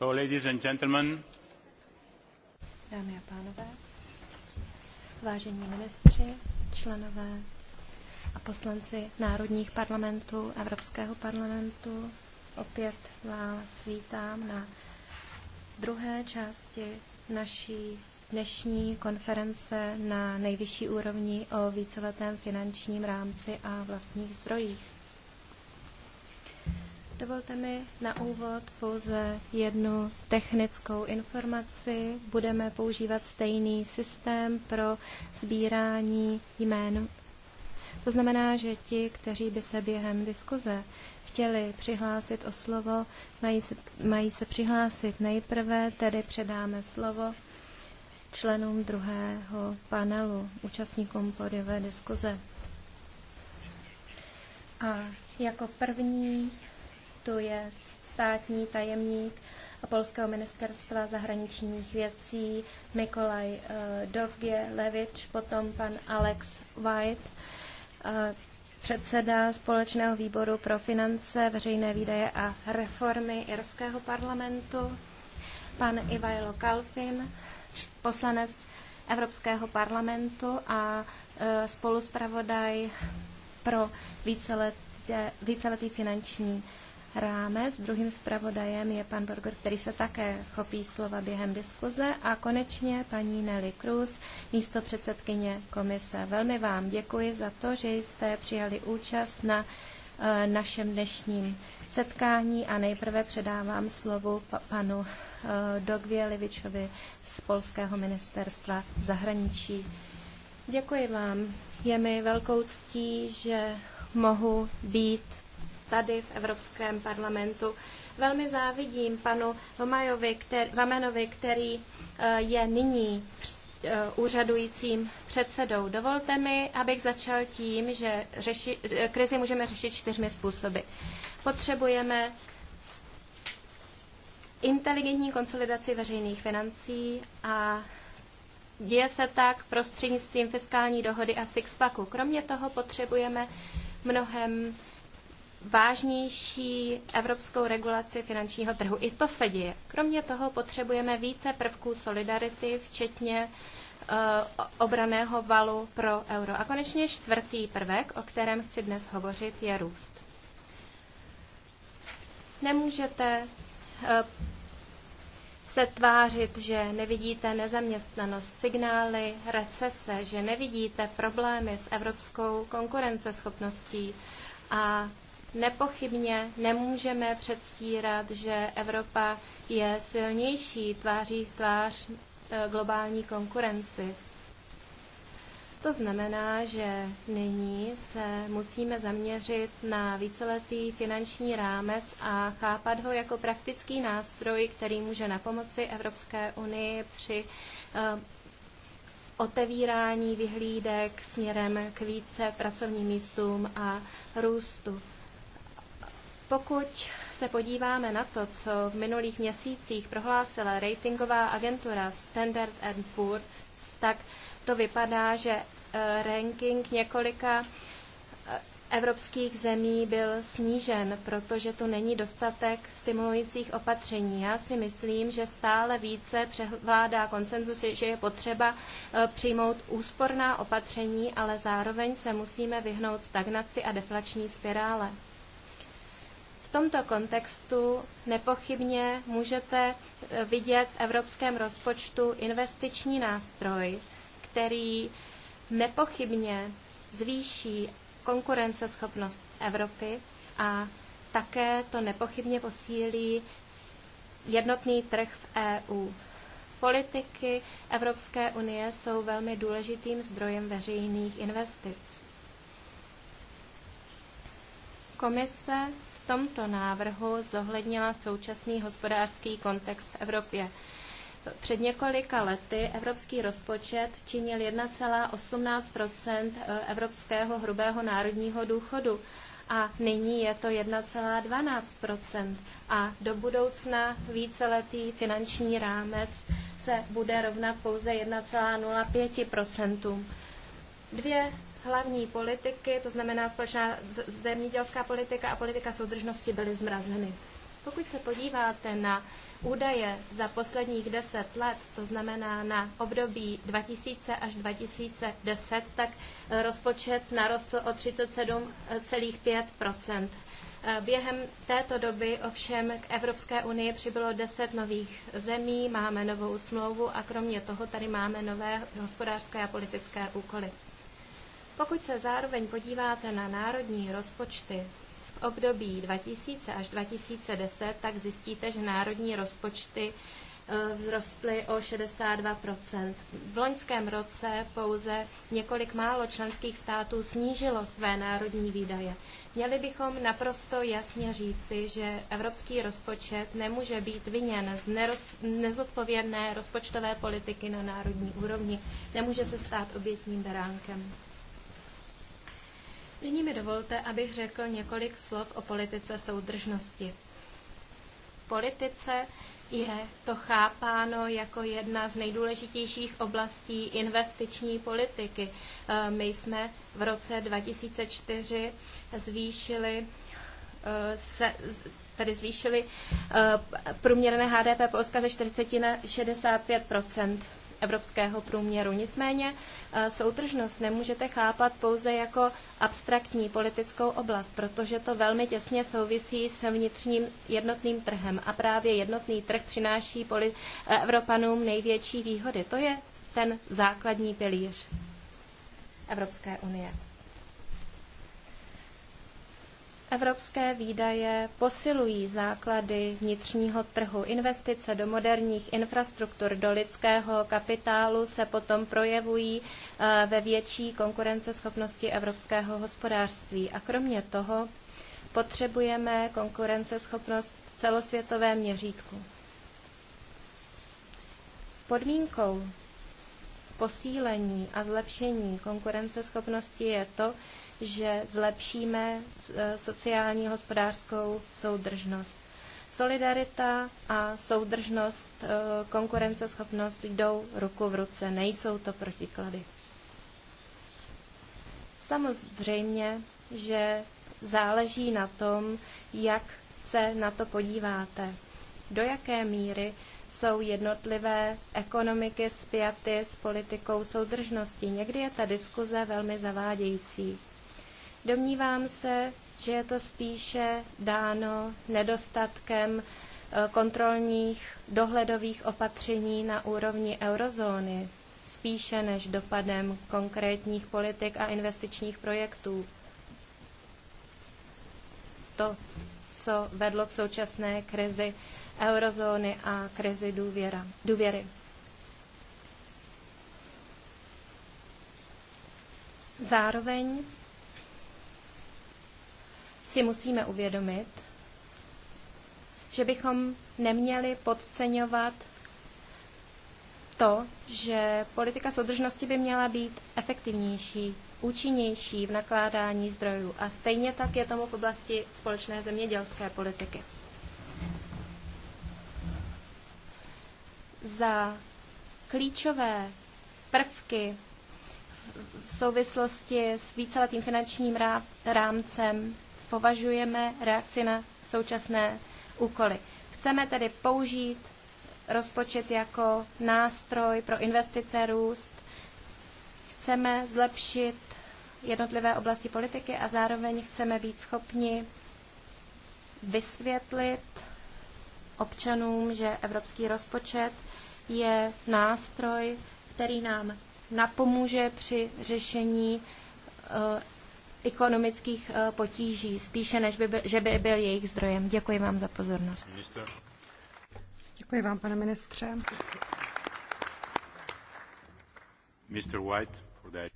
So, ladies and gentlemen. Dámy a pánové, vážení ministři, členové a poslanci národních parlamentů, Evropského parlamentu, opět vás vítám na druhé části naší dnešní konference na nejvyšší úrovni o víceletém finančním rámci a vlastních zdrojích. Dovolte mi na úvod pouze jednu technickou informaci. Budeme používat stejný systém pro sbírání jmén. To znamená, že ti, kteří by se během diskuze chtěli přihlásit o slovo, mají se, mají se přihlásit nejprve, tedy předáme slovo členům druhého panelu, účastníkům podivé diskuze. A jako první to je státní tajemník polského ministerstva zahraničních věcí Mikolaj eh, Dovge Levič, potom pan Alex White, eh, předseda společného výboru pro finance, veřejné výdaje a reformy irského parlamentu, pan Ivajlo Kalfin, poslanec Evropského parlamentu a eh, spoluzpravodaj pro víceletý finanční rámec. Druhým zpravodajem je pan Borger, který se také chopí slova během diskuze. A konečně paní Nelly Cruz, místo předsedkyně komise. Velmi vám děkuji za to, že jste přijali účast na eh, našem dnešním setkání a nejprve předávám slovu panu eh, Dogvě Livičovi z Polského ministerstva zahraničí. Děkuji vám. Je mi velkou ctí, že mohu být tady v Evropském parlamentu. Velmi závidím panu Vamajovi, který, Vamenovi, který eh, je nyní eh, úřadujícím předsedou. Dovolte mi, abych začal tím, že řeši, eh, krizi můžeme řešit čtyřmi způsoby. Potřebujeme inteligentní konsolidaci veřejných financí a děje se tak prostřednictvím fiskální dohody a sixpacku. Kromě toho potřebujeme mnohem vážnější evropskou regulaci finančního trhu. I to se děje. Kromě toho potřebujeme více prvků solidarity, včetně eh, obraného valu pro euro. A konečně čtvrtý prvek, o kterém chci dnes hovořit, je růst. Nemůžete eh, se tvářit, že nevidíte nezaměstnanost, signály recese, že nevidíte problémy s evropskou konkurenceschopností a Nepochybně nemůžeme předstírat, že Evropa je silnější tváří v tvář e, globální konkurenci. To znamená, že nyní se musíme zaměřit na víceletý finanční rámec a chápat ho jako praktický nástroj, který může na pomoci Evropské unii při e, otevírání vyhlídek směrem k více pracovním místům a růstu. Pokud se podíváme na to, co v minulých měsících prohlásila ratingová agentura Standard Poor's, tak to vypadá, že eh, ranking několika eh, evropských zemí byl snížen, protože tu není dostatek stimulujících opatření. Já si myslím, že stále více převládá konsenzus, že je potřeba eh, přijmout úsporná opatření, ale zároveň se musíme vyhnout stagnaci a deflační spirále. V tomto kontextu nepochybně můžete e, vidět v evropském rozpočtu investiční nástroj, který nepochybně zvýší konkurenceschopnost Evropy a také to nepochybně posílí jednotný trh v EU. Politiky Evropské unie jsou velmi důležitým zdrojem veřejných investic. Komise tomto návrhu zohlednila současný hospodářský kontext v Evropě. Před několika lety evropský rozpočet činil 1,18 eh, evropského hrubého národního důchodu a nyní je to 1,12 a do budoucna víceletý finanční rámec se bude rovnat pouze 1,05 Dvě hlavní politiky, to znamená společná zemědělská politika a politika soudržnosti, byly zmrazeny. Pokud se podíváte na údaje za posledních deset let, to znamená na období 2000 až 2010, tak eh, rozpočet narostl o 37,5 eh, Během této doby ovšem k Evropské unii přibylo 10 nových zemí, máme novou smlouvu a kromě toho tady máme nové hospodářské a politické úkoly. Pokud se zároveň podíváte na národní rozpočty v období 2000 až 2010, tak zjistíte, že národní rozpočty e, vzrostly o 62 V loňském roce pouze několik málo členských států snížilo své národní výdaje. Měli bychom naprosto jasně říci, že evropský rozpočet nemůže být viněn z nezodpovědné rozpočtové politiky na národní úrovni, nemůže se stát obětním beránkem. Nyní mi dovolte, abych řekl několik slov o politice soudržnosti. Politice je to chápáno jako jedna z nejdůležitějších oblastí investiční politiky. Eh, my jsme v roce 2004 zvýšili eh, se, tady zvýšili eh, průměrné HDP Polska ze 40 na 65 evropského průměru. Nicméně eh, soutržnost nemůžete chápat pouze jako abstraktní politickou oblast, protože to velmi těsně souvisí s vnitřním jednotným trhem. A právě jednotný trh přináší eh, Evropanům největší výhody. To je ten základní pilíř Evropské unie. Evropské výdaje posilují základy vnitřního trhu. Investice do moderních infrastruktur, do lidského kapitálu se potom projevují eh, ve větší konkurenceschopnosti evropského hospodářství. A kromě toho potřebujeme konkurenceschopnost v celosvětovém měřítku. Podmínkou posílení a zlepšení konkurenceschopnosti je to, že zlepšíme eh, sociální hospodářskou soudržnost. Solidarita a soudržnost, eh, konkurenceschopnost jdou ruku v ruce, nejsou to protiklady. Samozřejmě, že záleží na tom, jak se na to podíváte. Do jaké míry jsou jednotlivé ekonomiky spjaty s politikou soudržnosti. Někdy je ta diskuze velmi zavádějící. Domnívám se, že je to spíše dáno nedostatkem eh, kontrolních dohledových opatření na úrovni eurozóny, spíše než dopadem konkrétních politik a investičních projektů. To, co vedlo k současné krizi eurozóny a krizi důvěra, důvěry. Zároveň si musíme uvědomit, že bychom neměli podceňovat to, že politika soudržnosti by měla být efektivnější, účinnější v nakládání zdrojů. A stejně tak je tomu v oblasti společné zemědělské politiky. Za klíčové prvky v souvislosti s víceletým finančním rámcem považujeme reakci na současné úkoly. Chceme tedy použít rozpočet jako nástroj pro investice, růst. Chceme zlepšit jednotlivé oblasti politiky a zároveň chceme být schopni vysvětlit občanům, že evropský rozpočet je nástroj, který nám napomůže při řešení eh, ekonomických eh, potíží, spíše než by, že by byl jejich zdrojem. Děkuji vám za pozornost. Děkuji vám, pane ministře. Mr. White, for that.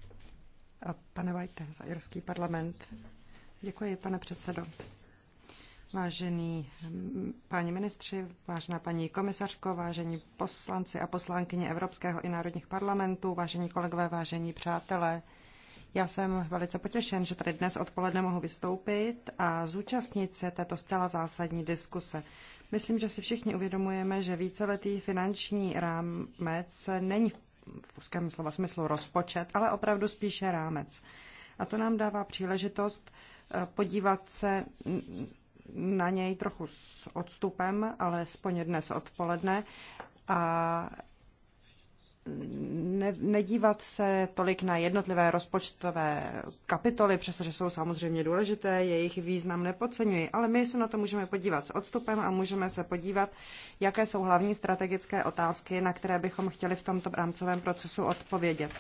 A pane White, za irský parlament. Děkuji, pane předsedo. Vážený hm, páni ministři, vážená paní komisařko, vážení poslanci a poslankyně Evropského i národních parlamentů, vážení kolegové, vážení přátelé, já jsem velice potěšen, že tady dnes odpoledne mohu vystoupit a zúčastnit se této zcela zásadní diskuse. Myslím, že si všichni uvědomujeme, že víceletý finanční rámec není v úzkém slova smyslu rozpočet, ale opravdu spíše rámec. A to nám dává příležitost eh, podívat se na něj trochu s odstupem, ale sponě dnes odpoledne, a ne, nedívat se tolik na jednotlivé rozpočtové kapitoly, přestože jsou samozřejmě důležité, jejich význam nepodceňuji, ale my se na to můžeme podívat s odstupem a můžeme se podívat, jaké jsou hlavní strategické otázky, na které bychom chtěli v tomto rámcovém procesu odpovědět.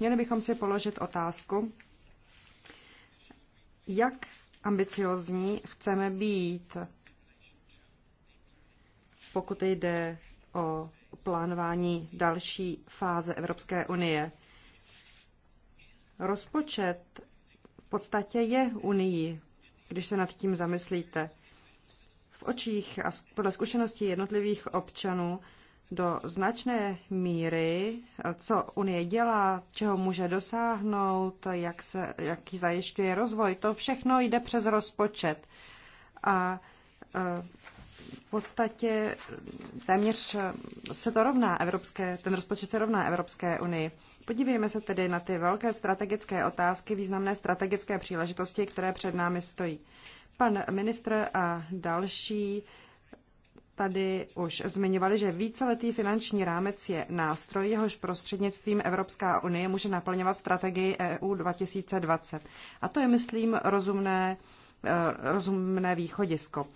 Měli bychom si položit otázku, jak ambiciozní chceme být, pokud jde o plánování další fáze Evropské unie. Rozpočet v podstatě je unii, když se nad tím zamyslíte. V očích a podle zkušeností jednotlivých občanů do značné míry, co Unie dělá, čeho může dosáhnout, jak se, jaký zajišťuje rozvoj, to všechno jde přes rozpočet. A e, podstatě téměř se to rovná evropské, ten rozpočet se rovná Evropské unii. Podívejme se tedy na ty velké strategické otázky, významné strategické příležitosti, které před námi stojí. Pan ministr a další tady už zmiňovali, že víceletý finanční rámec je nástroj, jehož prostřednictvím Evropská unie může naplňovat strategii EU 2020. A to je, myslím, rozumné, eh, rozumné východisko.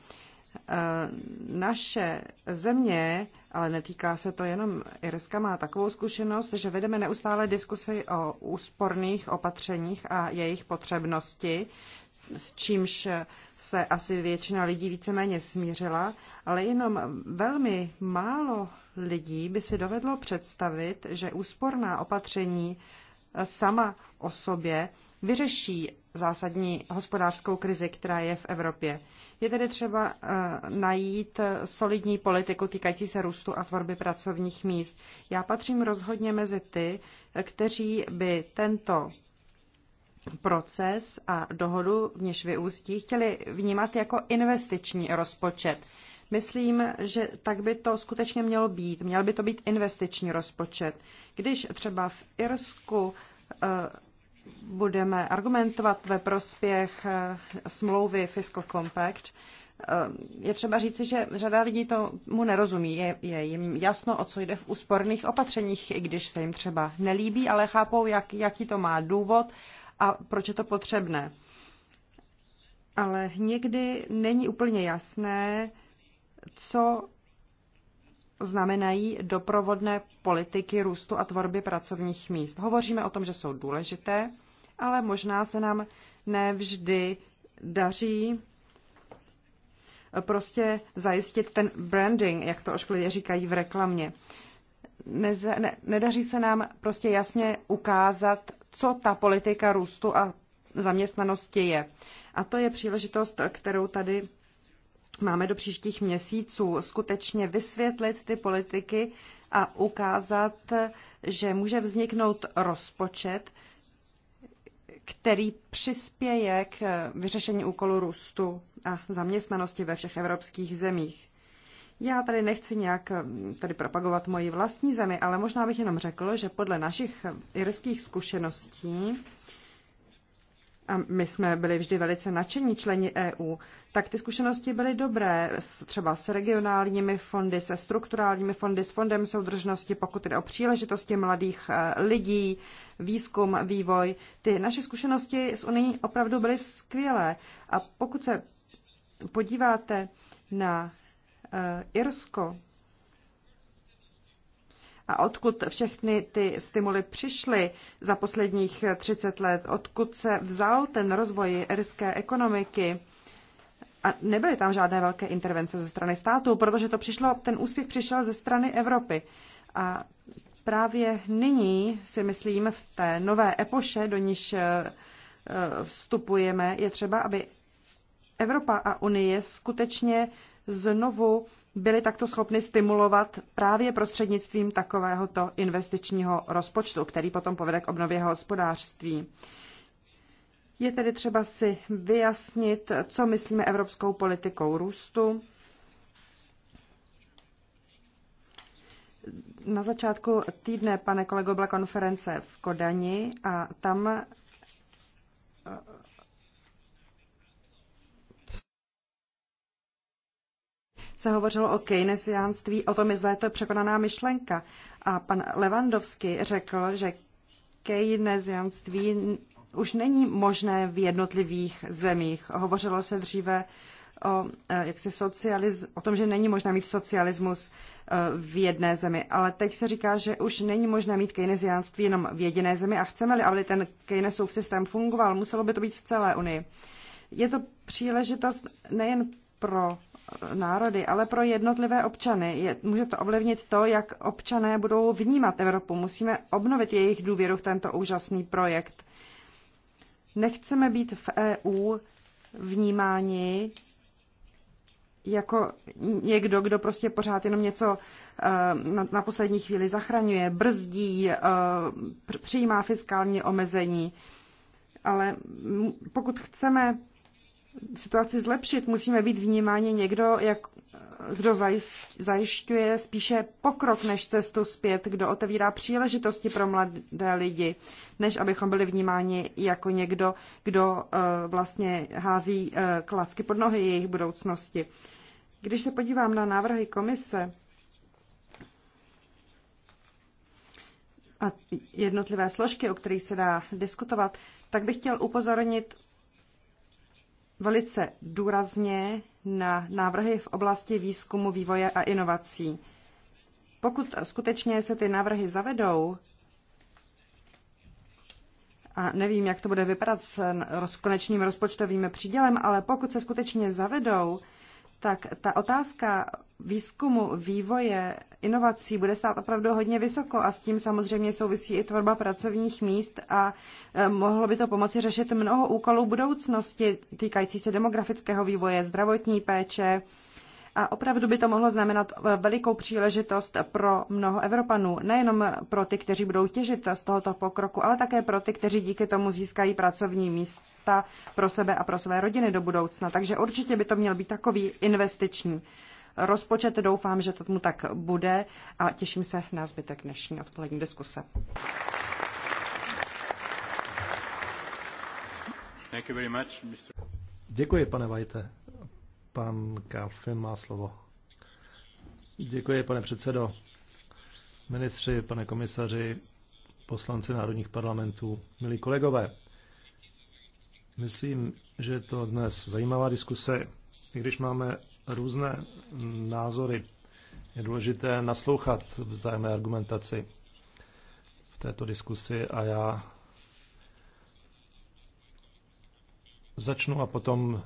Eh, naše země, ale netýká se to jenom Irska, má takovou zkušenost, že vedeme neustále diskusy o úsporných opatřeních a jejich potřebnosti, s čímž se asi většina lidí víceméně smířila, ale jenom velmi málo lidí by si dovedlo představit, že úsporná opatření sama o sobě vyřeší zásadní hospodářskou krizi, která je v Evropě. Je tedy třeba eh, najít solidní politiku týkající se růstu a tvorby pracovních míst. Já patřím rozhodně mezi ty, kteří by tento proces a dohodu, v něž vyústí, chtěli vnímat jako investiční rozpočet. Myslím, že tak by to skutečně mělo být. Měl by to být investiční rozpočet. Když třeba v Irsku eh, budeme argumentovat ve prospěch eh, smlouvy Fiscal Compact, eh, je třeba říci, že řada lidí tomu nerozumí. Je, je jim jasno, o co jde v úsporných opatřeních, i když se jim třeba nelíbí, ale chápou, jak, jaký to má důvod a proč je to potřebné. Ale někdy není úplně jasné, co znamenají doprovodné politiky růstu a tvorby pracovních míst. Hovoříme o tom, že jsou důležité, ale možná se nám nevždy daří prostě zajistit ten branding, jak to ošklivě říkají v reklamě. Neze, ne, nedaří se nám prostě jasně ukázat, co ta politika růstu a zaměstnanosti je. A to je příležitost, kterou tady máme do příštích měsíců skutečně vysvětlit ty politiky a ukázat, že může vzniknout rozpočet, který přispěje k vyřešení úkolu růstu a zaměstnanosti ve všech evropských zemích. Já tady nechci nějak eh, tady propagovat moji vlastní zemi, ale možná bych jenom řekl, že podle našich irských zkušeností a my jsme byli vždy velice nadšení členi EU, tak ty zkušenosti byly dobré, třeba s regionálními fondy, se strukturálními fondy, s fondem soudržnosti, pokud jde o příležitosti mladých e, lidí, výzkum, vývoj. Ty naše zkušenosti s Unii opravdu byly skvělé. A pokud se podíváte na e, Irsko, a odkud všechny ty stimuly přišly za posledních 30 let, odkud se vzal ten rozvoj ryské ekonomiky. A nebyly tam žádné velké intervence ze strany státu, protože to přišlo, ten úspěch přišel ze strany Evropy. A právě nyní si myslím, v té nové epoše, do níž eh, vstupujeme, je třeba, aby Evropa a Unie skutečně znovu byly takto schopny stimulovat právě prostřednictvím takovéhoto investičního rozpočtu, který potom povede k obnově hospodářství. Je tedy třeba si vyjasnit, co myslíme evropskou politikou růstu. Na začátku týdne, pane kolego, byla konference v Kodani a tam se hovořilo o keynesiánství, o tom, jestli je to překonaná myšlenka. A pan Levandovský řekl, že keynesiánství už není možné v jednotlivých zemích. Hovořilo se dříve o, eh, se socializ- o tom, že není možné mít socialismus eh, v jedné zemi. Ale teď se říká, že už není možné mít keynesiánství jenom v jediné zemi a chceme-li, aby ten Keynesův systém fungoval, muselo by to být v celé Unii. Je to příležitost nejen pro národy, ale pro jednotlivé občany. Je, může to ovlivnit to, jak občané budou vnímat Evropu. Musíme obnovit jejich důvěru v tento úžasný projekt. Nechceme být v EU vnímáni jako někdo, kdo prostě pořád jenom něco eh, na, na poslední chvíli zachraňuje, brzdí, eh, přijímá fiskální omezení. Ale pokud chceme situaci zlepšit, musíme být vnímáni někdo, jak, kdo zajišťuje spíše pokrok než cestu zpět, kdo otevírá příležitosti pro mladé lidi, než abychom byli vnímáni jako někdo, kdo eh, vlastně hází eh, klacky pod nohy jejich budoucnosti. Když se podívám na návrhy komise a jednotlivé složky, o kterých se dá diskutovat, tak bych chtěl upozornit velice důrazně na návrhy v oblasti výzkumu, vývoje a inovací. Pokud skutečně se ty návrhy zavedou, a nevím, jak to bude vypadat s konečným rozpočtovým přídělem, ale pokud se skutečně zavedou, tak ta otázka výzkumu, vývoje, inovací bude stát opravdu hodně vysoko a s tím samozřejmě souvisí i tvorba pracovních míst a e, mohlo by to pomoci řešit mnoho úkolů budoucnosti týkající se demografického vývoje, zdravotní péče a opravdu by to mohlo znamenat e, velikou příležitost pro mnoho Evropanů, nejenom pro ty, kteří budou těžit z tohoto pokroku, ale také pro ty, kteří díky tomu získají pracovní místa pro sebe a pro své rodiny do budoucna. Takže určitě by to měl být takový investiční rozpočet. Doufám, že to tomu tak bude a těším se na zbytek dnešní odpolední diskuse. Much, Děkuji, pane Vajte. Pan Kalfin má slovo. Děkuji, pane předsedo. Ministři, pane komisaři, poslanci národních parlamentů, milí kolegové. Myslím, že je to dnes zajímavá diskuse, i když máme různé názory. Je důležité naslouchat vzájemné argumentaci v této diskusi a já začnu a potom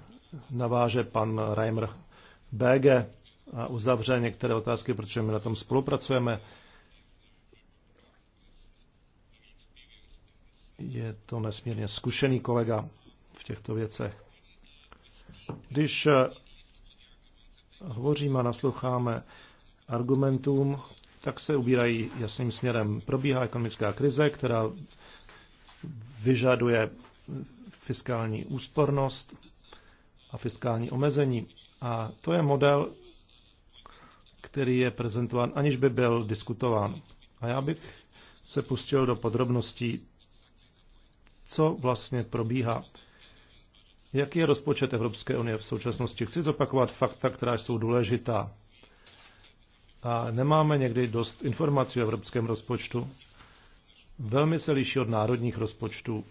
naváže pan Reimer BG a uzavře některé otázky, protože my na tom spolupracujeme. Je to nesmírně zkušený kolega v těchto věcech. Když hovoříme a nasloucháme argumentům, tak se ubírají jasným směrem. Probíhá ekonomická krize, která vyžaduje fiskální úspornost a fiskální omezení. A to je model, který je prezentován, aniž by byl diskutován. A já bych se pustil do podrobností, co vlastně probíhá. Jaký je rozpočet Evropské unie v současnosti? Chci zopakovat fakta, která jsou důležitá. A nemáme někdy dost informací o evropském rozpočtu. Velmi se liší od národních rozpočtů.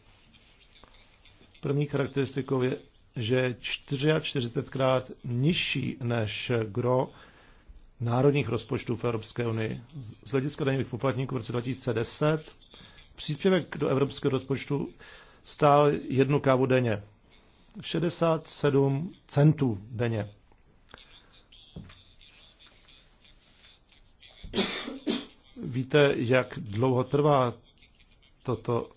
První charakteristikou je, že je 44krát nižší než gro národních rozpočtů v Evropské unii. Z hlediska daňových poplatníků v roce 2010 příspěvek do evropského rozpočtu stál jednu kávu denně. 67 centů denně. Víte, jak dlouho trvá toto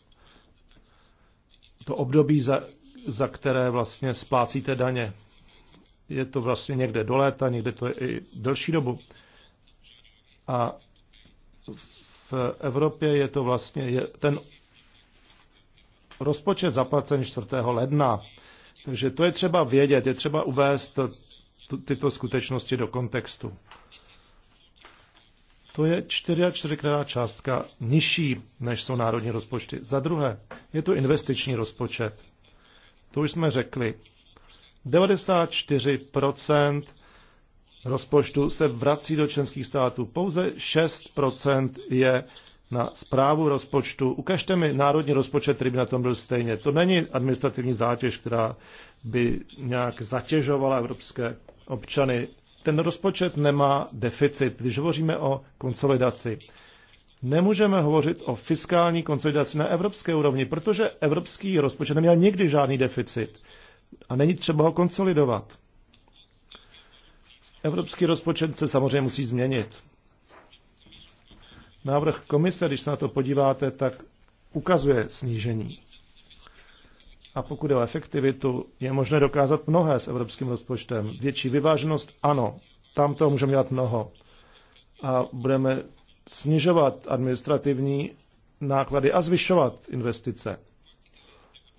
to období, za, za které vlastně splácíte daně? Je to vlastně někde do léta, někde to je i delší dobu. A v Evropě je to vlastně je ten rozpočet zaplacen 4. ledna takže to je třeba vědět, je třeba uvést tyto skutečnosti do kontextu. To je a krát částka nižší, než jsou národní rozpočty. Za druhé, je to investiční rozpočet. To už jsme řekli. 94% rozpočtu se vrací do členských států. Pouze 6% je na zprávu rozpočtu. Ukažte mi národní rozpočet, který by na tom byl stejně. To není administrativní zátěž, která by nějak zatěžovala evropské občany. Ten rozpočet nemá deficit, když hovoříme o konsolidaci. Nemůžeme hovořit o fiskální konsolidaci na evropské úrovni, protože evropský rozpočet neměl nikdy žádný deficit a není třeba ho konsolidovat. Evropský rozpočet se samozřejmě musí změnit. Návrh komise, když se na to podíváte, tak ukazuje snížení. A pokud je o efektivitu, je možné dokázat mnohé s evropským rozpočtem. Větší vyváženost, ano, tam toho můžeme dělat mnoho. A budeme snižovat administrativní náklady a zvyšovat investice.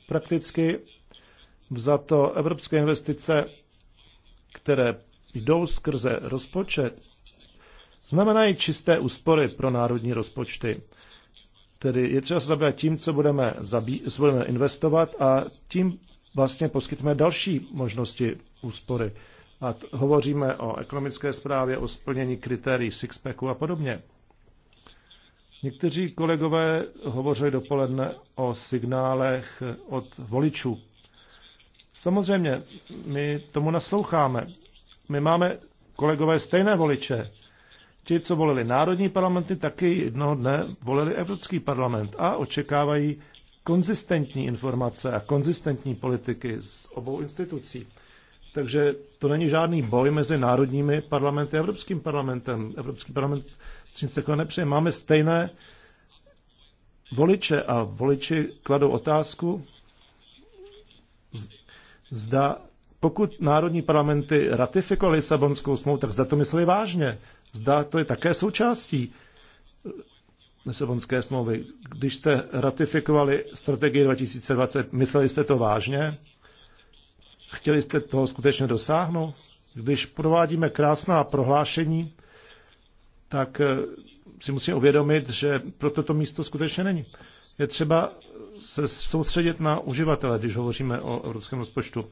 Prakticky za to evropské investice, které jdou skrze rozpočet, znamenají čisté úspory pro národní rozpočty. Tedy je třeba se zabývat tím, co budeme, zabí, co budeme investovat a tím vlastně poskytneme další možnosti úspory. A hovoříme o ekonomické zprávě, o splnění kritérií Sixpacku a podobně. Někteří kolegové hovořili dopoledne o signálech od voličů. Samozřejmě, my tomu nasloucháme. My máme kolegové stejné voliče. Ti, co volili národní parlamenty, taky jednoho dne volili Evropský parlament a očekávají konzistentní informace a konzistentní politiky z obou institucí. Takže to není žádný boj mezi národními parlamenty a Evropským parlamentem. Evropský parlament si nic takového nepřeje. Máme stejné voliče a voliči kladou otázku, zda pokud národní parlamenty ratifikovaly Sabonskou smlouvu, tak zda to mysleli vážně. Zdá, to je také součástí Lisabonské smlouvy. Když jste ratifikovali strategii 2020, mysleli jste to vážně? Chtěli jste toho skutečně dosáhnout? Když provádíme krásná prohlášení, tak eh, si musíme uvědomit, že pro toto místo skutečně není. Je třeba se soustředit na uživatele, když hovoříme o evropském rozpočtu.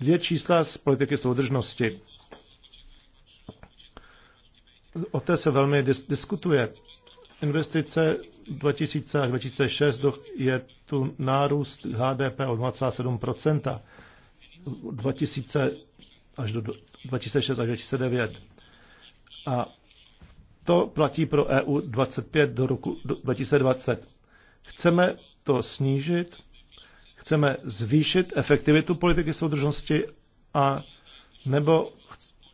Dvě čísla z politiky soudržnosti o té se velmi dis- diskutuje. Investice 2000 až 2006 je tu nárůst HDP o 27%. 2000 až do 2006 až 2009. A to platí pro EU 25 do roku 2020. Chceme to snížit, chceme zvýšit efektivitu politiky soudržnosti a nebo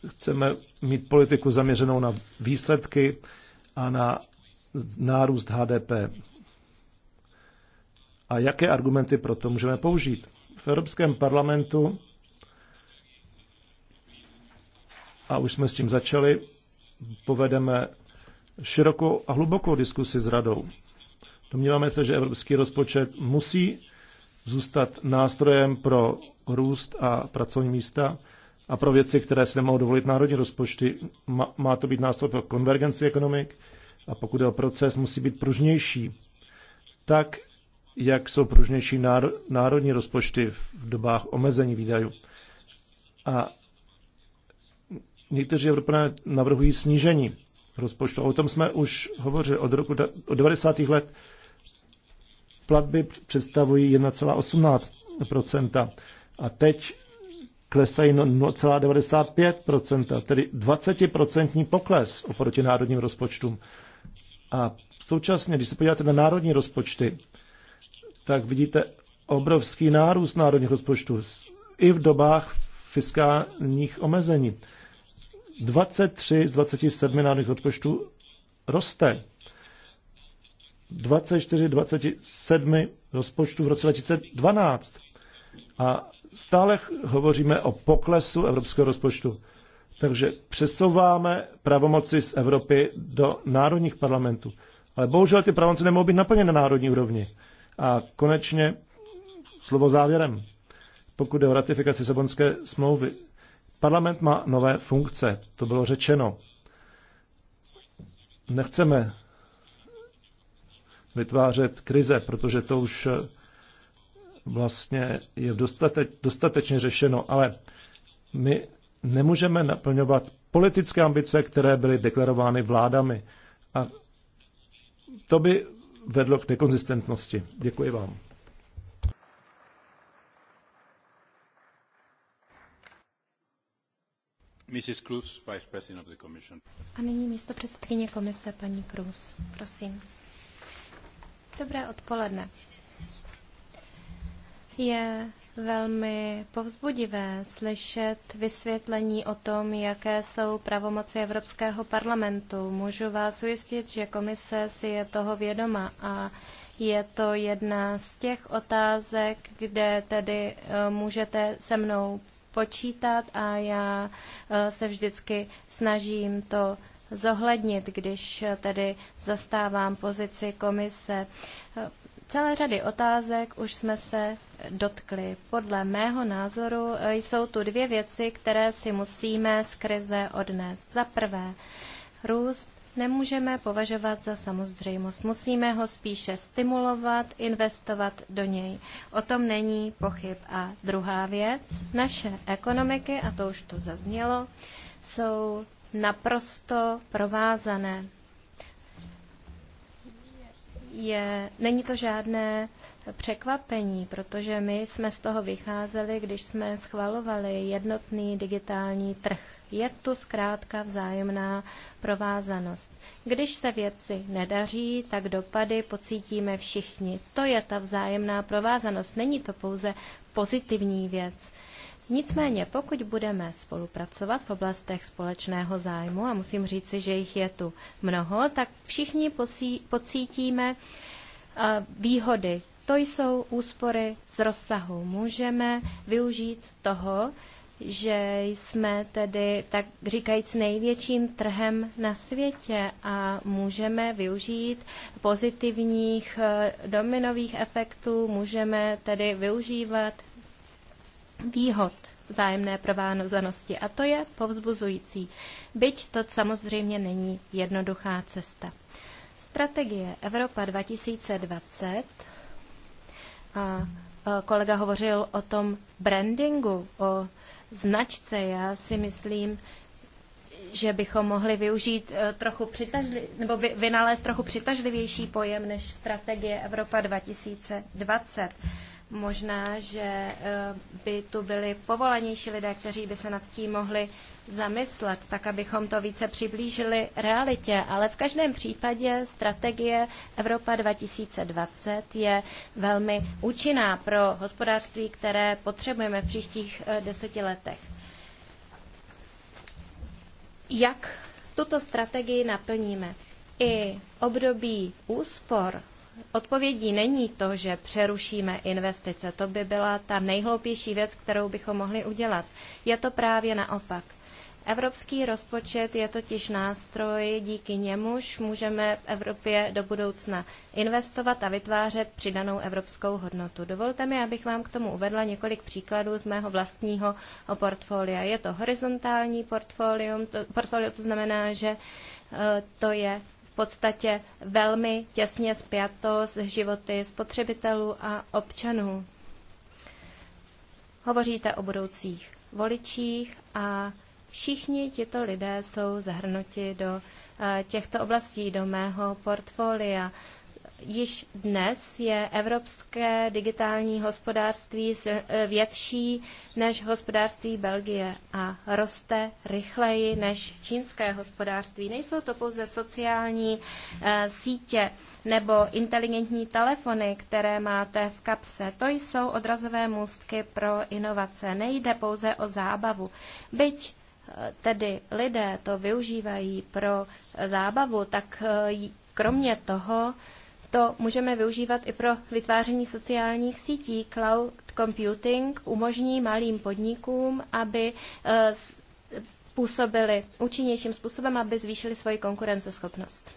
chceme mít politiku zaměřenou na výsledky a na nárůst HDP. A jaké argumenty pro to můžeme použít? V Evropském parlamentu, a už jsme s tím začali, povedeme širokou a hlubokou diskusi s radou. Domníváme se, že evropský rozpočet musí zůstat nástrojem pro růst a pracovní místa a pro věci, které se nemohou dovolit národní rozpočty. Má to být nástroj pro konvergenci ekonomik a pokud je o proces, musí být pružnější. Tak, jak jsou pružnější národní rozpočty v dobách omezení výdajů. A někteří Evropané navrhují snížení rozpočtu. O tom jsme už hovořili od roku od 90. let. Platby představují 1,18 a teď klesají na no, no, 0,95%, tedy 20% pokles oproti národním rozpočtům. A současně, když se podíváte na národní rozpočty, tak vidíte obrovský nárůst národních rozpočtů i v dobách fiskálních omezení. 23 z 27 národních rozpočtů roste. 24 27 rozpočtů v roce 2012. A stále hovoříme o poklesu evropského rozpočtu. Takže přesouváme pravomoci z Evropy do národních parlamentů. Ale bohužel ty pravomoci nemohou být naplněny na národní úrovni. A konečně slovo závěrem. Pokud jde o ratifikaci Sebonské smlouvy, parlament má nové funkce, to bylo řečeno. Nechceme vytvářet krize, protože to už vlastně je dostate, dostatečně řešeno, ale my nemůžeme naplňovat politické ambice, které byly deklarovány vládami. A to by vedlo k nekonzistentnosti. Děkuji vám. Mrs. Cruz, Vice President of the Commission. A nyní místo předsedkyně komise paní Cruz. Prosím. Dobré odpoledne. Je velmi povzbudivé slyšet vysvětlení o tom, jaké jsou pravomoci Evropského parlamentu. Můžu vás ujistit, že komise si je toho vědoma a je to jedna z těch otázek, kde tedy eh, můžete se mnou počítat a já eh, se vždycky snažím to zohlednit, když eh, tedy zastávám pozici komise. Celé řady otázek už jsme se dotkli. Podle mého názoru eh, jsou tu dvě věci, které si musíme z krize odnést. Za prvé, růst nemůžeme považovat za samozřejmost. Musíme ho spíše stimulovat, investovat do něj. O tom není pochyb. A druhá věc, naše ekonomiky, a to už to zaznělo, jsou naprosto provázané je, není to žádné překvapení, protože my jsme z toho vycházeli, když jsme schvalovali jednotný digitální trh. Je tu zkrátka vzájemná provázanost. Když se věci nedaří, tak dopady pocítíme všichni. To je ta vzájemná provázanost. Není to pouze pozitivní věc. Nicméně, pokud budeme spolupracovat v oblastech společného zájmu, a musím říci, že jich je tu mnoho, tak všichni posí, pocítíme eh, výhody. To jsou úspory z rozsahu. Můžeme využít toho, že jsme tedy, tak říkajíc, největším trhem na světě a můžeme využít pozitivních eh, dominových efektů, můžeme tedy využívat výhod zájemné provázanosti a to je povzbuzující, byť to samozřejmě není jednoduchá cesta. Strategie Evropa 2020 a kolega hovořil o tom brandingu, o značce. Já si myslím, že bychom mohli využít e, trochu přitažli, nebo vynalézt trochu přitažlivější pojem než strategie Evropa 2020. Možná, že eh, by tu byli povolanější lidé, kteří by se nad tím mohli zamyslet, tak abychom to více přiblížili realitě. Ale v každém případě strategie Evropa 2020 je velmi účinná pro hospodářství, které potřebujeme v příštích eh, deseti letech. Jak tuto strategii naplníme? I období úspor odpovědí není to, že přerušíme investice. To by byla ta nejhloupější věc, kterou bychom mohli udělat. Je to právě naopak. Evropský rozpočet je totiž nástroj, díky němuž můžeme v Evropě do budoucna investovat a vytvářet přidanou evropskou hodnotu. Dovolte mi, abych vám k tomu uvedla několik příkladů z mého vlastního portfolia. Je to horizontální portfolio, to, portfolio to znamená, že eh, to je podstatě velmi těsně spjato s životy spotřebitelů a občanů. Hovoříte o budoucích voličích a všichni tito lidé jsou zahrnuti do eh, těchto oblastí, do mého portfolia již dnes je evropské digitální hospodářství eh, větší než hospodářství Belgie a roste rychleji než čínské hospodářství. Nejsou to pouze sociální eh, sítě nebo inteligentní telefony, které máte v kapse. To jsou odrazové můstky pro inovace. Nejde pouze o zábavu. Byť eh, tedy lidé to využívají pro zábavu, tak kromě toho, to můžeme využívat i pro vytváření sociálních sítí. Cloud computing umožní malým podnikům, aby eh, působili účinnějším způsobem, aby zvýšili svoji konkurenceschopnost.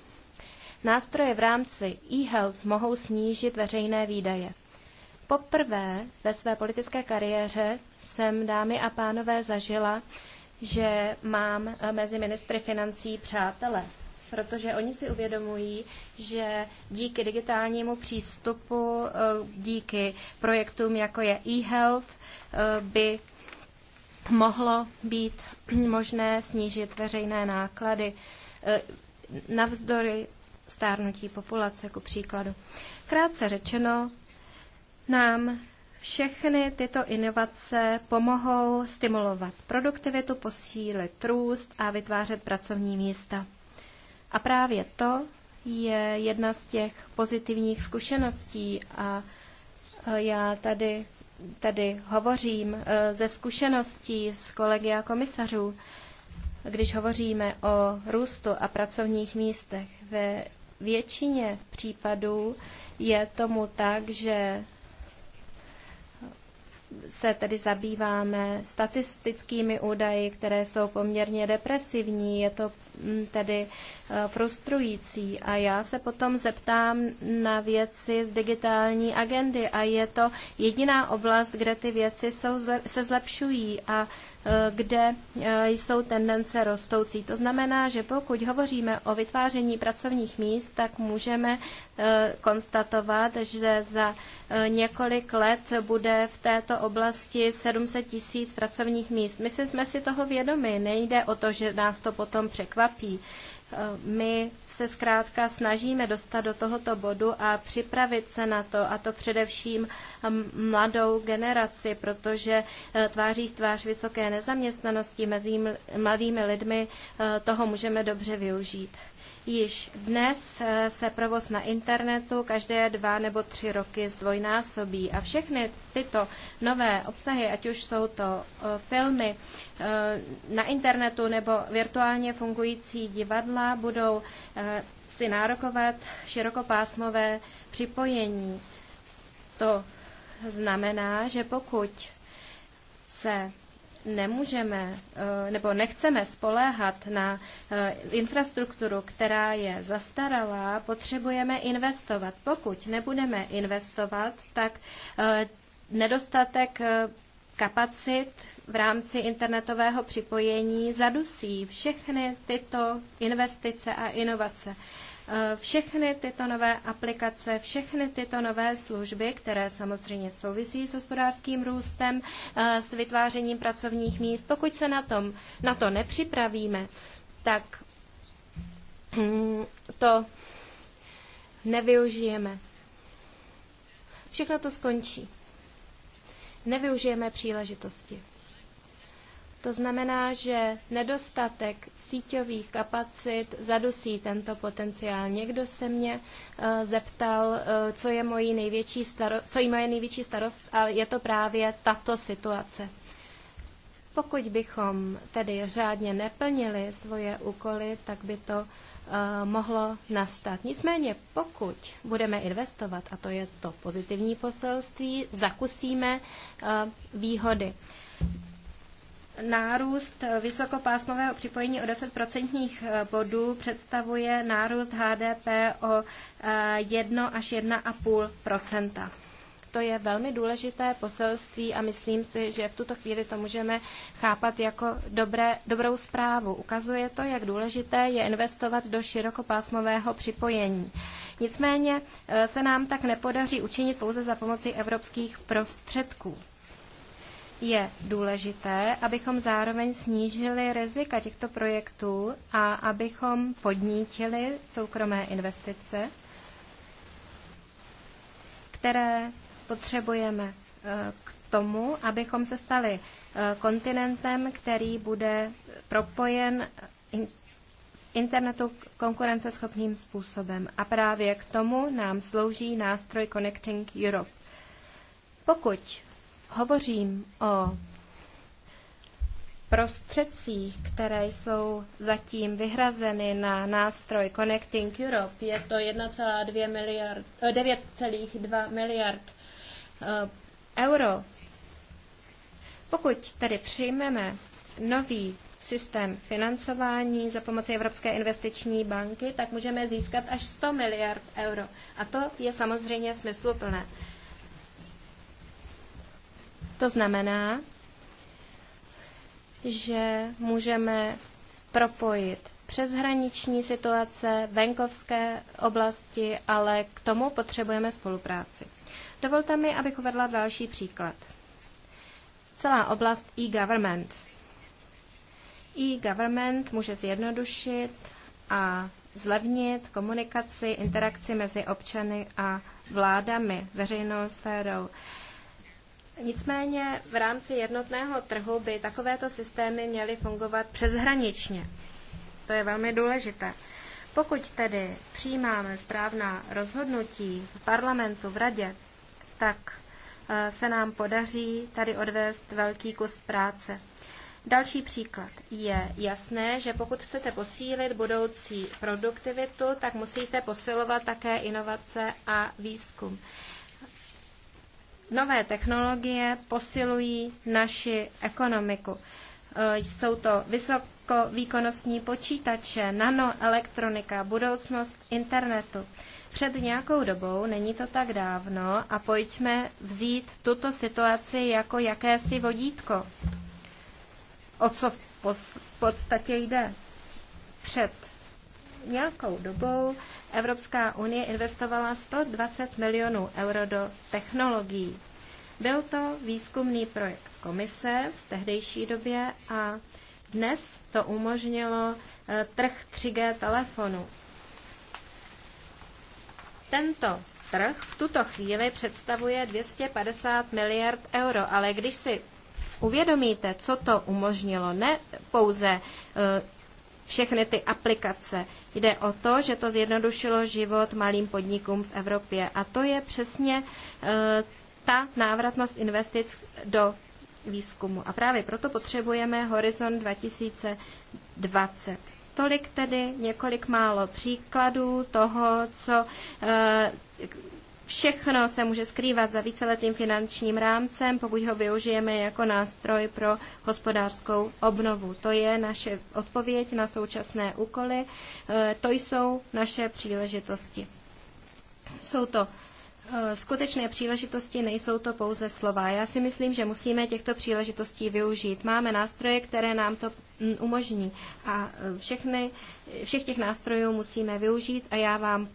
Nástroje v rámci e-health mohou snížit veřejné výdaje. Poprvé ve své politické kariéře jsem, dámy a pánové, zažila, že mám eh, mezi ministry financí přátele protože oni si uvědomují, že díky digitálnímu přístupu, eh, díky projektům jako je e-health, eh, by mohlo být možné snížit veřejné náklady eh, navzdory stárnutí populace, ku příkladu. Krátce řečeno, nám všechny tyto inovace pomohou stimulovat produktivitu, posílit růst a vytvářet pracovní místa. A právě to je jedna z těch pozitivních zkušeností a e, já tady, tady hovořím e, ze zkušeností s kolegy a komisařů, když hovoříme o růstu a pracovních místech. Ve většině případů je tomu tak, že se tedy zabýváme statistickými údaji, které jsou poměrně depresivní. Je to Mm, tedy eh, frustrující. A já se potom zeptám na věci z digitální agendy a je to jediná oblast, kde ty věci jsou, se zlepšují a kde e, jsou tendence rostoucí. To znamená, že pokud hovoříme o vytváření pracovních míst, tak můžeme e, konstatovat, že za e, několik let bude v této oblasti 700 tisíc pracovních míst. My jsme si toho vědomi, nejde o to, že nás to potom překvapí. My se zkrátka snažíme dostat do tohoto bodu a připravit se na to, a to především mladou generaci, protože e, tváří v tvář vysoké nezaměstnanosti mezi mladými lidmi e, toho můžeme dobře využít. Již dnes eh, se provoz na internetu každé dva nebo tři roky zdvojnásobí a všechny tyto nové obsahy, ať už jsou to eh, filmy eh, na internetu nebo virtuálně fungující divadla, budou si nárokovat širokopásmové připojení. To znamená, že pokud se nemůžeme eh, nebo nechceme spoléhat na eh, infrastrukturu, která je zastaralá, potřebujeme investovat. Pokud nebudeme investovat, tak eh, nedostatek kapacit v rámci internetového připojení zadusí všechny tyto investice a inovace. Eh, všechny tyto nové aplikace, všechny tyto nové služby, které samozřejmě souvisí s hospodářským růstem, eh, s vytvářením pracovních míst, pokud se na, tom, na to nepřipravíme, tak hm, to nevyužijeme. Všechno to skončí. Nevyužijeme příležitosti. To znamená, že nedostatek síťových kapacit zadusí tento potenciál. Někdo se mě eh, zeptal, eh, co je, mojí největší staro- co je moje největší starost a je to právě tato situace. Pokud bychom tedy řádně neplnili svoje úkoly, tak by to eh, mohlo nastat. Nicméně, pokud budeme investovat, a to je to pozitivní poselství, zakusíme výhody. Nárůst vysokopásmového připojení o 10 eh, bodů představuje nárůst HDP o 1 eh, až 1,5 To je velmi důležité poselství a myslím si, že v tuto chvíli to můžeme chápat jako dobré, dobrou zprávu. Ukazuje to, jak důležité je investovat do širokopásmového připojení. Nicméně eh, se nám tak nepodaří učinit pouze za pomoci evropských prostředků je důležité, abychom zároveň snížili rizika těchto projektů a abychom podnítili soukromé investice, které potřebujeme eh, k tomu, abychom se stali eh, kontinentem, který bude propojen internetu konkurenceschopným způsobem. A právě k tomu nám slouží nástroj Connecting Europe. Pokud hovořím o prostředcích, které jsou zatím vyhrazeny na nástroj Connecting Europe, je to 1,2 miliard, 9,2 eh, miliard eh, euro. Pokud tedy přijmeme nový systém financování za pomoci Evropské investiční banky, tak můžeme získat až 100 miliard euro. A to je samozřejmě smysluplné. To znamená, že můžeme propojit přeshraniční situace, venkovské oblasti, ale k tomu potřebujeme spolupráci. Dovolte mi, abych uvedla další příklad. Celá oblast e-government. E-government může zjednodušit a zlevnit komunikaci, interakci mezi občany a vládami, veřejnou sférou. Nicméně v rámci jednotného trhu by takovéto systémy měly fungovat přeshraničně. To je velmi důležité. Pokud tedy přijímáme správná rozhodnutí v parlamentu, v radě, tak eh, se nám podaří tady odvést velký kus práce. Další příklad. Je jasné, že pokud chcete posílit budoucí produktivitu, tak musíte posilovat také inovace a výzkum. Nové technologie posilují naši ekonomiku. E, jsou to vysokovýkonnostní počítače, nanoelektronika, budoucnost internetu. Před nějakou dobou, není to tak dávno, a pojďme vzít tuto situaci jako jakési vodítko. O co v podstatě jde? Před nějakou dobou Evropská unie investovala 120 milionů euro do technologií. Byl to výzkumný projekt komise v tehdejší době a dnes to umožnilo eh, trh 3G telefonu. Tento trh v tuto chvíli představuje 250 miliard euro, ale když si uvědomíte, co to umožnilo, ne pouze eh, všechny ty aplikace. Jde o to, že to zjednodušilo život malým podnikům v Evropě. A to je přesně e, ta návratnost investic do výzkumu. A právě proto potřebujeme Horizon 2020. Tolik tedy několik málo příkladů toho, co e, Všechno se může skrývat za víceletým finančním rámcem, pokud ho využijeme jako nástroj pro hospodářskou obnovu. To je naše odpověď na současné úkoly, e, to jsou naše příležitosti. Jsou to e, skutečné příležitosti nejsou to pouze slova. Já si myslím, že musíme těchto příležitostí využít. Máme nástroje, které nám to mm, umožní a e, všechny, všech těch nástrojů musíme využít a já vám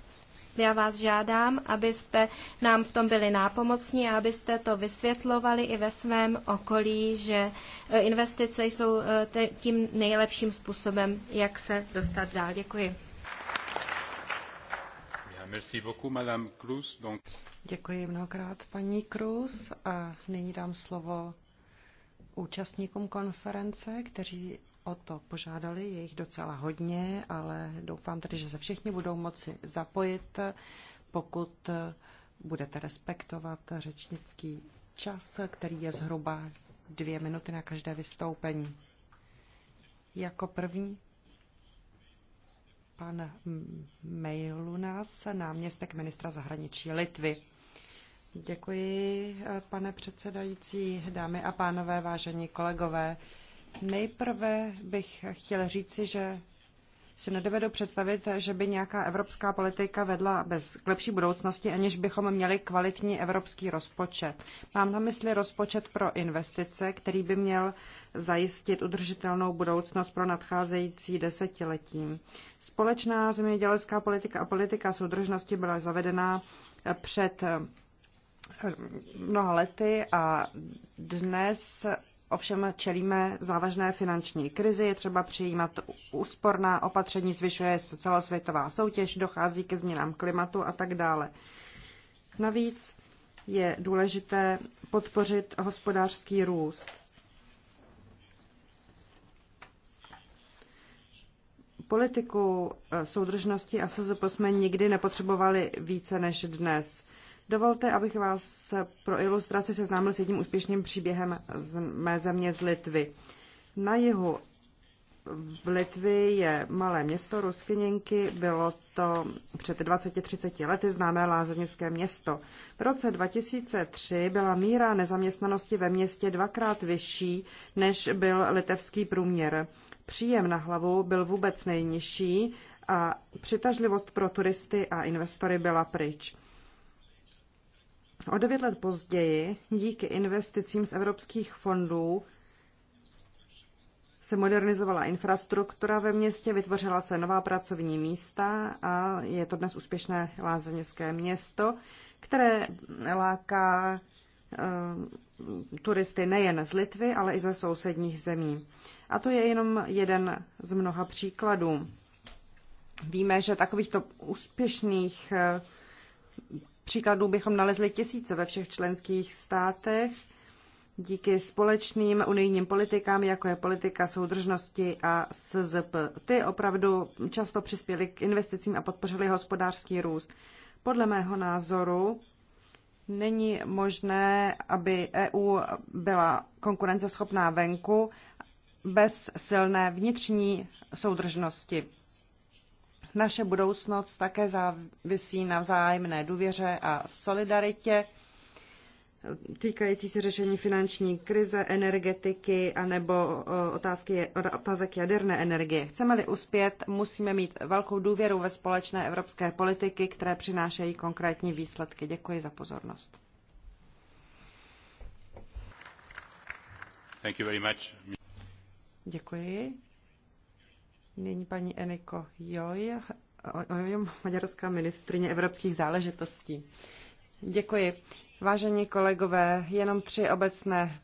já vás žádám, abyste nám v tom byli nápomocní a abyste to vysvětlovali i ve svém okolí, že e, investice jsou e, tím nejlepším způsobem, jak se dostat dál. Děkuji. Děkuji mnohokrát, paní Cruz. A nyní dám slovo účastníkům konference, kteří o to požádali, je jich docela hodně, ale doufám tedy, že se všichni budou moci zapojit, pokud budete respektovat řečnický čas, který je zhruba dvě minuty na každé vystoupení. Jako první pan Mejlunas, náměstek ministra zahraničí Litvy. Děkuji, pane předsedající, dámy a pánové, vážení kolegové. Nejprve bych chtěla říci, že si nedovedu představit, že by nějaká evropská politika vedla bez k lepší budoucnosti, aniž bychom měli kvalitní evropský rozpočet. Mám na mysli rozpočet pro investice, který by měl zajistit udržitelnou budoucnost pro nadcházející desetiletí. Společná zemědělská politika a politika soudržnosti byla zavedena před eh, mnoha lety a dnes Ovšem čelíme závažné finanční krizi, je třeba přijímat úsporná opatření, zvyšuje celosvětová soutěž, dochází ke změnám klimatu a tak dále. Navíc je důležité podpořit hospodářský růst. Politiku eh, soudržnosti a SZP jsme nikdy nepotřebovali více než dnes Dovolte, abych vás pro ilustraci seznámil s jedním úspěšným příběhem z mé země z Litvy. Na jihu v Litvě je malé město Ruskyněnky, bylo to před 20-30 lety známé lázeňské město. V roce 2003 byla míra nezaměstnanosti ve městě dvakrát vyšší, než byl litevský průměr. Příjem na hlavu byl vůbec nejnižší a přitažlivost pro turisty a investory byla pryč. O devět let později, díky investicím z evropských fondů, se modernizovala infrastruktura ve městě, vytvořila se nová pracovní místa a je to dnes úspěšné lázeňské město, které láká eh, turisty nejen z Litvy, ale i ze sousedních zemí. A to je jenom jeden z mnoha příkladů. Víme, že takovýchto úspěšných eh, příkladů bychom nalezli tisíce ve všech členských státech díky společným unijním politikám, jako je politika soudržnosti a SZP. Ty opravdu často přispěly k investicím a podpořily hospodářský růst. Podle mého názoru není možné, aby EU byla konkurenceschopná venku bez silné vnitřní soudržnosti. Naše budoucnost také závisí na vzájemné důvěře a solidaritě týkající se řešení finanční krize, energetiky nebo otázky, otázek jaderné energie. Chceme-li uspět, musíme mít velkou důvěru ve společné evropské politiky, které přinášejí konkrétní výsledky. Děkuji za pozornost. Děkuji. Nyní paní Eniko Joj, maďarská ministrině evropských záležitostí. Děkuji. Vážení kolegové, jenom tři obecné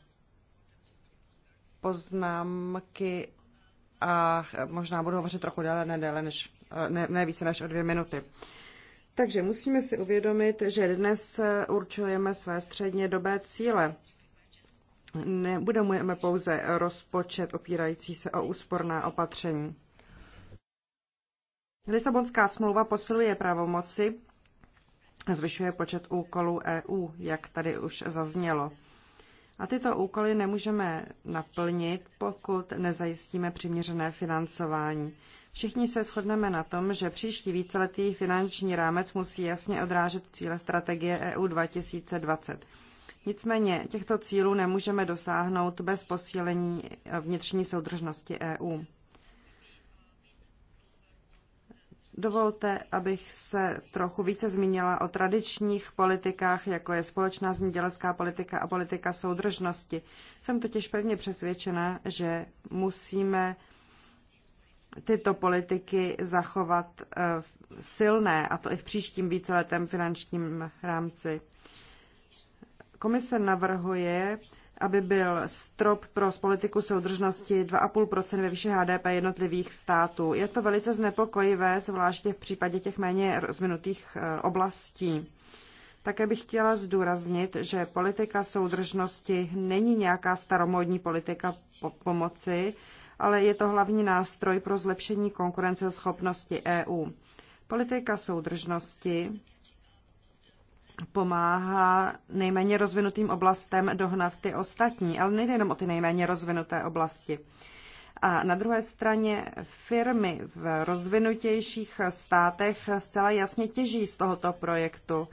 poznámky a možná budu hovořit trochu déle, ne, déle než, ne, ne více než o dvě minuty. Takže musíme si uvědomit, že dnes určujeme své středně dobé cíle. Nebudeme pouze rozpočet opírající se o úsporná opatření. Lisabonská smlouva posiluje pravomoci zvyšuje počet úkolů EU, jak tady už zaznělo. A tyto úkoly nemůžeme naplnit, pokud nezajistíme přiměřené financování. Všichni se shodneme na tom, že příští víceletý finanční rámec musí jasně odrážet cíle strategie EU 2020. Nicméně těchto cílů nemůžeme dosáhnout bez posílení vnitřní soudržnosti EU. Dovolte, abych se trochu více zmínila o tradičních politikách, jako je společná zemědělská politika a politika soudržnosti. Jsem totiž pevně přesvědčena, že musíme tyto politiky zachovat eh, silné, a to i v příštím víceletém finančním rámci. Komise navrhuje aby byl strop pro politiku soudržnosti 2,5 ve výši HDP jednotlivých států. Je to velice znepokojivé, zvláště v případě těch méně rozvinutých eh, oblastí. Také bych chtěla zdůraznit, že politika soudržnosti není nějaká staromódní politika pomoci, ale je to hlavní nástroj pro zlepšení konkurenceschopnosti EU. Politika soudržnosti pomáhá nejméně rozvinutým oblastem dohnat ty ostatní, ale nejde jenom o ty nejméně rozvinuté oblasti. A na druhé straně firmy v rozvinutějších státech zcela jasně těží z tohoto projektu.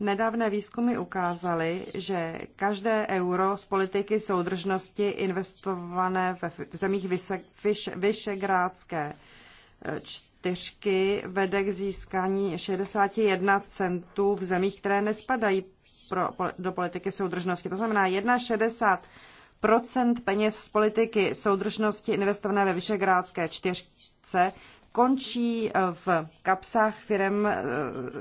Nedávné výzkumy ukázaly, že každé euro z politiky soudržnosti investované v zemích Vyšegrádské eh, čtyřky vede k získání 61 centů v zemích, které nespadají pro, do politiky soudržnosti. To znamená 1,60 peněz z politiky soudržnosti investované ve Vyšegrádské čtyřce končí eh, v kapsách firm eh,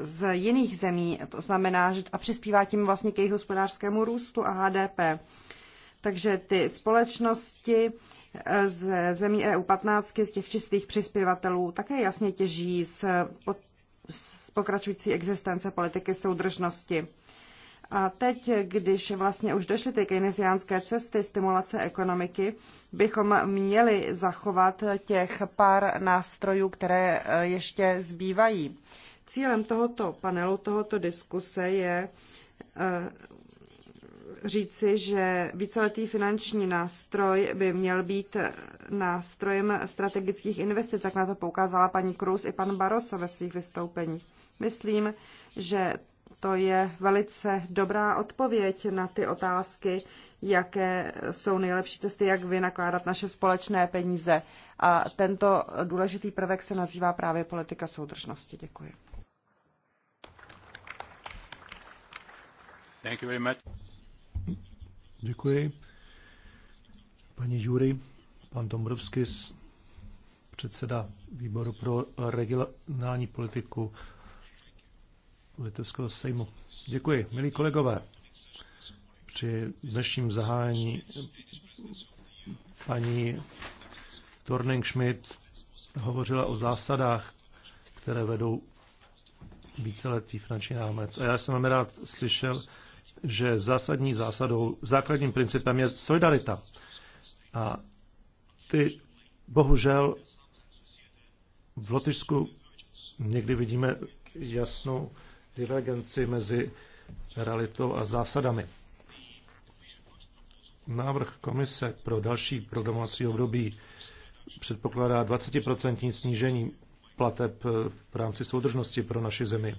z jiných zemí, to znamená, že a přispívá tím vlastně k jejich hospodářskému růstu a HDP. Takže ty společnosti ze zemí EU 15, z těch čistých přispěvatelů, také jasně těží z, z pokračující existence politiky soudržnosti. A teď, když vlastně už došly ty keynesiánské cesty stimulace ekonomiky, bychom měli zachovat těch pár nástrojů, které eh, ještě zbývají. Cílem tohoto panelu, tohoto diskuse je eh, říci, že víceletý finanční nástroj by měl být nástrojem strategických investic, jak na to poukázala paní Krus i pan Barroso ve svých vystoupeních. Myslím, že to je velice dobrá odpověď na ty otázky, jaké jsou nejlepší cesty, jak vynakládat naše společné peníze. A tento důležitý prvek se nazývá právě politika soudržnosti. Děkuji. Thank you very much. Děkuji. Paní Jury, pan Dombrovskis, předseda výboru pro regionální politiku Litevského sejmu. Děkuji. Milí kolegové, při dnešním zahájení paní Torning Schmidt hovořila o zásadách, které vedou víceletý finanční rámec. A já jsem velmi rád slyšel, že zásadní zásadou, základním principem je solidarita. A ty bohužel v Lotyšsku někdy vidíme jasnou divergenci mezi realitou a zásadami. Návrh komise pro další programovací období předpokládá 20% snížení plateb v rámci soudržnosti pro naši zemi.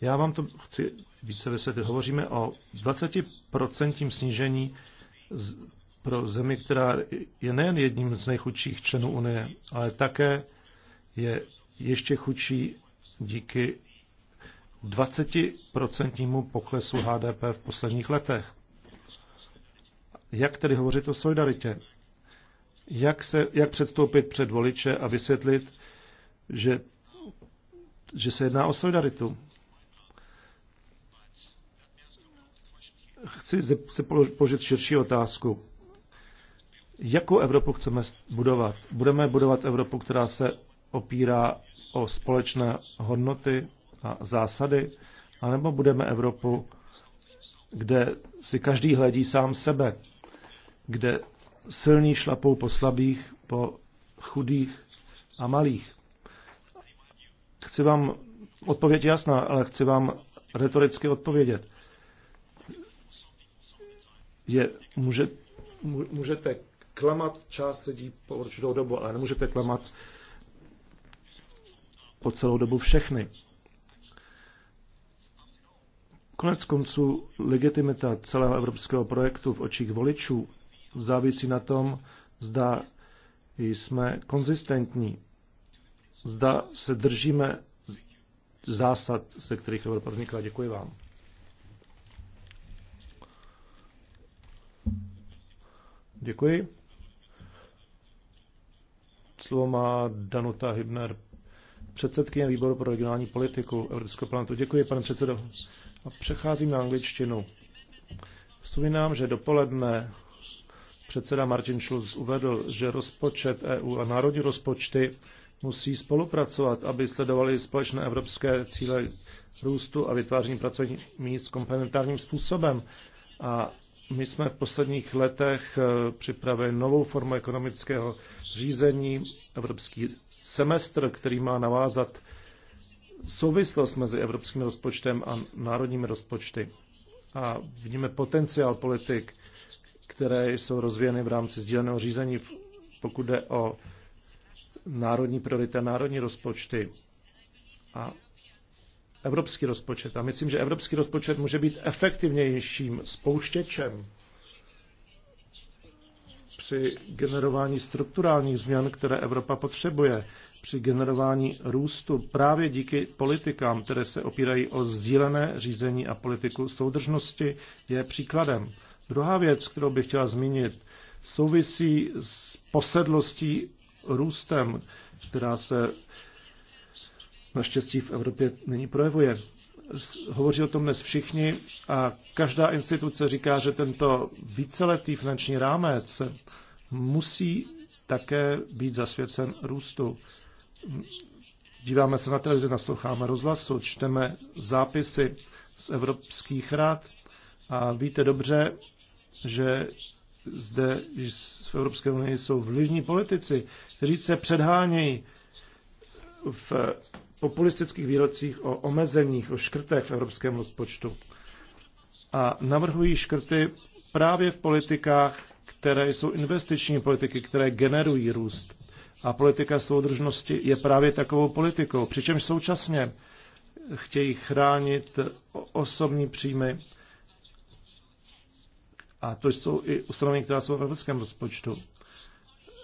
Já vám to chci více vysvětlit. Hovoříme o 20% snížení z, pro zemi, která je nejen jedním z nejchudších členů Unie, ale také je ještě chudší díky 20% poklesu HDP v posledních letech. Jak tedy hovořit o solidaritě? Jak, se, jak předstoupit před voliče a vysvětlit, že, že se jedná o solidaritu? chci si položit širší otázku. Jakou Evropu chceme budovat? Budeme budovat Evropu, která se opírá o společné hodnoty a zásady, anebo budeme Evropu, kde si každý hledí sám sebe, kde silní šlapou po slabých, po chudých a malých. Chci vám odpověď jasná, ale chci vám retoricky odpovědět je, může, můžete klamat část lidí po určitou dobu, ale nemůžete klamat po celou dobu všechny. Konec konců legitimita celého evropského projektu v očích voličů závisí na tom, zda jsme konzistentní, zda se držíme zásad, ze kterých Evropa vznikla. Děkuji vám. Děkuji. Slovo má Danuta Hybner, předsedkyně výboru pro regionální politiku Evropského parlamentu. Děkuji, pane předsedo. A přecházím na angličtinu. Vzpomínám, že dopoledne předseda Martin Schulz uvedl, že rozpočet EU a národní rozpočty musí spolupracovat, aby sledovali společné evropské cíle růstu a vytváření pracovních míst komplementárním způsobem. A my jsme v posledních letech eh, připravili novou formu ekonomického řízení, evropský semestr, který má navázat souvislost mezi evropským rozpočtem a národními rozpočty. A vidíme potenciál politik, které jsou rozvíjeny v rámci sdíleného řízení, pokud jde o národní priority a národní rozpočty. A evropský rozpočet. A myslím, že evropský rozpočet může být efektivnějším spouštěčem při generování strukturálních změn, které Evropa potřebuje, při generování růstu právě díky politikám, které se opírají o sdílené řízení a politiku soudržnosti, je příkladem. Druhá věc, kterou bych chtěla zmínit, souvisí s posedlostí růstem, která se naštěstí v Evropě není projevuje. Hovoří o tom dnes všichni a každá instituce říká, že tento víceletý finanční rámec musí také být zasvěcen růstu. Díváme se na televizi, nasloucháme rozhlasu, čteme zápisy z evropských rad a víte dobře, že zde v Evropské unii jsou vlivní politici, kteří se předhánějí v populistických výrocích o omezeních, o škrtech v evropském rozpočtu. A navrhují škrty právě v politikách, které jsou investiční politiky, které generují růst. A politika soudržnosti je právě takovou politikou. Přičemž současně chtějí chránit osobní příjmy. A to jsou i ustanovení, která jsou v evropském rozpočtu.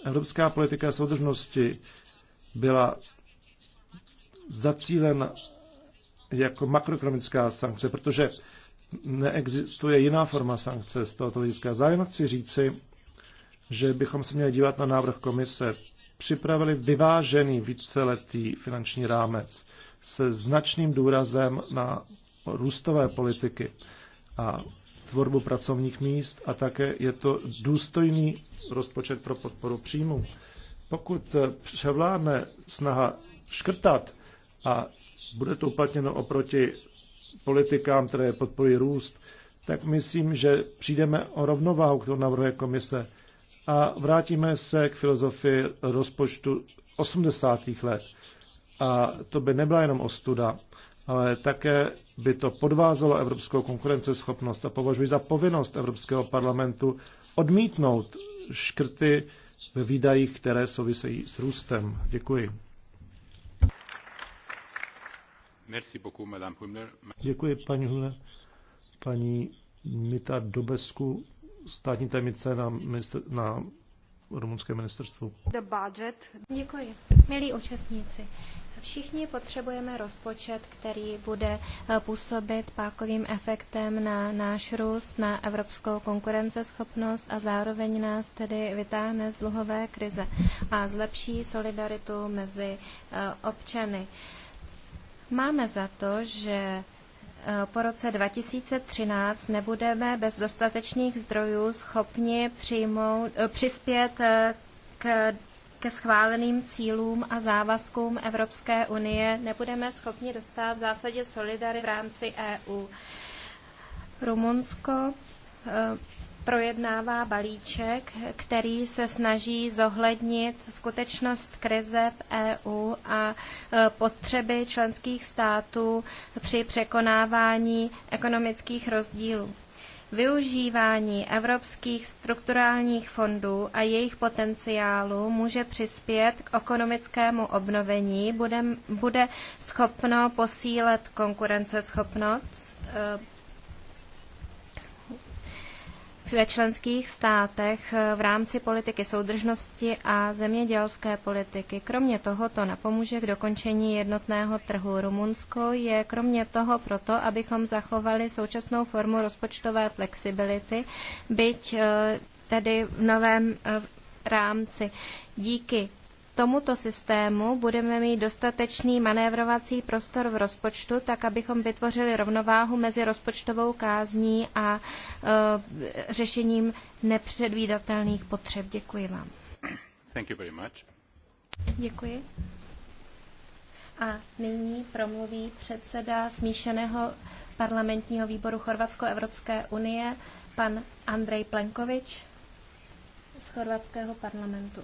Evropská politika soudržnosti byla zacílen jako makroekonomická sankce, protože neexistuje jiná forma sankce z tohoto hlediska. Zájem chci říci, že bychom se měli dívat na návrh komise. Připravili vyvážený víceletý finanční rámec se značným důrazem na růstové politiky a tvorbu pracovních míst a také je to důstojný rozpočet pro podporu příjmu. Pokud převládne snaha škrtat, a bude to uplatněno oproti politikám, které podporují růst, tak myslím, že přijdeme o rovnováhu, kterou navrhuje komise a vrátíme se k filozofii rozpočtu 80. let. A to by nebyla jenom ostuda, ale také by to podvázalo evropskou konkurenceschopnost a považuji za povinnost Evropského parlamentu odmítnout škrty ve výdajích, které souvisejí s růstem. Děkuji. Děkuji, paní Hübner. Paní Mita Dobesku, státní tajemnice na, minister, na rumunské ministerstvu. The budget. Děkuji. Milí účastníci, Všichni potřebujeme rozpočet, který bude eh, působit pákovým efektem na náš růst, na evropskou konkurenceschopnost a zároveň nás tedy vytáhne z dluhové krize a zlepší solidaritu mezi eh, občany. Máme za to, že eh, po roce 2013 nebudeme bez dostatečných zdrojů schopni přijmout, eh, přispět eh, k, ke schváleným cílům a závazkům Evropské unie. Nebudeme schopni dostat v zásadě solidary v rámci EU. Rumunsko projednává balíček, který se snaží zohlednit skutečnost krize v EU a e, potřeby členských států při překonávání ekonomických rozdílů. Využívání evropských strukturálních fondů a jejich potenciálu může přispět k ekonomickému obnovení, bude, bude schopno posílet konkurenceschopnost e, ve členských státech eh, v rámci politiky soudržnosti a zemědělské politiky. Kromě toho to napomůže k dokončení jednotného trhu. Rumunsko je kromě toho proto, abychom zachovali současnou formu rozpočtové flexibility, byť eh, tedy v novém eh, rámci. Díky tomuto systému budeme mít dostatečný manévrovací prostor v rozpočtu, tak abychom vytvořili rovnováhu mezi rozpočtovou kázní a e, řešením nepředvídatelných potřeb. Děkuji vám. Thank you very much. Děkuji. A nyní promluví předseda smíšeného parlamentního výboru Chorvatsko-Evropské unie, pan Andrej Plenkovič z Chorvatského parlamentu.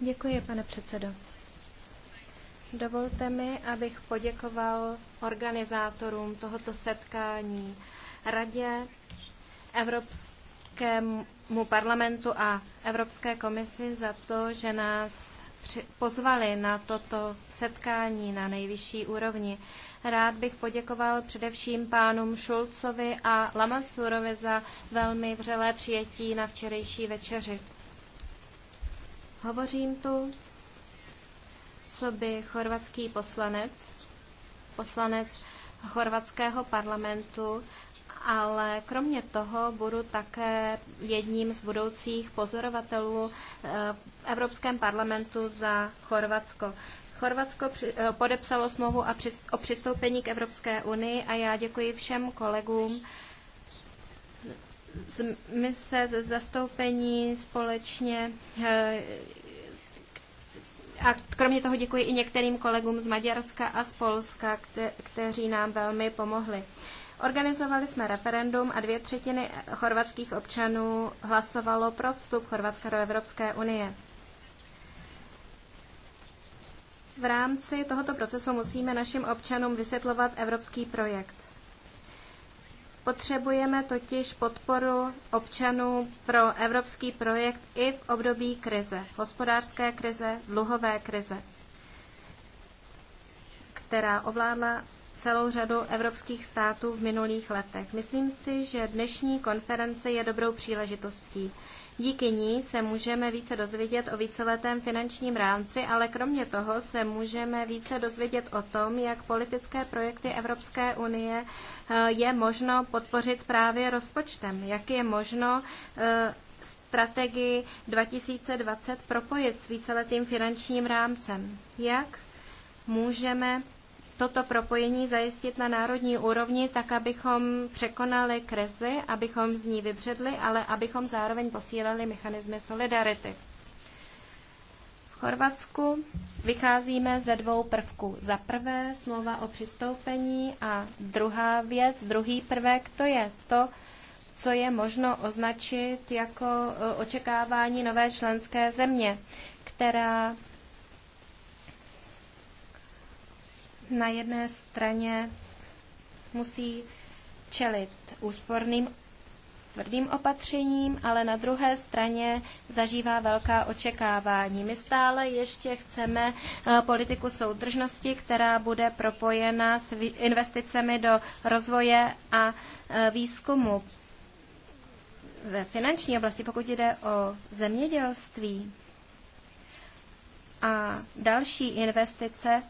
Děkuji, pane předsedo. Dovolte mi, abych poděkoval organizátorům tohoto setkání, Radě, Evropskému parlamentu a Evropské komisi za to, že nás pozvali na toto setkání na nejvyšší úrovni. Rád bych poděkoval především pánům Šulcovi a Lamasurovi za velmi vřelé přijetí na včerejší večeři. Hovořím tu, co by chorvatský poslanec, poslanec chorvatského parlamentu, ale kromě toho budu také jedním z budoucích pozorovatelů eh, v Evropském parlamentu za Chorvatsko. Chorvatsko eh, podepsalo smlouvu o přistoupení k Evropské unii a já děkuji všem kolegům, my se ze zastoupení společně eh, a kromě toho děkuji i některým kolegům z Maďarska a z Polska, kte, kteří nám velmi pomohli. Organizovali jsme referendum a dvě třetiny chorvatských občanů hlasovalo pro vstup Chorvatska do Evropské unie. V rámci tohoto procesu musíme našim občanům vysvětlovat evropský projekt. Potřebujeme totiž podporu občanů pro evropský projekt i v období krize, hospodářské krize, dluhové krize, která ovládla celou řadu evropských států v minulých letech. Myslím si, že dnešní konference je dobrou příležitostí. Díky ní se můžeme více dozvědět o víceletém finančním rámci, ale kromě toho se můžeme více dozvědět o tom, jak politické projekty Evropské unie eh, je možno podpořit právě rozpočtem, jak je možno eh, strategii 2020 propojit s víceletým finančním rámcem. Jak můžeme toto propojení zajistit na národní úrovni, tak abychom překonali krizi, abychom z ní vybředli, ale abychom zároveň posílali mechanismy solidarity. V Chorvatsku vycházíme ze dvou prvků. Za prvé smlouva o přistoupení a druhá věc, druhý prvek, to je to, co je možno označit jako e, očekávání nové členské země, která na jedné straně musí čelit úsporným tvrdým opatřením, ale na druhé straně zažívá velká očekávání. My stále ještě chceme eh, politiku soudržnosti, která bude propojena s investicemi do rozvoje a eh, výzkumu. Ve finanční oblasti, pokud jde o zemědělství a další investice,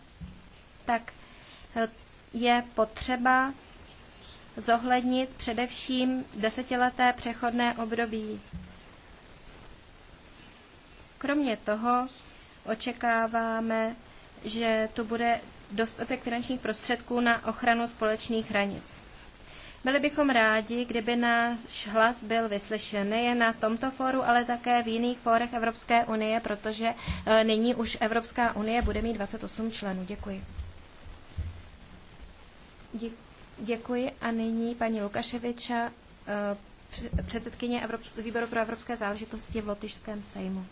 tak eh, je potřeba zohlednit především desetileté přechodné období. Kromě toho očekáváme, že tu bude dostatek finančních prostředků na ochranu společných hranic. Byli bychom rádi, kdyby náš hlas byl vyslyšen nejen na tomto fóru, ale také v jiných fórech Evropské unie, protože eh, nyní už Evropská unie bude mít 28 členů. Děkuji. Děkuji a nyní paní Lukaševiča, eh, předsedkyně výboru pro evropské záležitosti v Lotyšském sejmu.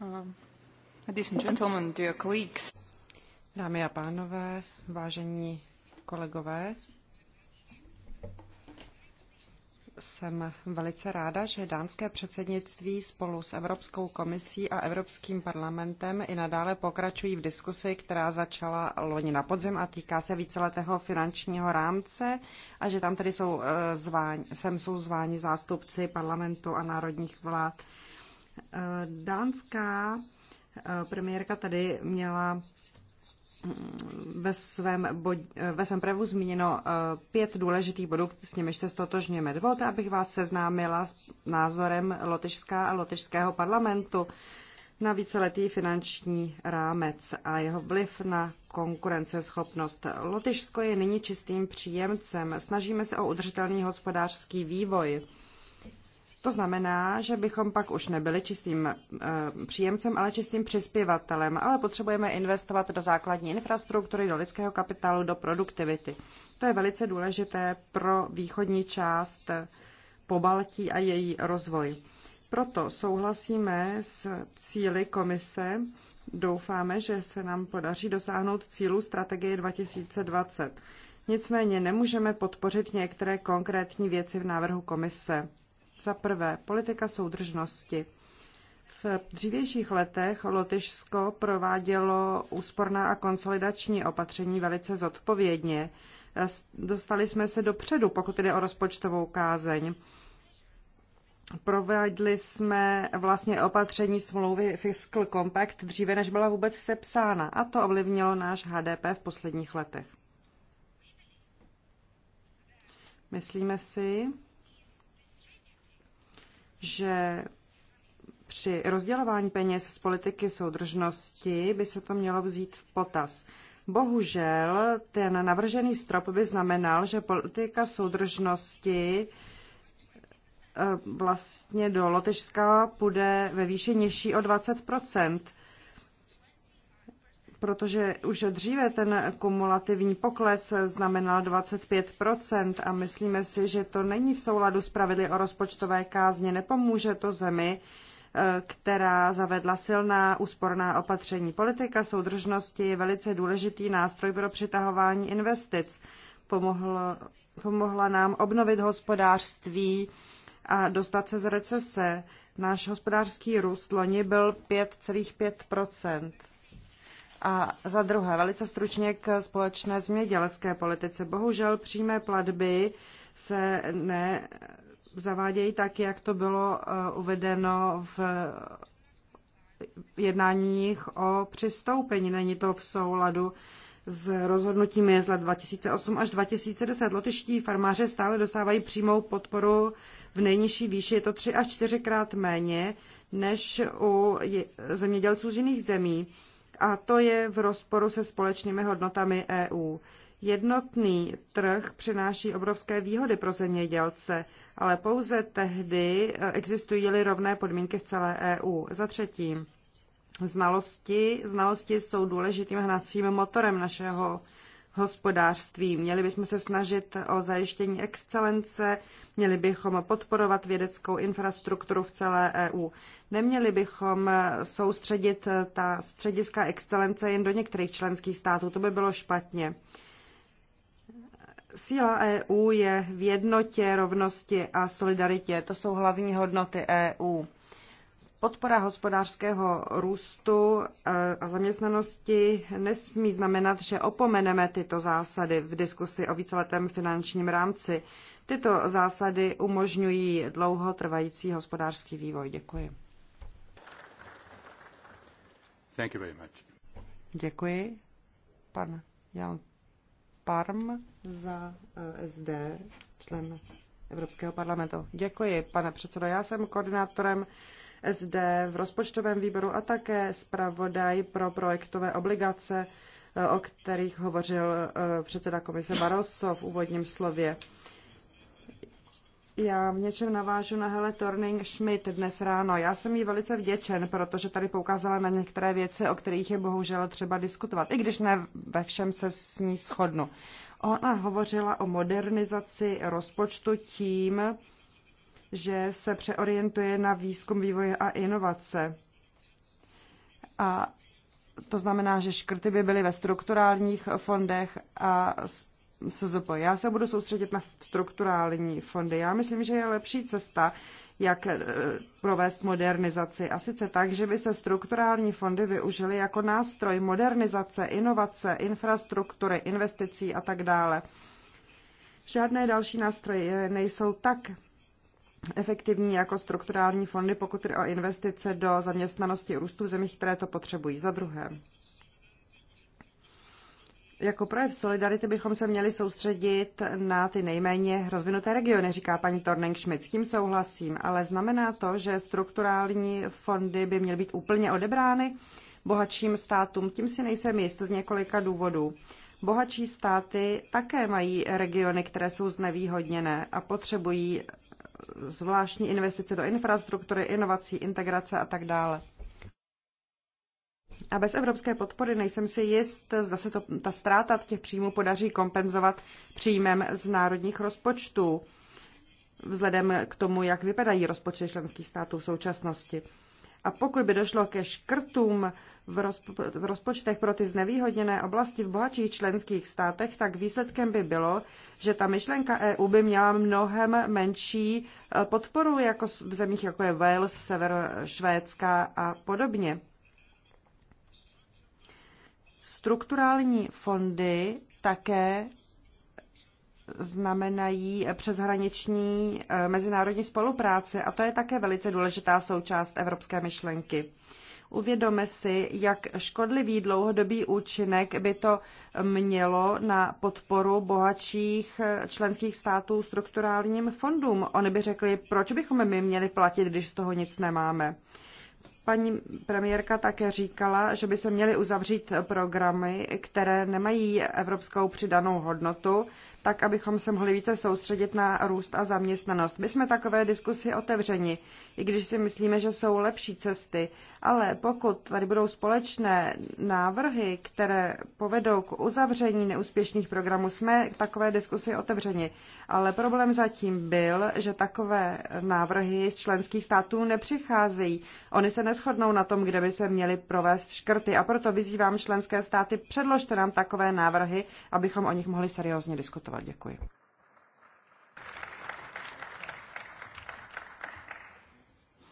Uh, ladies and gentlemen, dear colleagues. Dámy a pánové, vážení kolegové, jsem velice ráda, že dánské předsednictví spolu s Evropskou komisí a Evropským parlamentem i nadále pokračují v diskusi, která začala loni na podzim a týká se víceletého finančního rámce a že tam tedy jsou eh, zváni, sem jsou zváni zástupci parlamentu a národních vlád. Eh, dánská eh, premiérka tady měla Mm, ve svém, bod, ve svém prevu zmíněno eh, pět důležitých bodů, s nimiž se stotožňujeme. Dovolte, abych vás seznámila s názorem Lotyšská a Lotyšského parlamentu na víceletý finanční rámec a jeho vliv na konkurenceschopnost. Lotyšsko je nyní čistým příjemcem. Snažíme se o udržitelný hospodářský vývoj. To znamená, že bychom pak už nebyli čistým eh, příjemcem, ale čistým přispěvatelem, ale potřebujeme investovat do základní infrastruktury, do lidského kapitálu, do produktivity. To je velice důležité pro východní část eh, Pobaltí a její rozvoj. Proto souhlasíme s cíly komise. Doufáme, že se nám podaří dosáhnout cílů strategie 2020. Nicméně nemůžeme podpořit některé konkrétní věci v návrhu komise. Za prvé, politika soudržnosti. V dřívějších letech Lotyšsko provádělo úsporná a konsolidační opatření velice zodpovědně. Dostali jsme se dopředu, pokud jde o rozpočtovou kázeň. Provedli jsme vlastně opatření smlouvy Fiscal Compact dříve, než byla vůbec sepsána a to ovlivnilo náš HDP v posledních letech. Myslíme si, že při rozdělování peněz z politiky soudržnosti by se to mělo vzít v potaz. Bohužel ten navržený strop by znamenal, že politika soudržnosti eh, vlastně do Lotyšska půjde ve výši nižší o 20 protože už dříve ten kumulativní pokles znamenal 25 a myslíme si, že to není v souladu s pravidly o rozpočtové kázně. Nepomůže to zemi, eh, která zavedla silná úsporná opatření. Politika soudržnosti je velice důležitý nástroj pro přitahování investic. Pomohlo, pomohla nám obnovit hospodářství a dostat se z recese. Náš hospodářský růst loni byl 5,5 a za druhé, velice stručně k společné zemědělské politice. Bohužel přímé platby se ne zavádějí tak, jak to bylo eh, uvedeno v jednáních o přistoupení. Není to v souladu s rozhodnutími z let 2008 až 2010. Lotyští farmáři stále dostávají přímou podporu v nejnižší výši. Je to tři až čtyřikrát méně než u zemědělců z jiných zemí a to je v rozporu se společnými hodnotami EU. Jednotný trh přináší obrovské výhody pro zemědělce, ale pouze tehdy eh, existují-li rovné podmínky v celé EU. Za třetí, znalosti, znalosti jsou důležitým hnacím motorem našeho hospodářství. Měli bychom se snažit o zajištění excelence, měli bychom podporovat vědeckou infrastrukturu v celé EU. Neměli bychom soustředit ta střediska excelence jen do některých členských států, to by bylo špatně. Síla EU je v jednotě, rovnosti a solidaritě. To jsou hlavní hodnoty EU. Podpora hospodářského růstu eh, a zaměstnanosti nesmí znamenat, že opomeneme tyto zásady v diskusi o víceletém finančním rámci. Tyto zásady umožňují dlouho trvající hospodářský vývoj. Děkuji. Thank you very much. Děkuji. Pan Jan Parm za eh, SD, člen Evropského parlamentu. Děkuji, pane předsedo. Já jsem koordinátorem zde v rozpočtovém výboru a také zpravodaj pro projektové obligace, e, o kterých hovořil e, předseda komise Barroso v úvodním slově. Já v něčem navážu na Hele Torning Schmidt dnes ráno. Já jsem jí velice vděčen, protože tady poukázala na některé věci, o kterých je bohužel třeba diskutovat, i když ne ve všem se s ní shodnu. Ona hovořila o modernizaci rozpočtu tím, že se přeorientuje na výzkum, vývoj a inovace. A to znamená, že škrty by byly ve strukturálních fondech a SZP. Já se budu soustředit na strukturální fondy. Já myslím, že je lepší cesta, jak e, provést modernizaci. A sice tak, že by se strukturální fondy využily jako nástroj modernizace, inovace, infrastruktury, investicí a tak dále. Žádné další nástroje nejsou tak efektivní jako strukturální fondy, pokud jde o investice do zaměstnanosti růstu v zemích, které to potřebují. Za druhé, jako projev solidarity bychom se měli soustředit na ty nejméně rozvinuté regiony, říká paní Torning Schmidt. S tím souhlasím, ale znamená to, že strukturální fondy by měly být úplně odebrány bohatším státům. Tím si nejsem jist z několika důvodů. Bohatší státy také mají regiony, které jsou znevýhodněné a potřebují zvláštní investice do infrastruktury, inovací, integrace a tak dále. A bez evropské podpory nejsem si jist, zda se to, ta ztráta těch příjmů podaří kompenzovat příjmem z národních rozpočtů, vzhledem k tomu, jak vypadají rozpočty členských států v současnosti. A pokud by došlo ke škrtům v, rozpo- v rozpočtech pro ty znevýhodněné oblasti v bohatších členských státech, tak výsledkem by bylo, že ta myšlenka EU by měla mnohem menší eh, podporu jako v zemích, jako je Wales, Sever eh, Švédska a podobně. Strukturální fondy také znamenají přeshraniční eh, mezinárodní spolupráce a to je také velice důležitá součást evropské myšlenky. Uvědome si, jak škodlivý dlouhodobý účinek by to mělo na podporu bohatších eh, členských států strukturálním fondům. Oni by řekli, proč bychom my měli platit, když z toho nic nemáme. Paní premiérka také říkala, že by se měly uzavřít programy, které nemají evropskou přidanou hodnotu, tak abychom se mohli více soustředit na růst a zaměstnanost. My jsme takové diskusy otevřeni, i když si myslíme, že jsou lepší cesty, ale pokud tady budou společné návrhy, které povedou k uzavření neúspěšných programů, jsme takové diskusy otevřeni. Ale problém zatím byl, že takové návrhy z členských států nepřicházejí. Oni se neschodnou na tom, kde by se měly provést škrty a proto vyzývám členské státy, předložte nám takové návrhy, abychom o nich mohli seriózně diskutovat respektovat. Děkuji.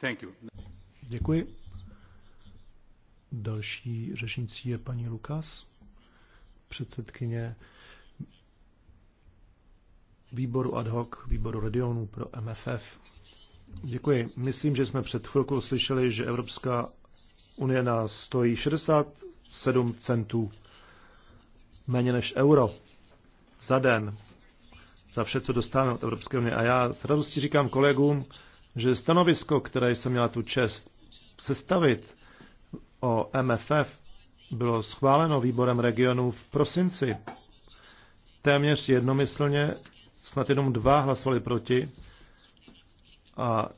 Thank you. Děkuji. Další řešnicí je paní Lukas, předsedkyně výboru ad hoc, výboru regionů pro MFF. Děkuji. Myslím, že jsme před chvilkou slyšeli, že Evropská unie nás stojí 67 centů méně než euro za den, za vše, co dostanu od Evropské unie. A já s radostí říkám kolegům, že stanovisko, které jsem měla tu čest sestavit o MFF, bylo schváleno výborem regionů v prosinci. Téměř jednomyslně, snad jenom dva hlasovali proti a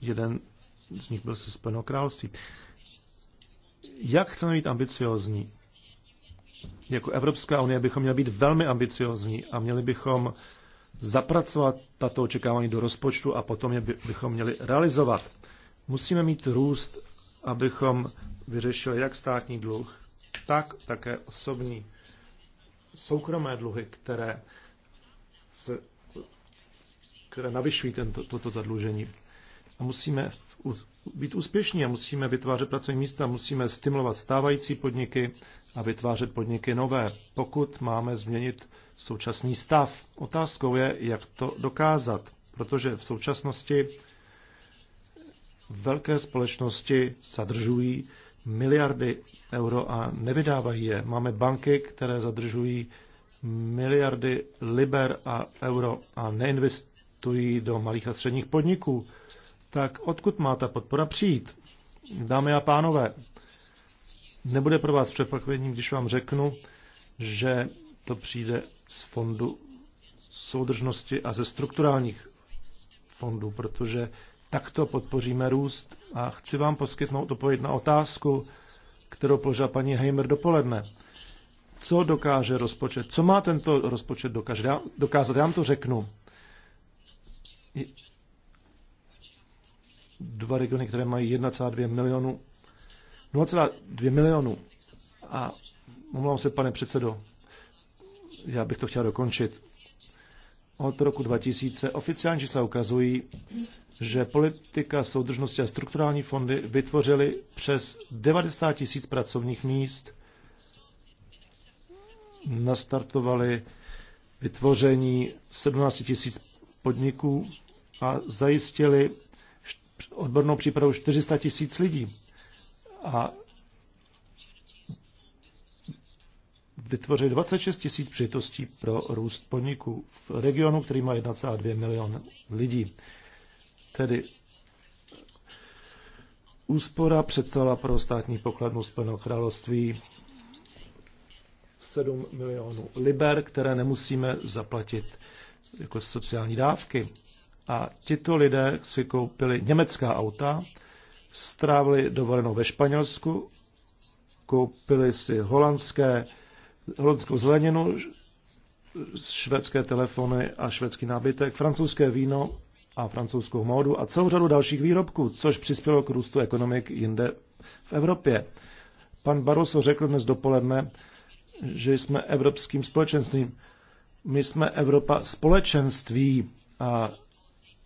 jeden z nich byl se Spojeného království. Jak chceme být ambiciozní? jako Evropská unie bychom měli být velmi ambiciozní a měli bychom zapracovat tato očekávání do rozpočtu a potom je bychom měli realizovat. Musíme mít růst, abychom vyřešili jak státní dluh, tak také osobní soukromé dluhy, které, se, které navyšují tento, toto zadlužení. A musíme být úspěšní a musíme vytvářet pracovní místa, musíme stimulovat stávající podniky a vytvářet podniky nové, pokud máme změnit současný stav. Otázkou je, jak to dokázat, protože v současnosti velké společnosti zadržují miliardy euro a nevydávají je. Máme banky, které zadržují miliardy liber a euro a neinvestují do malých a středních podniků. Tak odkud má ta podpora přijít? Dámy a pánové, Nebude pro vás překvapením, když vám řeknu, že to přijde z fondu soudržnosti a ze strukturálních fondů, protože takto podpoříme růst. A chci vám poskytnout odpověď na otázku, kterou položila paní Heimer dopoledne. Co dokáže rozpočet? Co má tento rozpočet dokázat? Já vám to řeknu. Dva regiony, které mají 1,2 milionu 0,2 milionu. A omlouvám se, pane předsedo, já bych to chtěl dokončit. Od roku 2000 oficiální čísla ukazují, že politika soudržnosti a strukturální fondy vytvořily přes 90 tisíc pracovních míst, nastartovali vytvoření 17 tisíc podniků a zajistili odbornou přípravu 400 tisíc lidí a vytvořit 26 tisíc přitostí pro růst podniků v regionu, který má 1,2 milion lidí. Tedy úspora představila pro státní pokladnu Spojeného království 7 milionů liber, které nemusíme zaplatit jako sociální dávky. A tito lidé si koupili německá auta strávili dovolenou ve Španělsku, koupili si holandské, holandskou zeleninu, švédské telefony a švédský nábytek, francouzské víno a francouzskou módu a celou řadu dalších výrobků, což přispělo k růstu ekonomik jinde v Evropě. Pan Barroso řekl dnes dopoledne, že jsme evropským společenstvím. My jsme Evropa společenství a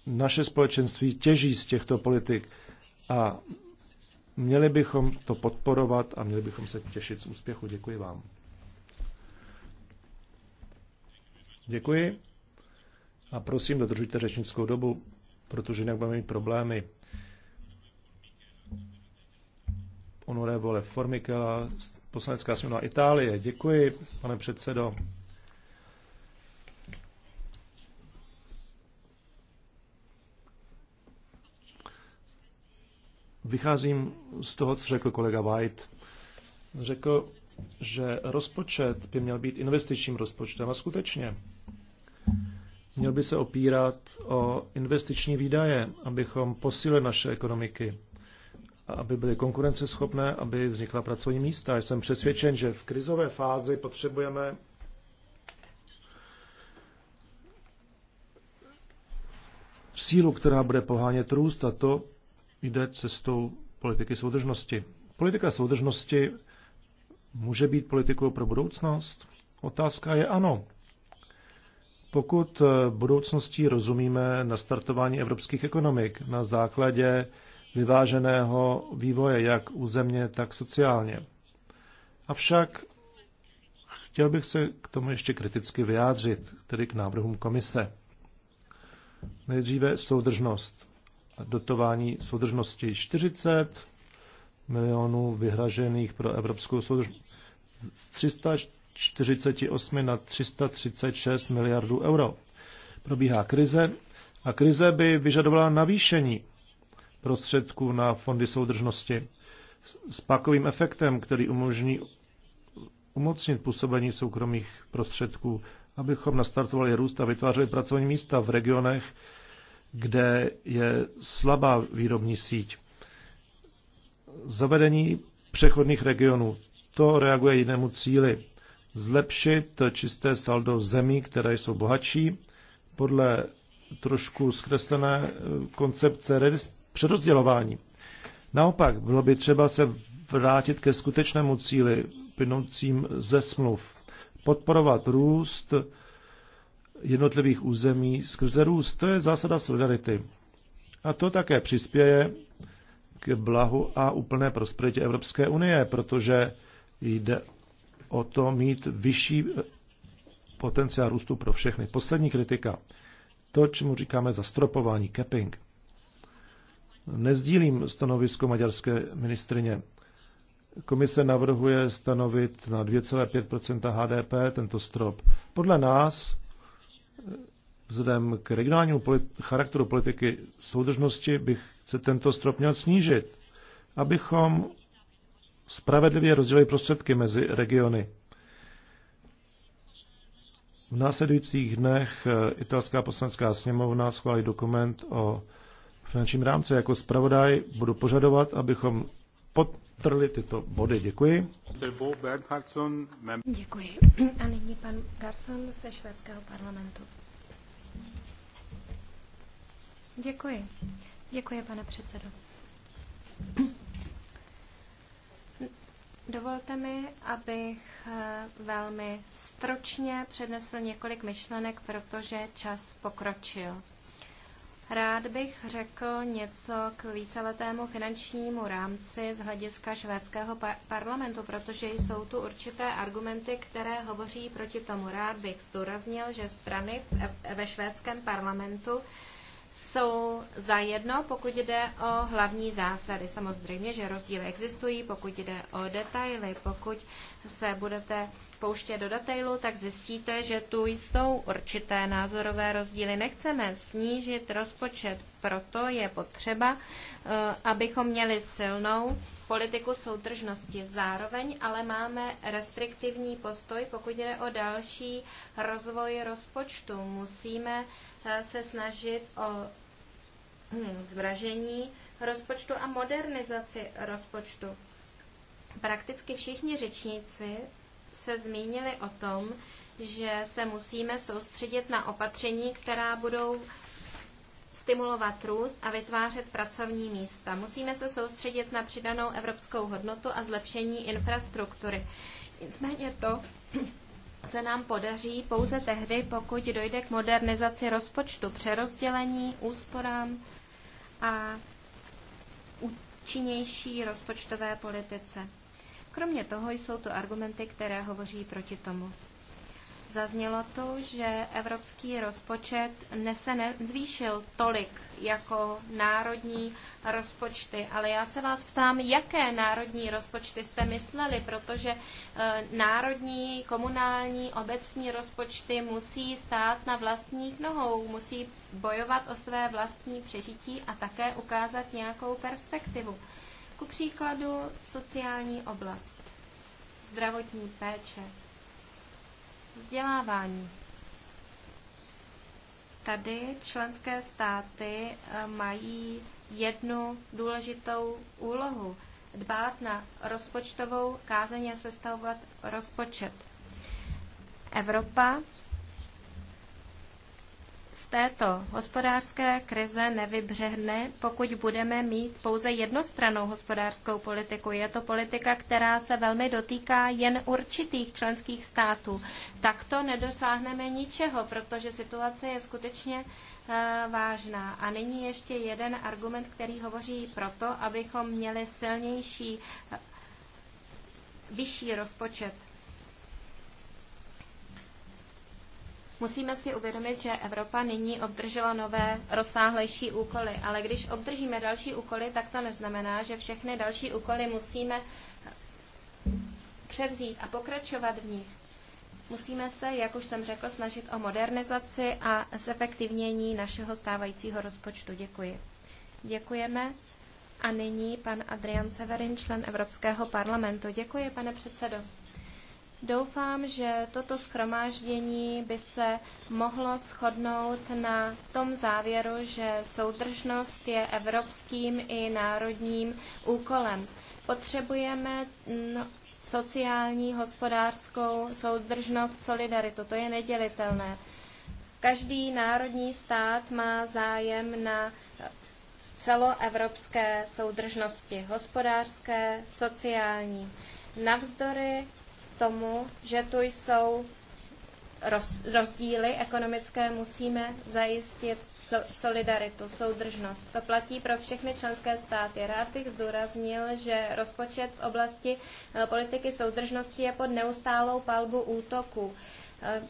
naše společenství těží z těchto politik. A měli bychom to podporovat a měli bychom se těšit z úspěchu. Děkuji vám. Děkuji. A prosím, dodržujte řečnickou dobu, protože jinak budeme mít problémy. Honorevole Formikela, poslanecká sněmovna Itálie. Děkuji, pane předsedo. Vycházím z toho, co řekl kolega White. Řekl, že rozpočet by měl být investičním rozpočtem a skutečně měl by se opírat o investiční výdaje, abychom posílili naše ekonomiky, aby byly konkurenceschopné, aby vznikla pracovní místa. Jsem přesvědčen, že v krizové fázi potřebujeme sílu, která bude pohánět růst a to jde cestou politiky soudržnosti. Politika soudržnosti může být politikou pro budoucnost? Otázka je ano. Pokud eh, budoucností rozumíme nastartování evropských ekonomik na základě vyváženého vývoje jak územně, tak sociálně. Avšak chtěl bych se k tomu ještě kriticky vyjádřit, tedy k návrhům komise. Nejdříve soudržnost dotování soudržnosti 40 milionů vyhražených pro evropskou soudržnost z 348 na 336 miliardů euro. Probíhá krize a krize by vyžadovala navýšení prostředků na fondy soudržnosti s pakovým efektem, který umožní umocnit působení soukromých prostředků, abychom nastartovali růst a vytvářeli pracovní místa v regionech, kde je slabá výrobní síť. Zavedení přechodných regionů. To reaguje jinému cíli. Zlepšit čisté saldo zemí, které jsou bohatší, podle trošku zkreslené eh, koncepce přerozdělování. Naopak, bylo by třeba se vrátit ke skutečnému cíli, plynoucím ze smluv. Podporovat růst, jednotlivých území skrze růst. To je zásada solidarity. A to také přispěje k blahu a úplné prosperitě Evropské unie, protože jde o to mít vyšší eh, potenciál růstu pro všechny. Poslední kritika. To, čemu říkáme zastropování, capping. Nezdílím stanovisko maďarské ministrině. Komise navrhuje stanovit na 2,5 HDP tento strop. Podle nás vzhledem k regionálnímu politi- charakteru politiky soudržnosti bych se tento strop měl snížit, abychom spravedlivě rozdělili prostředky mezi regiony. V následujících dnech eh, italská poslanecká sněmovna schválí dokument o finančním rámci. Jako zpravodaj budu požadovat, abychom pod trli tyto body. Děkuji. Děkuji. A nyní pan Garson ze švédského parlamentu. Děkuji. Děkuji, pane předsedo. Dovolte mi, abych eh, velmi stročně přednesl několik myšlenek, protože čas pokročil. Rád bych řekl něco k víceletému finančnímu rámci z hlediska švédského parlamentu, protože jsou tu určité argumenty, které hovoří proti tomu. Rád bych zdůraznil, že strany ve švédském parlamentu jsou zajedno, pokud jde o hlavní zásady. Samozřejmě, že rozdíly existují, pokud jde o detaily. Pokud se budete pouštět do detailu, tak zjistíte, že tu jsou určité názorové rozdíly. Nechceme snížit rozpočet, proto je potřeba, eh, abychom měli silnou politiku soudržnosti. Zároveň ale máme restriktivní postoj, pokud jde o další rozvoj rozpočtu. Musíme eh, se snažit o Hm, zvražení rozpočtu a modernizaci rozpočtu. Prakticky všichni řečníci se zmínili o tom, že se musíme soustředit na opatření, která budou stimulovat růst a vytvářet pracovní místa. Musíme se soustředit na přidanou evropskou hodnotu a zlepšení infrastruktury. Nicméně to se nám podaří pouze tehdy, pokud dojde k modernizaci rozpočtu, přerozdělení, úsporám a účinnější rozpočtové politice. Kromě toho jsou to argumenty, které hovoří proti tomu. Zaznělo to, že evropský rozpočet nese se nezvýšil tolik jako národní rozpočty, ale já se vás ptám, jaké národní rozpočty jste mysleli, protože eh, národní, komunální, obecní rozpočty musí stát na vlastních nohou, musí bojovat o své vlastní přežití a také ukázat nějakou perspektivu. Ku příkladu sociální oblast, zdravotní péče, Vzdělávání. Tady členské státy eh, mají jednu důležitou úlohu. Dbát na rozpočtovou kázeň a sestavovat rozpočet. Evropa této hospodářské krize nevybřehne, pokud budeme mít pouze jednostranou hospodářskou politiku. Je to politika, která se velmi dotýká jen určitých členských států. Takto nedosáhneme ničeho, protože situace je skutečně eh, vážná. A nyní ještě jeden argument, který hovoří proto, abychom měli silnější, vyšší rozpočet Musíme si uvědomit, že Evropa nyní obdržela nové rozsáhlejší úkoly, ale když obdržíme další úkoly, tak to neznamená, že všechny další úkoly musíme převzít a pokračovat v nich. Musíme se, jak už jsem řekl, snažit o modernizaci a zefektivnění našeho stávajícího rozpočtu. Děkuji. Děkujeme. A nyní pan Adrian Severin, člen Evropského parlamentu. Děkuji, pane předsedo. Doufám, že toto schromáždění by se mohlo shodnout na tom závěru, že soudržnost je evropským i národním úkolem. Potřebujeme mm, sociální, hospodářskou soudržnost, solidaritu. To je nedělitelné. Každý národní stát má zájem na celoevropské soudržnosti, hospodářské, sociální. Navzdory tomu, že tu jsou rozdíly ekonomické, musíme zajistit solidaritu, soudržnost. To platí pro všechny členské státy. Rád bych zdůraznil, že rozpočet v oblasti eh, politiky soudržnosti je pod neustálou palbu útoku. Eh,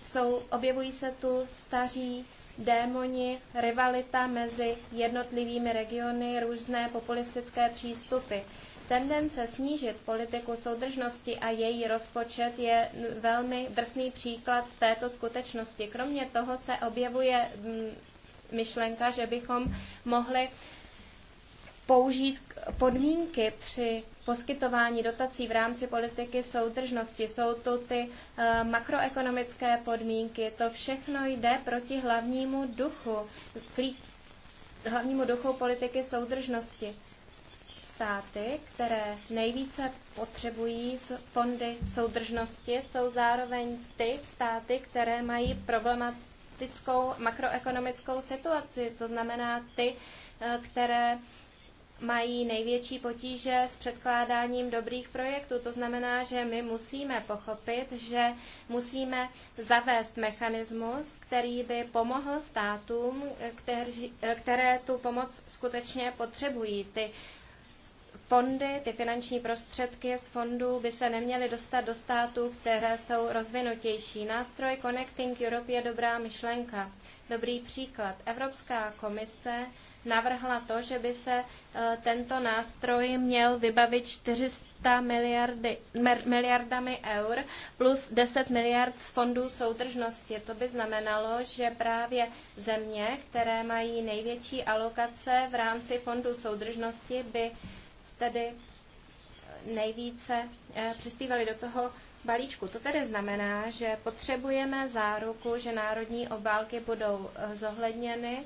jsou, objevují se tu staří démoni, rivalita mezi jednotlivými regiony, různé populistické přístupy tendence snížit politiku soudržnosti a její rozpočet je velmi drsný příklad této skutečnosti. Kromě toho se objevuje mm, myšlenka, že bychom mohli použít podmínky při poskytování dotací v rámci politiky soudržnosti. Jsou to ty eh, makroekonomické podmínky. To všechno jde proti hlavnímu duchu, hlavnímu duchu politiky soudržnosti státy, které nejvíce potřebují fondy soudržnosti, jsou zároveň ty státy, které mají problematickou makroekonomickou situaci, to znamená ty, eh, které mají největší potíže s předkládáním dobrých projektů. To znamená, že my musíme pochopit, že musíme zavést mechanismus, který by pomohl státům, eh, které tu pomoc skutečně potřebují. Ty fondy, ty finanční prostředky z fondů by se neměly dostat do států, které jsou rozvinutější. Nástroj Connecting Europe je dobrá myšlenka. Dobrý příklad. Evropská komise navrhla to, že by se eh, tento nástroj měl vybavit 400 miliardy, miliardami eur plus 10 miliard z fondů soudržnosti. To by znamenalo, že právě země, které mají největší alokace v rámci fondů soudržnosti, by tedy nejvíce eh, přispívali do toho balíčku. To tedy znamená, že potřebujeme záruku, že národní obálky budou eh, zohledněny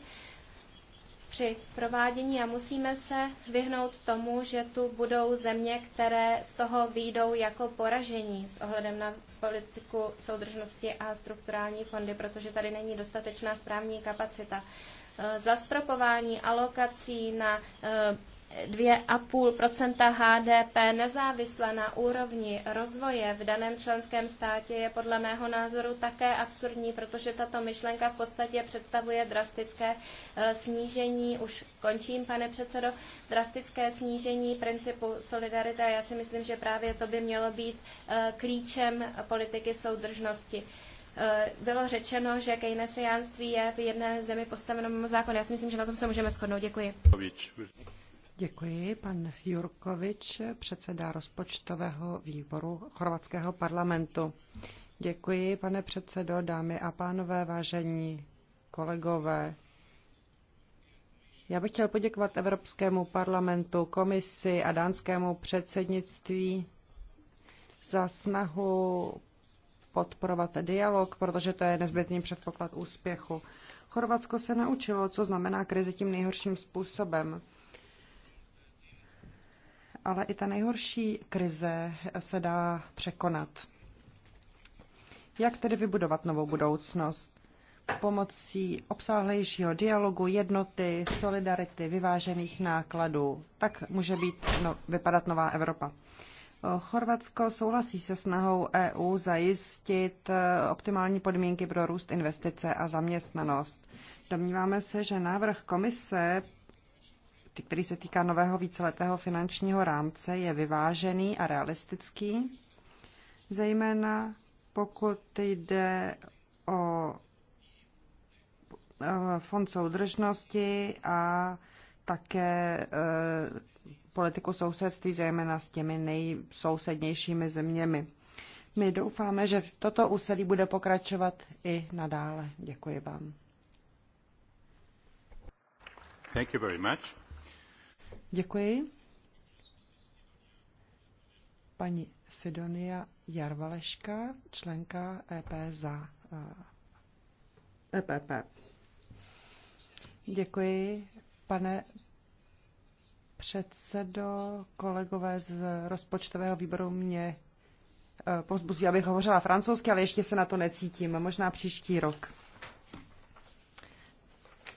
při provádění a musíme se vyhnout tomu, že tu budou země, které z toho výjdou jako poražení s ohledem na politiku soudržnosti a strukturální fondy, protože tady není dostatečná správní kapacita. Eh, zastropování alokací na 2,5 HDP nezávisle na úrovni rozvoje v daném členském státě je podle mého názoru také absurdní, protože tato myšlenka v podstatě představuje drastické eh, snížení, už končím, pane předsedo, drastické snížení principu solidarity a já si myslím, že právě to by mělo být eh, klíčem politiky soudržnosti eh, bylo řečeno, že keynesiánství je v jedné zemi postaveno mimo zákon. Já si myslím, že na tom se můžeme shodnout. Děkuji. Děkuji. Pan Jurkovič, předseda rozpočtového výboru chorvatského parlamentu. Děkuji, pane předsedo, dámy a pánové, vážení kolegové. Já bych chtěl poděkovat Evropskému parlamentu, komisi a dánskému předsednictví za snahu podporovat dialog, protože to je nezbytný předpoklad úspěchu. Chorvatsko se naučilo, co znamená krize tím nejhorším způsobem ale i ta nejhorší krize se dá překonat. Jak tedy vybudovat novou budoucnost? Pomocí obsáhlejšího dialogu, jednoty, solidarity, vyvážených nákladů. Tak může být, no, vypadat nová Evropa. Chorvatsko souhlasí se snahou EU zajistit e, optimální podmínky pro růst investice a zaměstnanost. Domníváme se, že návrh komise který se týká nového víceletého finančního rámce, je vyvážený a realistický, zejména pokud jde o fond soudržnosti a také e, politiku sousedství, zejména s těmi nejsousednějšími zeměmi. My doufáme, že toto úsilí bude pokračovat i nadále. Děkuji vám. Thank you very much. Děkuji. Paní Sidonia Jarvaleška, členka EP za EPP. Děkuji, pane předsedo. Kolegové z rozpočtového výboru mě e, pozbuzí, abych hovořila francouzsky, ale ještě se na to necítím. Možná příští rok.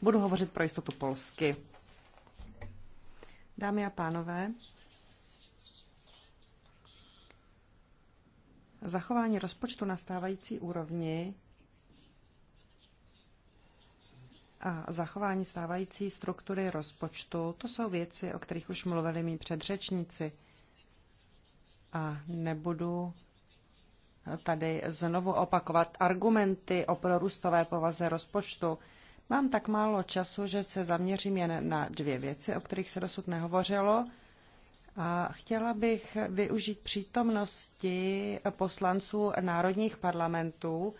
Budu hovořit pro jistotu polsky. Dámy a pánové, zachování rozpočtu na stávající úrovni a zachování stávající struktury rozpočtu, to jsou věci, o kterých už mluvili mý předřečníci. A nebudu tady znovu opakovat argumenty o prorůstové povaze rozpočtu. Mám tak málo času, že se zaměřím jen na dvě věci, o kterých se dosud nehovořilo. A chtěla bych využít přítomnosti poslanců národních parlamentů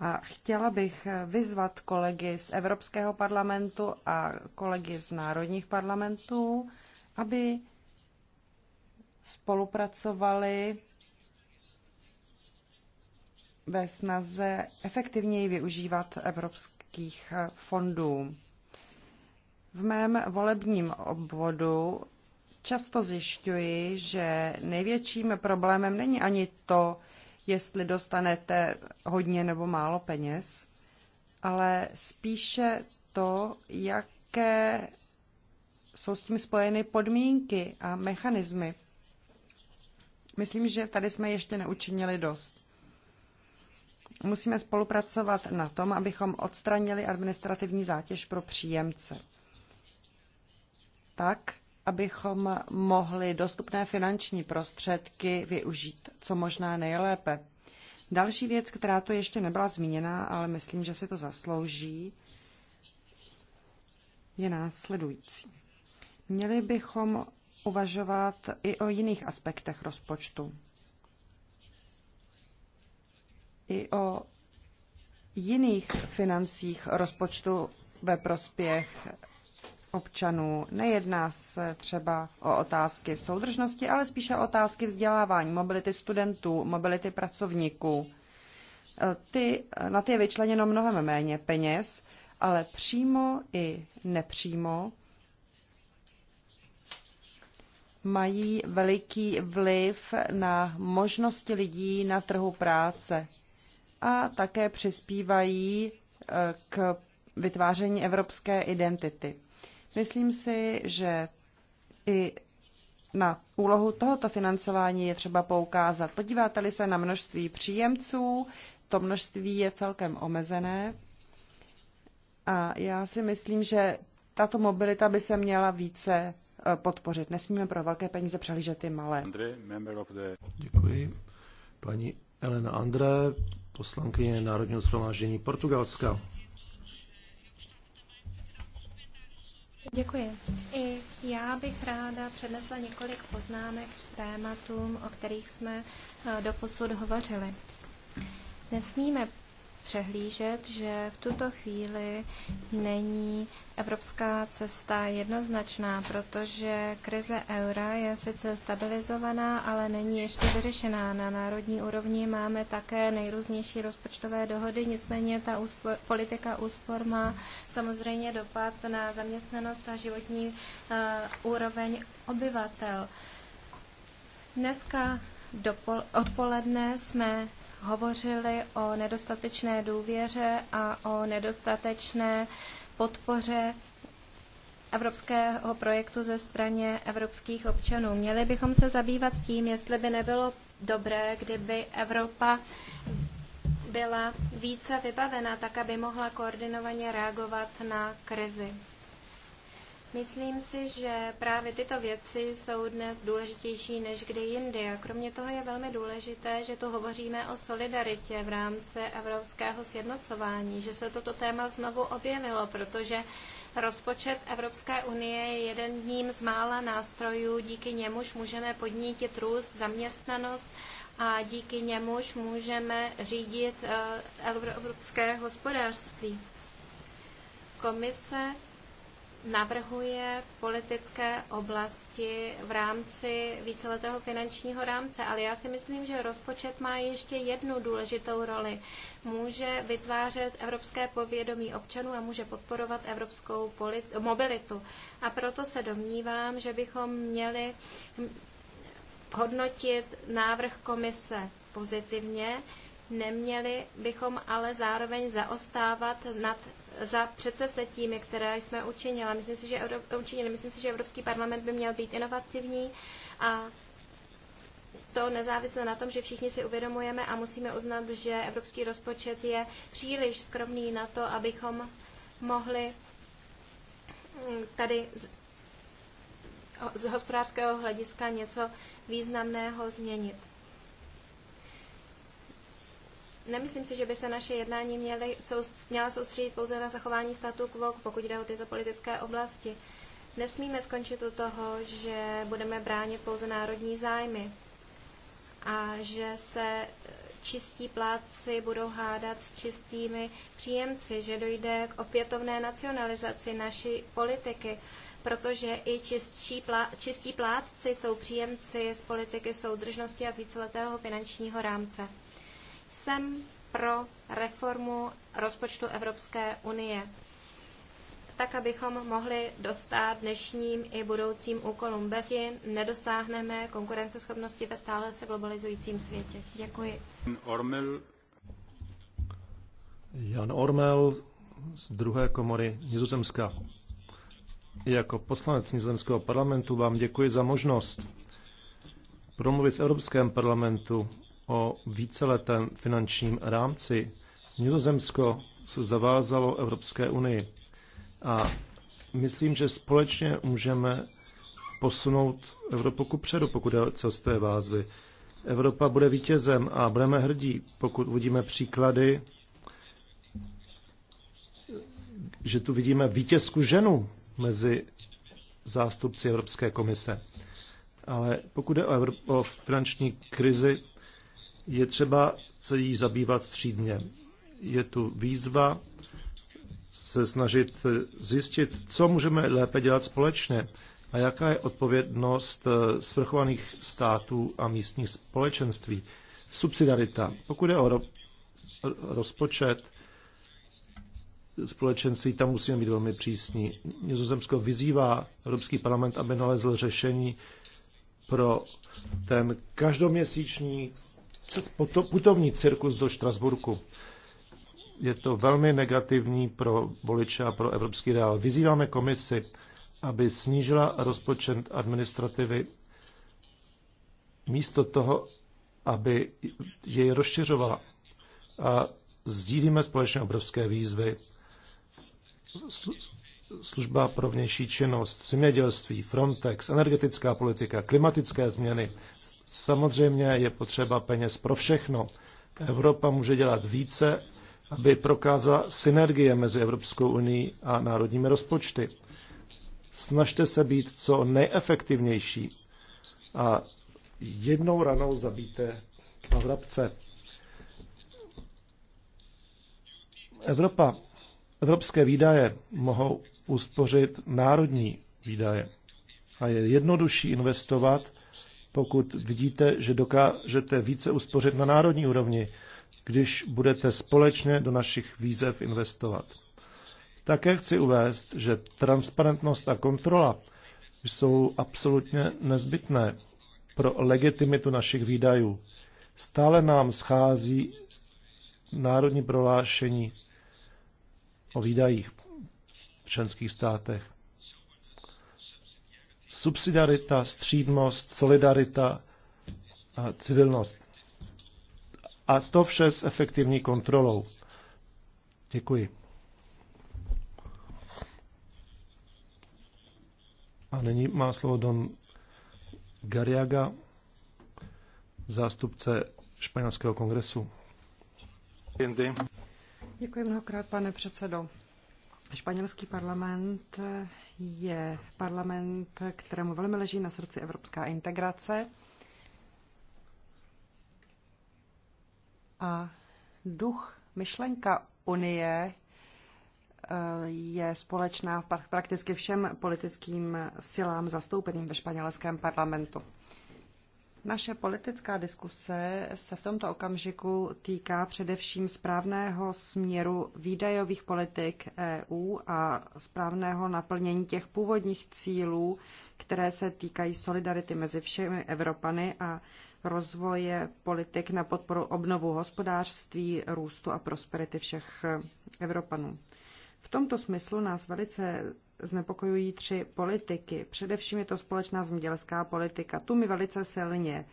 a chtěla bych vyzvat kolegy z Evropského parlamentu a kolegy z národních parlamentů, aby spolupracovali ve snaze efektivněji využívat evropský evropských eh, fondů. V mém volebním obvodu často zjišťuji, že největším problémem není ani to, jestli dostanete hodně nebo málo peněz, ale spíše to, jaké jsou s tím spojeny podmínky a mechanismy. Myslím, že tady jsme ještě neučinili dost. Musíme spolupracovat na tom, abychom odstranili administrativní zátěž pro příjemce. Tak, abychom mohli dostupné finanční prostředky využít co možná nejlépe. Další věc, která tu ještě nebyla zmíněna, ale myslím, že si to zaslouží, je následující. Měli bychom uvažovat i o jiných aspektech rozpočtu i o jiných financích rozpočtu ve prospěch občanů. Nejedná se třeba o otázky soudržnosti, ale spíše o otázky vzdělávání, mobility studentů, mobility pracovníků. Ty, na ty je vyčleněno mnohem méně peněz, ale přímo i nepřímo mají veliký vliv na možnosti lidí na trhu práce a také přispívají eh, k vytváření evropské identity. Myslím si, že i na úlohu tohoto financování je třeba poukázat. Podíváte-li se na množství příjemců, to množství je celkem omezené. A já si myslím, že tato mobilita by se měla více eh, podpořit. Nesmíme pro velké peníze přelížet ty malé. Děkuji. Paní Elena André, poslankyně Národního shromáždění Portugalska. Děkuji. I já bych ráda přednesla několik poznámek k tématům, o kterých jsme eh, doposud hovořili. Nesmíme přehlížet, že v tuto chvíli není evropská cesta jednoznačná, protože krize eura je sice stabilizovaná, ale není ještě vyřešená. Na národní úrovni máme také nejrůznější rozpočtové dohody, nicméně ta úspor, politika úspor má samozřejmě dopad na zaměstnanost a životní uh, úroveň obyvatel. Dneska dopol- odpoledne jsme hovořili o nedostatečné důvěře a o nedostatečné podpoře evropského projektu ze straně evropských občanů. Měli bychom se zabývat tím, jestli by nebylo dobré, kdyby Evropa byla více vybavena, tak aby mohla koordinovaně reagovat na krizi. Myslím si, že právě tyto věci jsou dnes důležitější než kdy jindy. A kromě toho je velmi důležité, že tu hovoříme o solidaritě v rámci evropského sjednocování, že se toto téma znovu objevilo, protože rozpočet Evropské unie je jeden z mála nástrojů, díky němuž můžeme podnítit růst, zaměstnanost a díky němuž můžeme řídit eh, evropské hospodářství. Komise navrhuje politické oblasti v rámci víceletého finančního rámce, ale já si myslím, že rozpočet má ještě jednu důležitou roli. Může vytvářet evropské povědomí občanů a může podporovat evropskou mobilitu. A proto se domnívám, že bychom měli hodnotit návrh komise pozitivně, neměli bychom ale zároveň zaostávat nad za předsesetími, které jsme učinila. Myslím si, že Evrop, učinili. Myslím si, že Evropský parlament by měl být inovativní a to nezávisle na tom, že všichni si uvědomujeme a musíme uznat, že evropský rozpočet je příliš skromný na to, abychom mohli mm, tady z hospodářského hlediska něco významného změnit. Nemyslím si, že by se naše jednání měly, měla soustředit pouze na zachování statu quo, pokud jde o tyto politické oblasti. Nesmíme skončit u toho, že budeme bránit pouze národní zájmy a že se eh, čistí pláci budou hádat s čistými příjemci, že dojde k opětovné nacionalizaci naší politiky, protože i čistší plá, čistí plátci jsou příjemci z politiky soudržnosti a z víceletého finančního rámce. Jsem pro reformu rozpočtu Evropské unie, tak abychom mohli dostat dnešním i budoucím úkolům. Bez ji nedosáhneme konkurenceschopnosti ve stále se globalizujícím světě. Děkuji. Ormel. Jan Ormel z druhé komory Nizozemska. Jako poslanec Nizozemského parlamentu vám děkuji za možnost promluvit v Evropském parlamentu o víceletém finančním rámci. Nizozemsko se zavázalo Evropské unii a myslím, že společně můžeme posunout Evropu ku předu, pokud je o té vázvy. Evropa bude vítězem a budeme hrdí, pokud uvidíme příklady, že tu vidíme vítězku ženu mezi zástupci Evropské komise. Ale pokud je o, Evrop- o finanční krizi, je třeba se jí zabývat střídně. Je tu výzva se snažit zjistit, co můžeme lépe dělat společně a jaká je odpovědnost eh, svrchovaných států a místních společenství. Subsidiarita. Pokud je o rozpočet společenství, tam musíme být velmi přísní. Nizozemsko vyzývá Evropský parlament, aby nalezl řešení pro ten každoměsíční putovní cirkus do Štrasburku. Je to velmi negativní pro voliče a pro evropský dál. Vyzýváme komisi, aby snížila rozpočet administrativy místo toho, aby jej rozšiřovala. A sdílíme společně obrovské výzvy služba pro vnější činnost, zemědělství, Frontex, energetická politika, klimatické změny. Samozřejmě je potřeba peněz pro všechno. Evropa může dělat více, aby prokázala synergie mezi Evropskou unii a národními rozpočty. Snažte se být co nejefektivnější a jednou ranou zabijte pavrabce. Evropa, evropské výdaje mohou uspořit národní výdaje. A je jednodušší investovat, pokud vidíte, že dokážete více uspořit na národní úrovni, když budete společně do našich výzev investovat. Také chci uvést, že transparentnost a kontrola jsou absolutně nezbytné pro legitimitu našich výdajů. Stále nám schází národní prohlášení o výdajích členských státech. Subsidiarita, střídmost, solidarita a civilnost. A to vše s efektivní kontrolou. Děkuji. A nyní má slovo Don Gariaga, zástupce španělského kongresu. Děkuji mnohokrát, pane předsedo. Španělský parlament je parlament, kterému velmi leží na srdci evropská integrace. A duch, myšlenka Unie eh, je společná prakticky všem politickým silám zastoupeným ve španělském parlamentu. Naše politická diskuse se v tomto okamžiku týká především správného směru výdajových politik EU a správného naplnění těch původních cílů, které se týkají solidarity mezi všemi Evropany a rozvoje politik na podporu obnovu hospodářství, růstu a prosperity všech Evropanů. V tomto smyslu nás velice znepokojují tři politiky. Především je to společná zemědělská politika. Tu my velice silně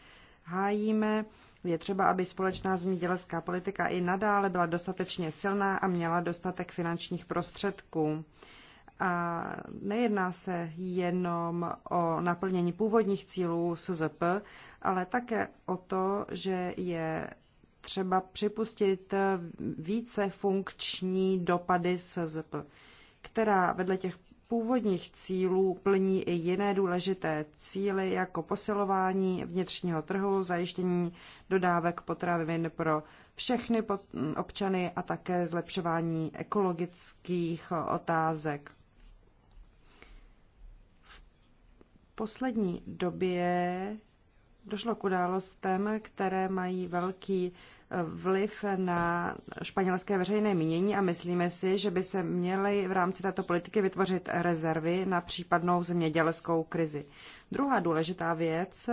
hájíme. Je třeba, aby společná zemědělská politika i nadále byla dostatečně silná a měla dostatek finančních prostředků. A nejedná se jenom o naplnění původních cílů SZP, ale také o to, že je třeba připustit více funkční dopady SZP, která vedle těch původních cílů plní i jiné důležité cíly, jako posilování vnitřního trhu, zajištění dodávek potravin pro všechny občany a také zlepšování ekologických otázek. V poslední době došlo k událostem, které mají velký vliv na španělské veřejné mínění a myslíme si, že by se měly v rámci této politiky vytvořit rezervy na případnou zemědělskou krizi. Druhá důležitá věc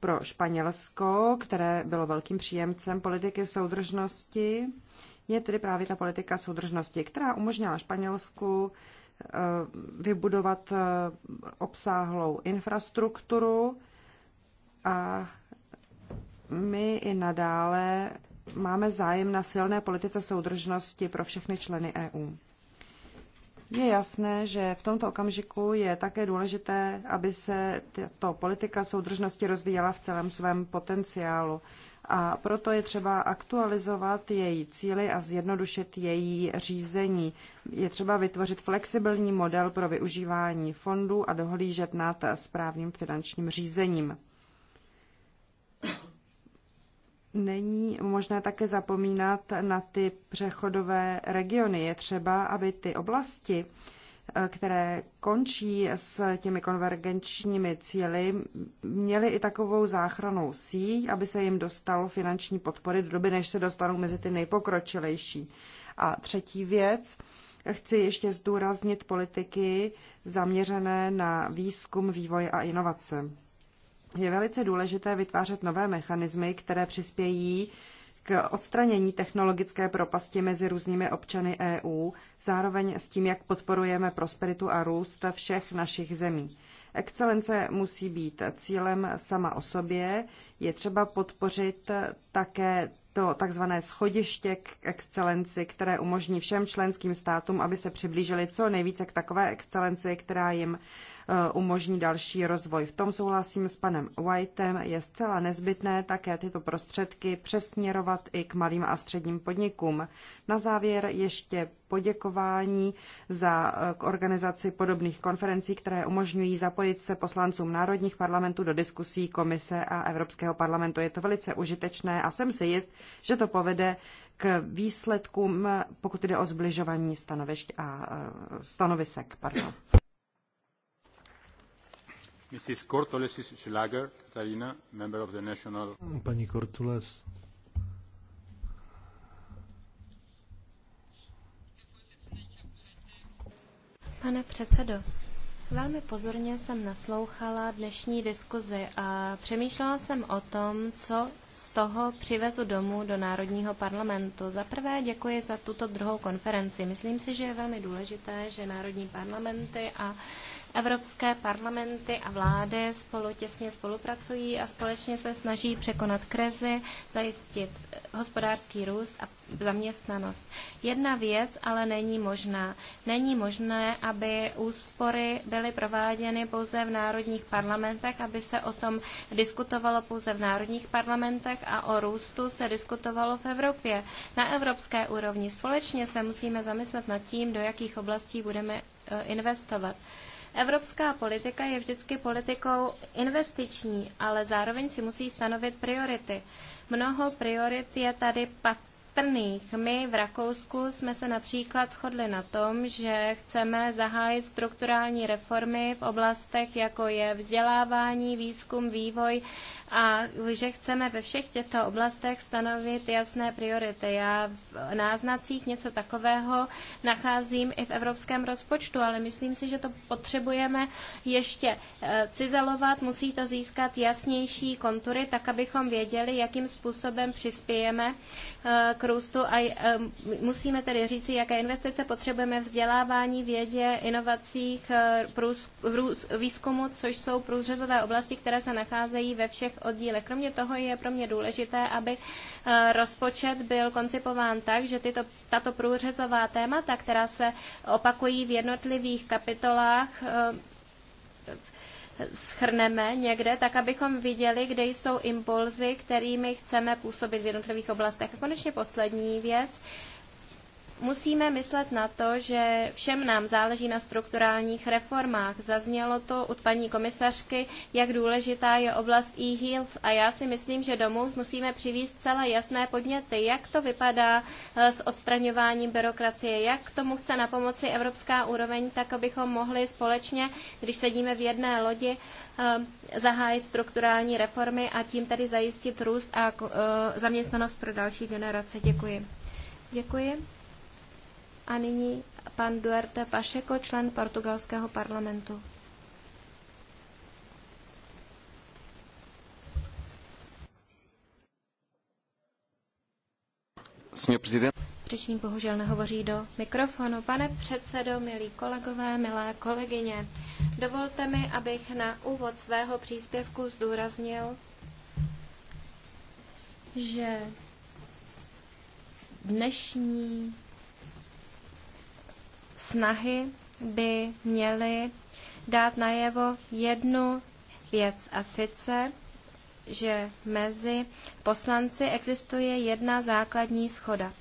pro Španělsko, které bylo velkým příjemcem politiky soudržnosti, je tedy právě ta politika soudržnosti, která umožnila Španělsku eh, vybudovat eh, obsáhlou infrastrukturu a my i nadále máme zájem na silné politice soudržnosti pro všechny členy EU. Je jasné, že v tomto okamžiku je také důležité, aby se tato politika soudržnosti rozvíjela v celém svém potenciálu. A proto je třeba aktualizovat její cíly a zjednodušit její řízení. Je třeba vytvořit flexibilní model pro využívání fondů a dohlížet nad správným finančním řízením. Není možné také zapomínat na ty přechodové regiony. Je třeba, aby ty oblasti, eh, které končí s těmi konvergenčními cíly, měly i takovou záchranou sí, aby se jim dostalo finanční podpory do doby, než se dostanou mezi ty nejpokročilejší. A třetí věc, chci ještě zdůraznit politiky zaměřené na výzkum, vývoj a inovace je velice důležité vytvářet nové mechanismy, které přispějí k odstranění technologické propasti mezi různými občany EU, zároveň s tím, jak podporujeme prosperitu a růst všech našich zemí. Excelence musí být cílem sama o sobě, je třeba podpořit také to takzvané schodiště k excelenci, které umožní všem členským státům, aby se přiblížili co nejvíce k takové excelenci, která jim Eh, umožní další rozvoj. V tom souhlasím s panem Whitem. Je zcela nezbytné také tyto prostředky přesměrovat i k malým a středním podnikům. Na závěr ještě poděkování za eh, k organizaci podobných konferencí, které umožňují zapojit se poslancům národních parlamentů do diskusí Komise a Evropského parlamentu. Je to velice užitečné a jsem si jist, že to povede k výsledkům, pokud jde o zbližování stanovišť a eh, stanovisek. Pardon. Paní Pane předsedo, Velmi pozorně jsem naslouchala dnešní diskuzi a přemýšlela jsem o tom, co z toho přivezu domů do Národního parlamentu. Za prvé děkuji za tuto druhou konferenci. Myslím si, že je velmi důležité, že Národní parlamenty a Evropské parlamenty a vlády spolu těsně spolupracují a společně se snaží překonat krizi, zajistit eh, hospodářský růst a zaměstnanost. Jedna věc ale není možná. Není možné, aby úspory byly prováděny pouze v národních parlamentech, aby se o tom diskutovalo pouze v národních parlamentech a o růstu se diskutovalo v Evropě. Na evropské úrovni společně se musíme zamyslet nad tím, do jakých oblastí budeme eh, investovat. Evropská politika je vždycky politikou investiční, ale zároveň si musí stanovit priority. Mnoho priorit je tady pat trných. My v Rakousku jsme se například shodli na tom, že chceme zahájit strukturální reformy v oblastech, jako je vzdělávání, výzkum, vývoj a že chceme ve všech těchto oblastech stanovit jasné priority. Já v náznacích něco takového nacházím i v evropském rozpočtu, ale myslím si, že to potřebujeme ještě eh, cizelovat. Musí to získat jasnější kontury, tak abychom věděli, jakým způsobem přispějeme eh, k růstu a e, musíme tedy říci, jaké investice potřebujeme vzdělávání, vědě, inovacích, e, průz, průz, výzkumu, což jsou průřezové oblasti, které se nacházejí ve všech oddílech. Kromě toho je pro mě důležité, aby e, rozpočet byl koncipován tak, že tyto, tato průřezová témata, která se opakují v jednotlivých kapitolách, shrneme někde, tak abychom viděli, kde jsou impulzy, kterými chceme působit v jednotlivých oblastech. A konečně poslední věc musíme myslet na to, že všem nám záleží na strukturálních reformách. Zaznělo to od paní komisařky, jak důležitá je oblast e-health a já si myslím, že domů musíme přivést celé jasné podněty, jak to vypadá eh, s odstraňováním byrokracie, jak k tomu chce na pomoci evropská úroveň, tak abychom mohli společně, když sedíme v jedné lodi, eh, zahájit strukturální reformy a tím tedy zajistit růst a eh, zaměstnanost pro další generace. Děkuji. Děkuji a nyní pan Duarte Pašeko, člen portugalského parlamentu. Řečník bohužel nehovoří do mikrofonu. Pane předsedo, milí kolegové, milé kolegyně, dovolte mi, abych na úvod svého příspěvku zdůraznil, že dnešní snahy by měly dát najevo jednu věc a sice, že mezi poslanci existuje jedna základní schoda.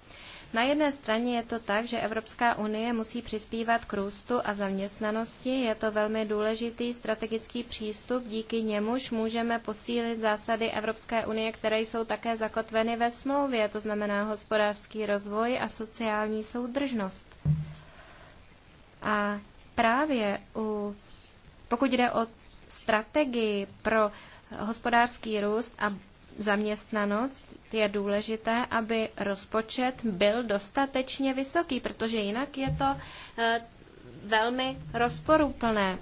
Na jedné straně je to tak, že Evropská unie musí přispívat k růstu a zaměstnanosti. Je to velmi důležitý strategický přístup, díky němuž můžeme posílit zásady Evropské unie, které jsou také zakotveny ve smlouvě, to znamená hospodářský rozvoj a sociální soudržnost. A právě u, pokud jde o strategii pro hospodářský růst a zaměstnanost, je důležité, aby rozpočet byl dostatečně vysoký, protože jinak je to eh, velmi rozporuplné.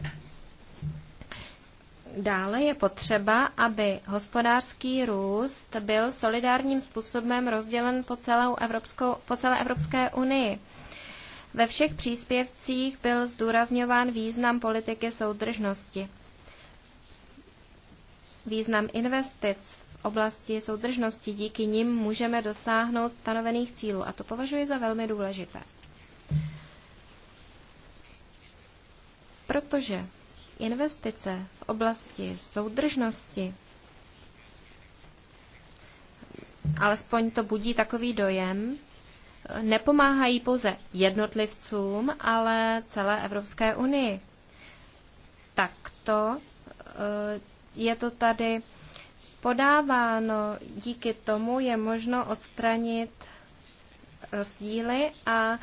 Dále je potřeba, aby hospodářský růst byl solidárním způsobem rozdělen po, celou Evropskou, po celé Evropské unii. Ve všech příspěvcích byl zdůrazňován význam politiky soudržnosti. Význam investic v oblasti soudržnosti díky nim můžeme dosáhnout stanovených cílů a to považuji za velmi důležité. Protože investice v oblasti soudržnosti alespoň to budí takový dojem, nepomáhají pouze jednotlivcům, ale celé Evropské unii. Takto eh, je to tady podáváno. Díky tomu je možno odstranit rozdíly a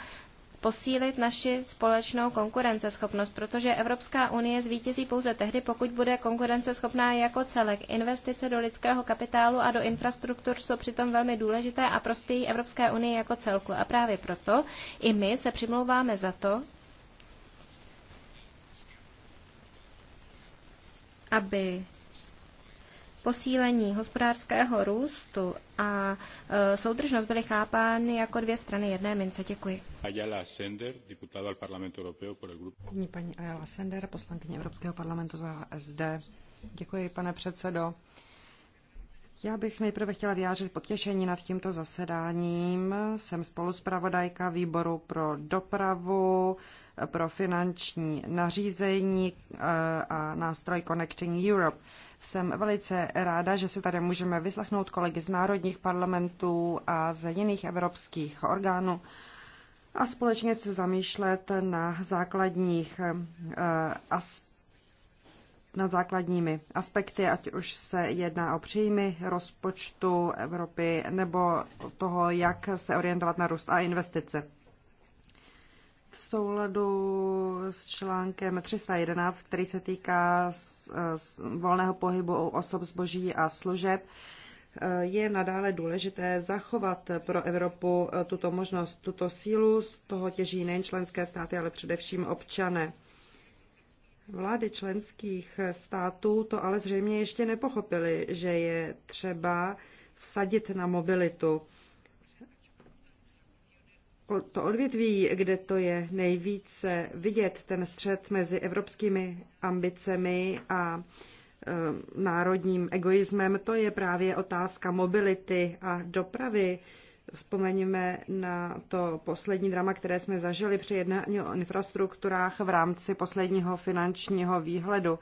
posílit naši společnou konkurenceschopnost, protože Evropská unie zvítězí pouze tehdy, pokud bude konkurenceschopná jako celek. Investice do lidského kapitálu a do infrastruktur jsou přitom velmi důležité a prospějí Evropské unii jako celku. A právě proto i my se přimlouváme za to, aby posílení hospodářského růstu a e, soudržnost byly chápány jako dvě strany jedné mince. Děkuji. Ayala Sender, al Parlamento Europeo por el grupo. Paní Ayala Sender, poslankyně Evropského parlamentu za SD. Děkuji, pane předsedo. Já bych nejprve chtěla vyjádřit potěšení nad tímto zasedáním. Jsem spoluspravodajka výboru pro dopravu, pro finanční nařízení eh, a nástroj Connecting Europe. Jsem velice ráda, že si tady můžeme vyslechnout kolegy z národních parlamentů a z jiných evropských orgánů a společně se zamýšlet na základních eh, aspektech nad základními aspekty, ať už se jedná o příjmy rozpočtu Evropy nebo toho, jak se orientovat na růst a investice v souladu s článkem 311, který se týká volného pohybu osob zboží a služeb, je nadále důležité zachovat pro Evropu tuto možnost, tuto sílu. Z toho těží nejen členské státy, ale především občané. Vlády členských států to ale zřejmě ještě nepochopili, že je třeba vsadit na mobilitu to odvětví, kde to je nejvíce vidět, ten střed mezi evropskými ambicemi a e, národním egoismem, to je právě otázka mobility a dopravy. Vzpomeňme na to poslední drama, které jsme zažili při jednání o infrastrukturách v rámci posledního finančního výhledu.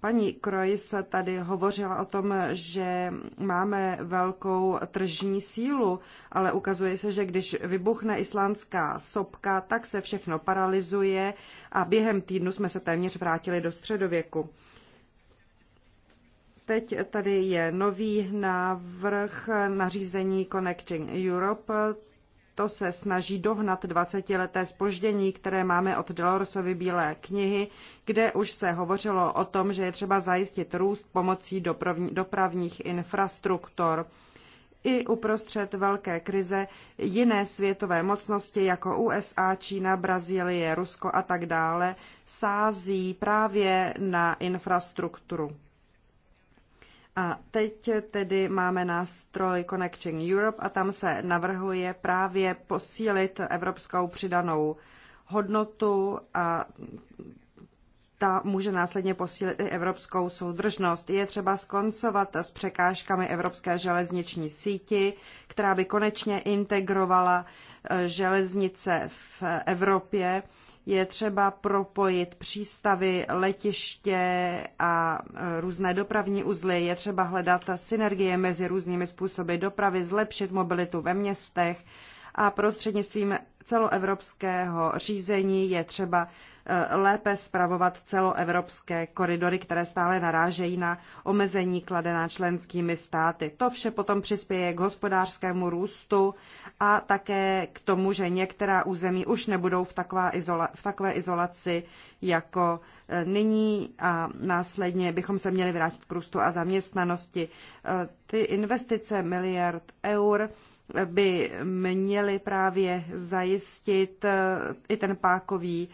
Paní Krois tady hovořila o tom, že máme velkou tržní sílu, ale ukazuje se, že když vybuchne islánská sopka, tak se všechno paralizuje a během týdnu jsme se téměř vrátili do středověku. Teď tady je nový návrh nařízení Connecting Europe to se snaží dohnat 20-leté spoždění, které máme od Delorsovy Bílé knihy, kde už se hovořilo o tom, že je třeba zajistit růst pomocí dopravních infrastruktur. I uprostřed velké krize jiné světové mocnosti jako USA, Čína, Brazílie, Rusko a tak dále sází právě na infrastrukturu. A teď tedy máme nástroj Connecting Europe a tam se navrhuje právě posílit evropskou přidanou hodnotu a ta může následně posílit i evropskou soudržnost. Je třeba skoncovat s překážkami evropské železniční síti, která by konečně integrovala železnice v Evropě, je třeba propojit přístavy, letiště a e, různé dopravní uzly, je třeba hledat synergie mezi různými způsoby dopravy, zlepšit mobilitu ve městech a prostřednictvím celoevropského řízení je třeba e, lépe spravovat celoevropské koridory, které stále narážejí na omezení kladená členskými státy. To vše potom přispěje k hospodářskému růstu a také k tomu, že některá území už nebudou v, taková izola, v takové izolaci jako e, nyní a následně bychom se měli vrátit k růstu a zaměstnanosti. E, ty investice miliard eur by měly právě zajistit e, i ten pákový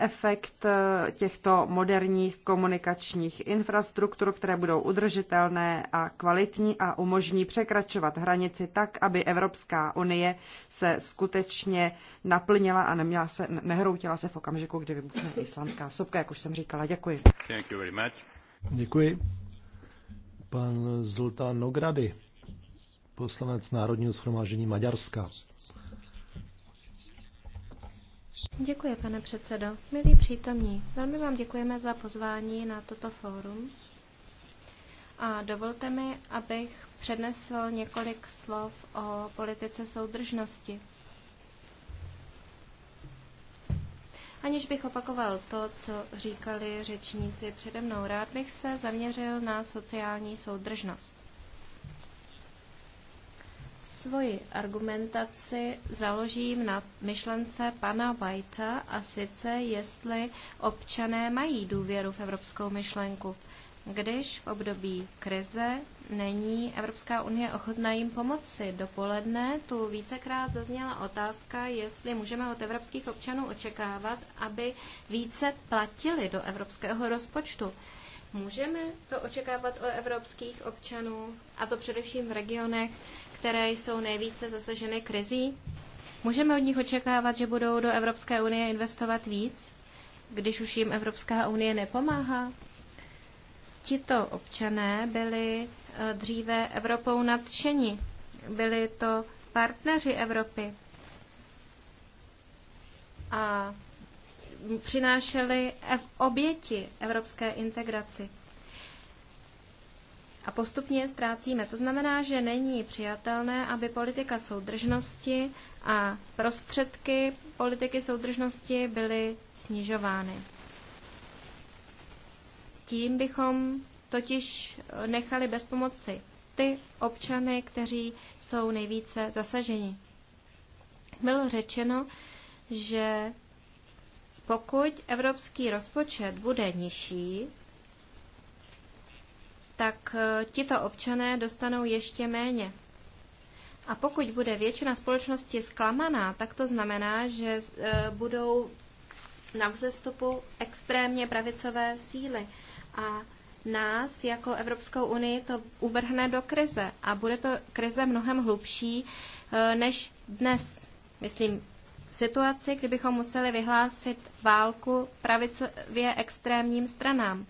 efekt eh, těchto moderních komunikačních infrastruktur, které budou udržitelné a kvalitní a umožní překračovat hranici tak, aby Evropská unie se skutečně naplnila a neměla se, nehroutila se v okamžiku, kdy vybuchne islámská sopka, jak už jsem říkala. Děkuji. Thank you very much. Děkuji. Pan Zoltán Nogrady, poslanec Národního schromáždění Maďarska. Děkuji, pane předsedo. Milí přítomní, velmi vám děkujeme za pozvání na toto fórum. A dovolte mi, abych přednesl několik slov o politice soudržnosti. Aniž bych opakoval to, co říkali řečníci přede mnou, rád bych se zaměřil na sociální soudržnost svoji argumentaci založím na myšlence pana Whitea a sice, jestli občané mají důvěru v evropskou myšlenku, když v období krize není Evropská unie ochotná jim pomoci. Dopoledne tu vícekrát zazněla otázka, jestli můžeme od evropských občanů očekávat, aby více platili do evropského rozpočtu. Můžeme to očekávat od evropských občanů, a to především v regionech, které jsou nejvíce zasaženy krizí? Můžeme od nich očekávat, že budou do Evropské unie investovat víc, když už jim Evropská unie nepomáhá? Tito občané byli eh, dříve Evropou nadšeni. Byli to partneři Evropy. A přinášeli e- oběti evropské integraci a postupně je ztrácíme. To znamená, že není přijatelné, aby politika soudržnosti a prostředky politiky soudržnosti byly snižovány. Tím bychom totiž nechali bez pomoci ty občany, kteří jsou nejvíce zasaženi. Bylo řečeno, že pokud evropský rozpočet bude nižší, tak eh, tito občané dostanou ještě méně. A pokud bude většina společnosti zklamaná, tak to znamená, že eh, budou na vzestupu extrémně pravicové síly. A nás jako Evropskou unii to uvrhne do krize. A bude to krize mnohem hlubší eh, než dnes. Myslím, situaci, kdybychom museli vyhlásit válku pravicově extrémním stranám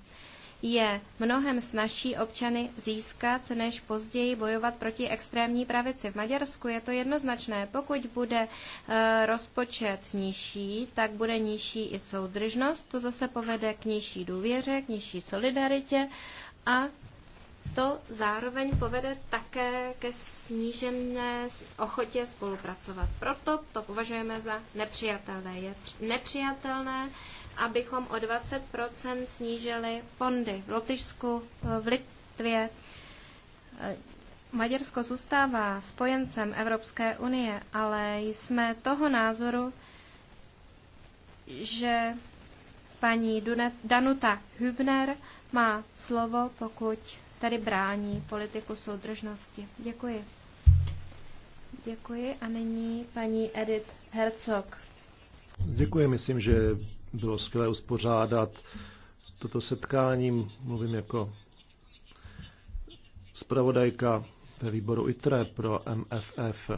je mnohem snažší občany získat, než později bojovat proti extrémní pravici. V Maďarsku je to jednoznačné. Pokud bude eh, rozpočet nižší, tak bude nižší i soudržnost. To zase povede k nižší důvěře, k nižší solidaritě a to zároveň povede také ke snížené ochotě spolupracovat. Proto to považujeme za nepřijatelné. Je nepřijatelné, abychom o 20 snížili fondy v Lotyšsku, v Litvě. E, Maďarsko zůstává spojencem Evropské unie, ale jsme toho názoru, že paní Danuta Hübner má slovo, pokud tady brání politiku soudržnosti. Děkuji. Děkuji a nyní paní Edith Herzog. Děkuji, myslím, že bylo skvělé uspořádat toto setkání. Mluvím jako zpravodajka ve výboru ITRE pro MFF.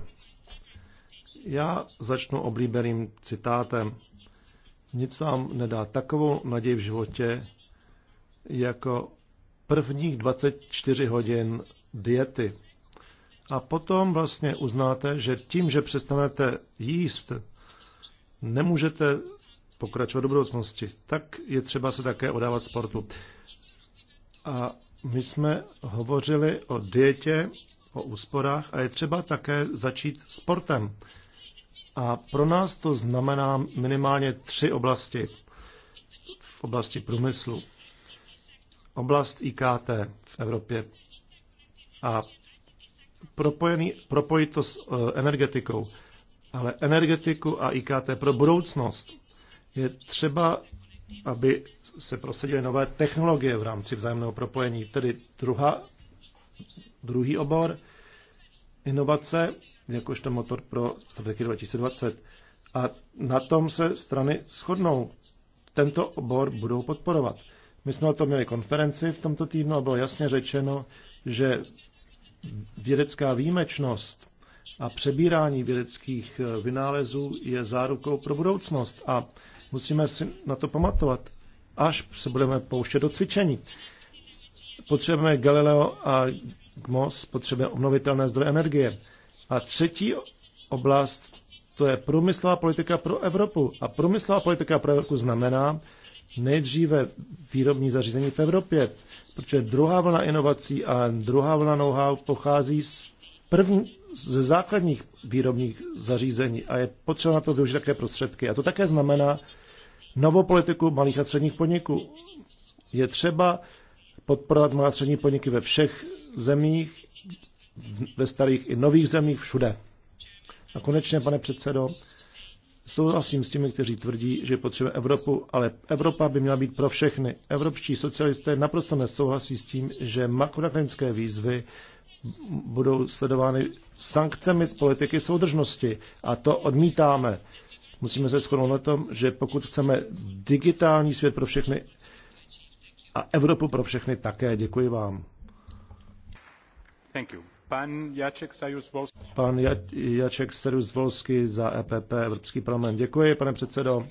Já začnu oblíbeným citátem. Nic vám nedá takovou naději v životě, jako prvních 24 hodin diety. A potom vlastně uznáte, že tím, že přestanete jíst, nemůžete pokračovat do budoucnosti, tak je třeba se také odávat sportu. A my jsme hovořili o dietě, o úsporách a je třeba také začít sportem. A pro nás to znamená minimálně tři oblasti. V oblasti průmyslu, oblast IKT v Evropě a propojený, propojit to s eh, energetikou, ale energetiku a IKT pro budoucnost. Je třeba, aby se prosadily nové technologie v rámci vzájemného propojení. Tedy druhá, druhý obor, inovace, jakožto motor pro strategii 2020. A na tom se strany shodnou. Tento obor budou podporovat. My jsme o tom měli konferenci v tomto týdnu a bylo jasně řečeno, že vědecká výjimečnost a přebírání vědeckých vynálezů je zárukou pro budoucnost. A Musíme si na to pamatovat, až se budeme pouštět do cvičení. Potřebujeme Galileo a GMOS, potřebujeme obnovitelné zdroje energie. A třetí oblast, to je průmyslová politika pro Evropu. A průmyslová politika pro Evropu znamená nejdříve výrobní zařízení v Evropě, protože druhá vlna inovací a druhá vlna know-how pochází z první, ze základních výrobních zařízení a je potřeba na to využít také prostředky. A to také znamená novou politiku malých a středních podniků. Je třeba podporovat malé a střední podniky ve všech zemích, ve starých i nových zemích, všude. A konečně, pane předsedo, souhlasím s těmi, kteří tvrdí, že potřebujeme Evropu, ale Evropa by měla být pro všechny. Evropští socialisté naprosto nesouhlasí s tím, že makroekonomické výzvy budou sledovány sankcemi z politiky soudržnosti. A to odmítáme. Musíme se shodnout na tom, že pokud chceme digitální svět pro všechny a Evropu pro všechny také, děkuji vám. Thank you. Pan Jaček Sajus-Volský. Pan ja- Jaček sajus volsky za EPP, Evropský parlament. Děkuji, pane předsedo.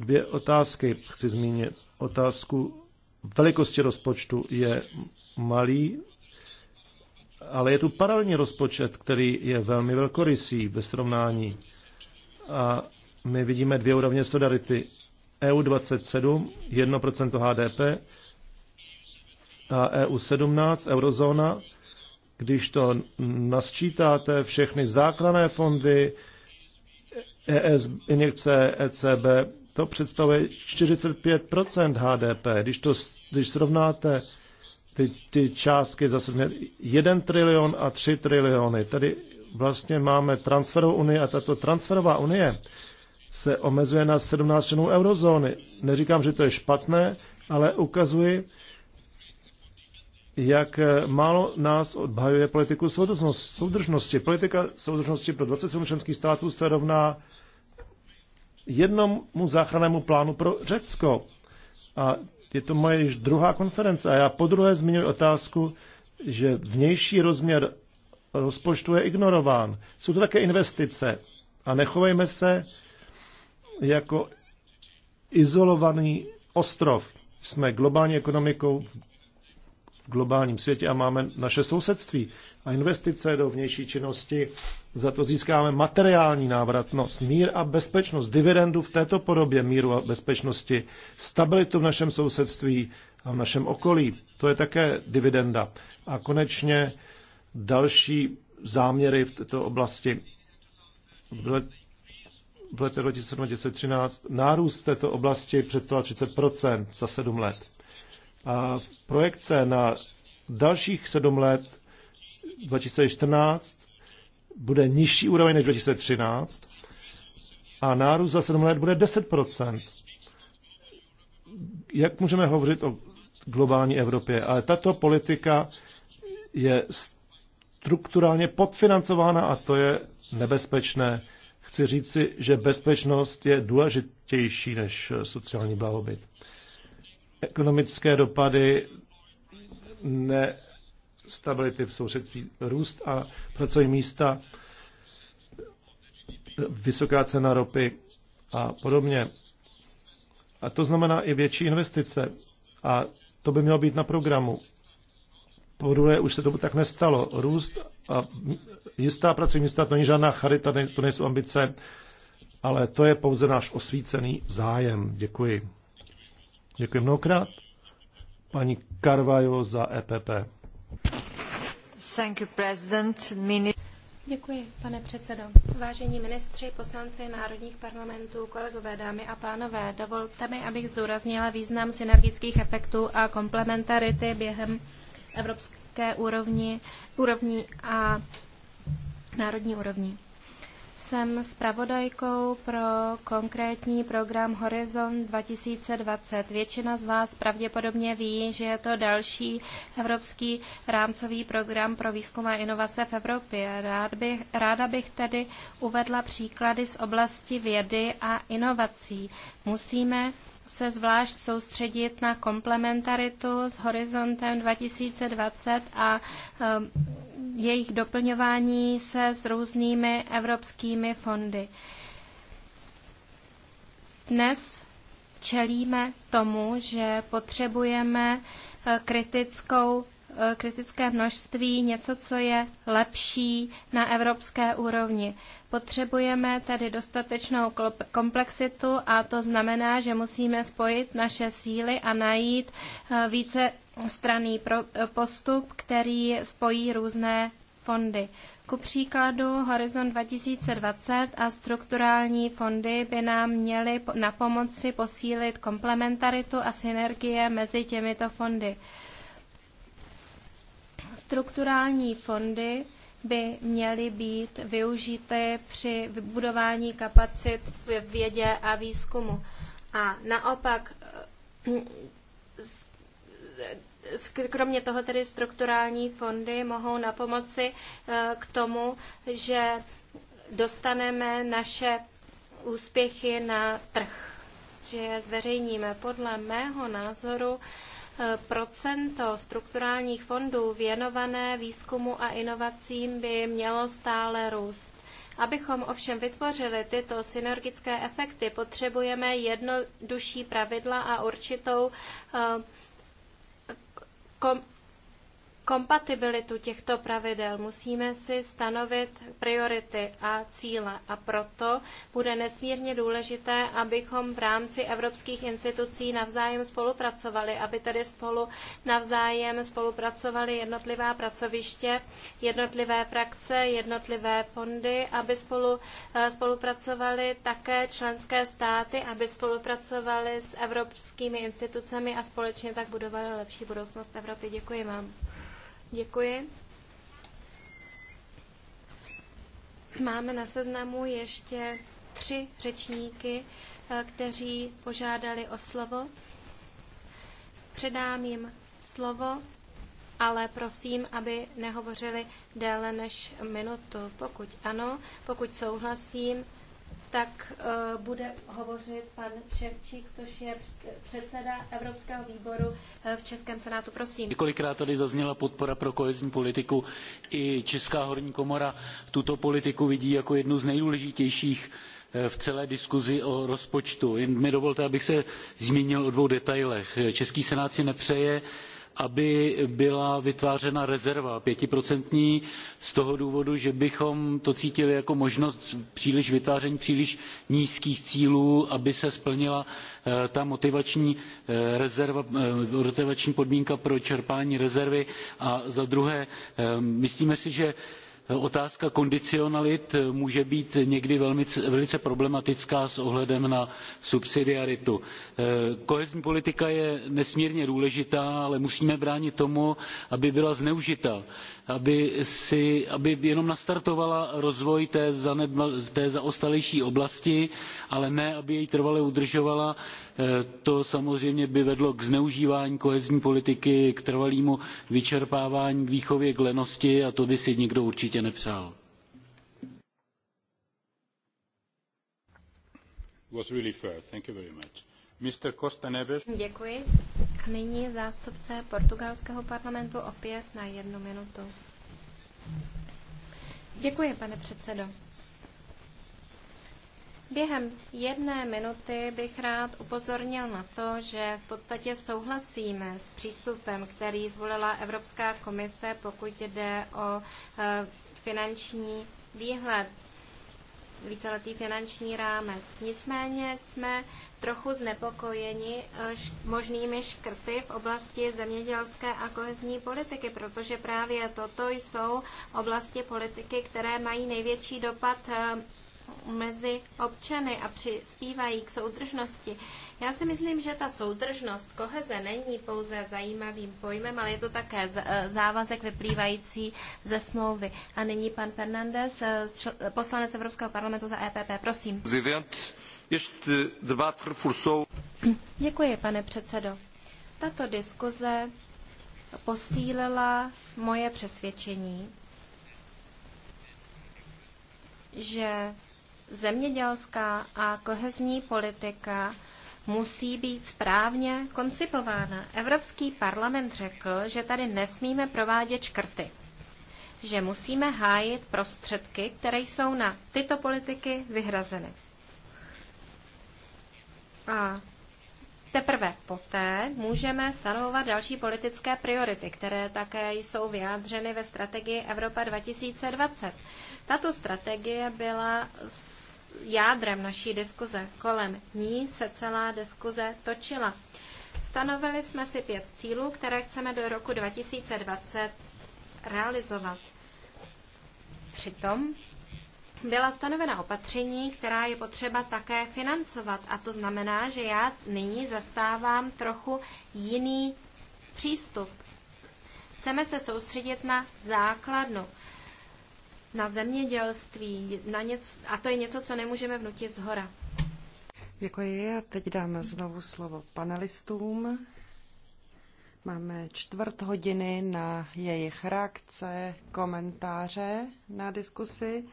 Dvě otázky chci zmínit. Otázku velikosti rozpočtu je malý, ale je tu paralelní rozpočet, který je velmi velkorysý ve srovnání a my vidíme dvě úrovně solidarity. EU27, 1% HDP, a EU17, eurozóna, když to nasčítáte, všechny základné fondy, ES, injekce ECB, to představuje 45 HDP. Když, to, když srovnáte ty, ty částky, zase 1 trilion a 3 triliony, tedy vlastně máme transferovou unii a tato transferová unie se omezuje na 17 členů eurozóny. Neříkám, že to je špatné, ale ukazuji, jak eh, málo nás obhajuje politiku soudržnosti. Politika soudržnosti pro 27 členských států se rovná jednomu záchrannému plánu pro Řecko. A je to moje již druhá konference a já podruhé zmiňuji otázku, že vnější rozměr rozpočtu je ignorován. Jsou to také investice. A nechovejme se jako izolovaný ostrov. Jsme globální ekonomikou v globálním světě a máme naše sousedství a investice do vnější činnosti. Za to získáme materiální návratnost, mír a bezpečnost, dividendu v této podobě míru a bezpečnosti, stabilitu v našem sousedství a v našem okolí. To je také dividenda. A konečně další záměry v této oblasti. V, let, v letech 2013 nárůst v této oblasti představoval 30 za 7 let. A v projekce na dalších 7 let 2014 bude nižší úroveň než 2013 a nárůst za 7 let bude 10 Jak můžeme hovořit o globální Evropě? Ale tato politika je strukturálně podfinancována a to je nebezpečné. Chci říct si, že bezpečnost je důležitější než sociální blahobyt. Ekonomické dopady ne stability v sousedství, růst a pracovní místa, vysoká cena ropy a podobně. A to znamená i větší investice. A to by mělo být na programu. Podruhé už se tomu tak nestalo. Růst a jistá pracovní místa, to není žádná charita, to nejsou ambice, ale to je pouze náš osvícený zájem. Děkuji. Děkuji mnohokrát. Paní Karvajo za EPP. Thank you, President. Mini... Děkuji, pane předsedo. Vážení ministři, poslanci národních parlamentů, kolegové, dámy a pánové, dovolte mi, abych zdůraznila význam synergických efektů a komplementarity během evropské úrovni, úrovni a národní úrovni. Jsem zpravodajkou pro konkrétní program Horizon 2020. Většina z vás pravděpodobně ví, že je to další evropský rámcový program pro výzkum a inovace v Evropě. Rád bych, ráda bych tedy uvedla příklady z oblasti vědy a inovací. Musíme se zvlášť soustředit na komplementaritu s horizontem 2020 a um, jejich doplňování se s různými evropskými fondy. Dnes čelíme tomu, že potřebujeme eh, kritickou Eh, kritické množství něco, co je lepší na evropské úrovni. Potřebujeme tedy dostatečnou komplexitu a to znamená, že musíme spojit naše síly a najít eh, více straný eh, postup, který spojí různé fondy. Ku příkladu Horizon 2020 a strukturální fondy by nám měly na pomoci posílit komplementaritu a synergie mezi těmito fondy. Strukturální fondy by měly být využity při vybudování kapacit v vědě a výzkumu. A naopak, eh, kromě toho tedy strukturální fondy mohou na pomoci eh, k tomu, že dostaneme naše úspěchy na trh, že je zveřejníme. Podle mého názoru procento strukturálních fondů věnované výzkumu a inovacím by mělo stále růst. Abychom ovšem vytvořili tyto synergické efekty, potřebujeme jednodušší pravidla a určitou eh, kom kompatibilitu těchto pravidel. Musíme si stanovit priority a cíle a proto bude nesmírně důležité, abychom v rámci evropských institucí navzájem spolupracovali, aby tedy spolu navzájem spolupracovali jednotlivá pracoviště, jednotlivé frakce, jednotlivé fondy, aby spolu eh, spolupracovali také členské státy, aby spolupracovali s evropskými institucemi a společně tak budovali lepší budoucnost Evropy. Děkuji vám. Děkuji. Máme na seznamu ještě tři řečníky, eh, kteří požádali o slovo. Předám jim slovo, ale prosím, aby nehovořili déle než minutu. Pokud ano, pokud souhlasím, tak eh, bude hovořit pan Ševčík, což je předseda Evropského výboru eh, v Českém senátu. Prosím. Několikrát tady zazněla podpora pro kohezní politiku. I Česká horní komora tuto politiku vidí jako jednu z nejdůležitějších eh, v celé diskuzi o rozpočtu. Jen mi dovolte, abych se zmínil o dvou detailech. Český senát si nepřeje aby byla vytvářena rezerva pětiprocentní z toho důvodu, že bychom to cítili jako možnost příliš vytváření příliš nízkých cílů, aby se splnila eh, ta motivační eh, rezerva, eh, motivační podmínka pro čerpání rezervy. A za druhé, myslíme si, že otázka kondicionalit eh, může být někdy velmi, velice problematická s ohledem na subsidiaritu. Eh, kohezní politika je nesmírně důležitá, ale musíme bránit tomu, aby byla zneužita aby, si, aby jenom nastartovala rozvoj té, zanedba, té zaostalejší oblasti, ale ne, aby jej trvale udržovala. E, to samozřejmě by vedlo k zneužívání kohezní politiky, k trvalému vyčerpávání, k výchově, k lenosti a to by si nikdo určitě nepřál. was really fair. Thank you very much. Mr. Costa Neves. Děkuji. nyní zástupce portugalského parlamentu opět na jednu minutu. Děkuji, pane předsedo. Během jedné minuty bych rád upozornil na to, že v podstatě souhlasíme s přístupem, který zvolila Evropská komise, pokud jde o eh, finanční výhled víceletý finanční rámec. Nicméně jsme trochu znepokojeni možnými škrty v oblasti zemědělské a kohezní politiky, protože právě toto jsou oblasti politiky, které mají největší dopad eh, mezi občany a přispívají k soudržnosti já si myslím, že ta soudržnost koheze není pouze zajímavým pojmem, ale je to také eh, závazek vyplývající ze smlouvy. A nyní pan Fernandez, eh, poslanec Evropského parlamentu za EPP. Prosím. Děkuji, pane předsedo. Tato diskuze posílila moje přesvědčení, že zemědělská a kohezní politika musí být správně koncipována. Evropský parlament řekl, že tady nesmíme provádět škrty, že musíme hájit prostředky, které jsou na tyto politiky vyhrazeny. A teprve poté můžeme stanovovat další politické priority, které také jsou vyjádřeny ve strategii Evropa 2020. Tato strategie byla jádrem naší diskuze. Kolem ní se celá diskuze točila. Stanovili jsme si pět cílů, které chceme do roku 2020 realizovat. Přitom byla stanovena opatření, která je potřeba také financovat. A to znamená, že já nyní zastávám trochu jiný přístup. Chceme se soustředit na základnu na zemědělství, na něco, a to je něco, co nemůžeme vnutit z hora. Děkuji a teď dáme znovu slovo panelistům. Máme čtvrt hodiny na jejich reakce, komentáře na diskusi.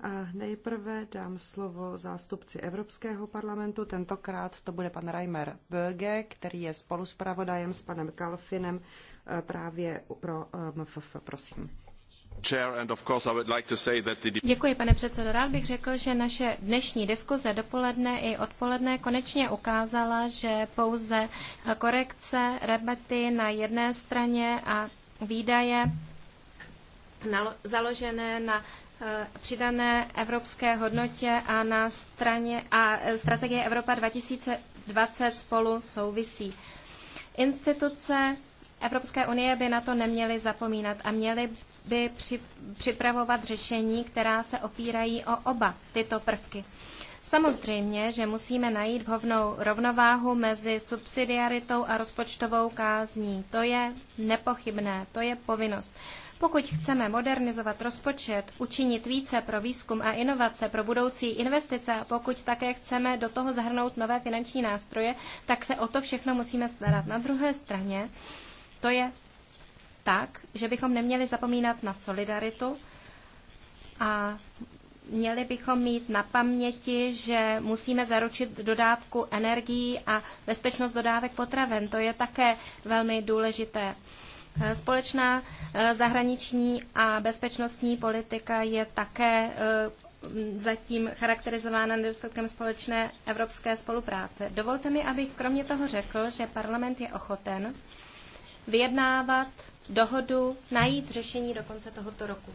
A nejprve dám slovo zástupci Evropského parlamentu, tentokrát to bude pan Reimer Böge, který je spoluspravodajem s panem Kalfinem eh, právě pro eh, MFF. Prosím. Děkuji, pane předsedo. Rád bych řekl, že naše dnešní diskuze dopoledne i odpoledne konečně ukázala, že pouze korekce, rebaty na jedné straně a výdaje založené na eh, přidané evropské hodnotě a na straně a eh, strategie Evropa 2020 spolu souvisí. Instituce Evropské unie by na to neměly zapomínat a měly by připravovat řešení, která se opírají o oba tyto prvky. Samozřejmě, že musíme najít vhodnou rovnováhu mezi subsidiaritou a rozpočtovou kázní. To je nepochybné, to je povinnost. Pokud chceme modernizovat rozpočet, učinit více pro výzkum a inovace, pro budoucí investice a pokud také chceme do toho zahrnout nové finanční nástroje, tak se o to všechno musíme starat. Na druhé straně, to je tak, že bychom neměli zapomínat na solidaritu a měli bychom mít na paměti, že musíme zaručit dodávku energií a bezpečnost dodávek potraven. To je také velmi důležité. Společná eh, zahraniční a bezpečnostní politika je také eh, zatím charakterizována nedostatkem společné evropské spolupráce. Dovolte mi, abych kromě toho řekl, že parlament je ochoten vyjednávat dohodu, najít řešení do konce tohoto roku.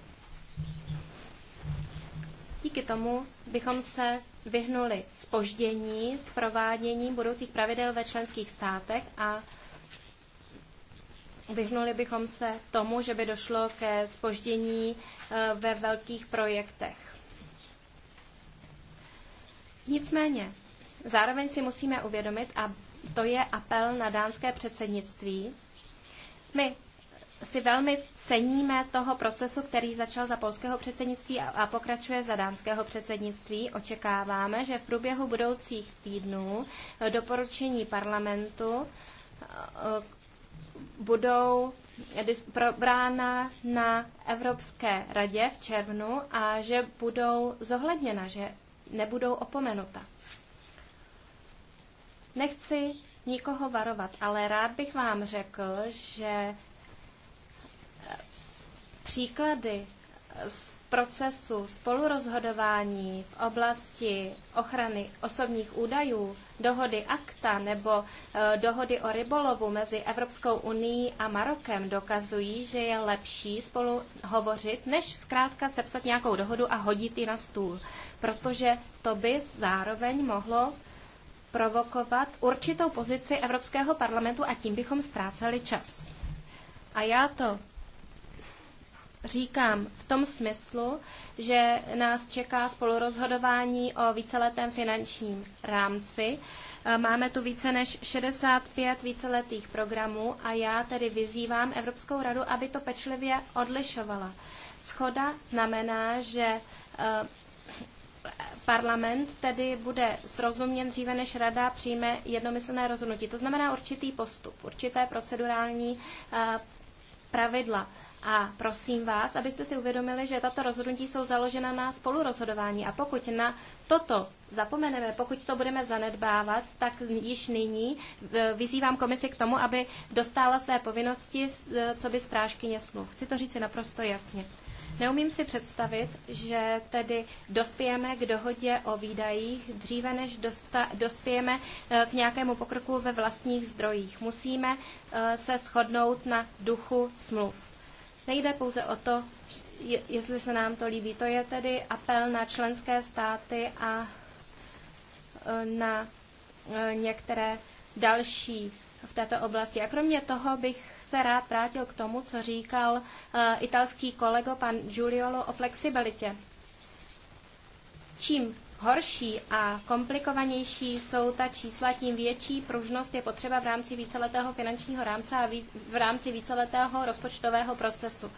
Díky tomu bychom se vyhnuli spoždění s prováděním budoucích pravidel ve členských státech a vyhnuli bychom se tomu, že by došlo ke spoždění e, ve velkých projektech. Nicméně, zároveň si musíme uvědomit, a to je apel na dánské předsednictví, my si velmi ceníme toho procesu, který začal za polského předsednictví a pokračuje za dánského předsednictví. Očekáváme, že v průběhu budoucích týdnů eh, doporučení parlamentu eh, budou probrána na Evropské radě v červnu a že budou zohledněna, že nebudou opomenuta. Nechci nikoho varovat, ale rád bych vám řekl, že Příklady z procesu spolurozhodování v oblasti ochrany osobních údajů, dohody ACTA nebo e, dohody o rybolovu mezi Evropskou unii a Marokem dokazují, že je lepší spolu hovořit, než zkrátka sepsat nějakou dohodu a hodit ji na stůl, protože to by zároveň mohlo provokovat určitou pozici Evropského parlamentu a tím bychom ztráceli čas. A já to říkám v tom smyslu, že nás čeká spolurozhodování o víceletém finančním rámci. E, máme tu více než 65 víceletých programů a já tedy vyzývám Evropskou radu, aby to pečlivě odlišovala. Schoda znamená, že e, parlament tedy bude srozuměn dříve, než rada přijme jednomyslné rozhodnutí. To znamená určitý postup, určité procedurální e, pravidla. A prosím vás, abyste si uvědomili, že tato rozhodnutí jsou založena na spolurozhodování. A pokud na toto zapomeneme, pokud to budeme zanedbávat, tak již nyní eh, vyzývám komisi k tomu, aby dostala své povinnosti, eh, co by strážkyně smluv. Chci to říct naprosto jasně. Neumím si představit, že tedy dospějeme k dohodě o výdajích dříve, než dosta, dospějeme eh, k nějakému pokroku ve vlastních zdrojích. Musíme se shodnout na duchu smluv. Nejde pouze o to, jestli se nám to líbí. To je tedy apel na členské státy a e, na e, některé další v této oblasti. A kromě toho bych se rád vrátil k tomu, co říkal e, italský kolego pan Giuliolo o flexibilitě. Čím horší a komplikovanější jsou ta čísla, tím větší pružnost je potřeba v rámci víceletého finančního rámce a v rámci víceletého rozpočtového procesu.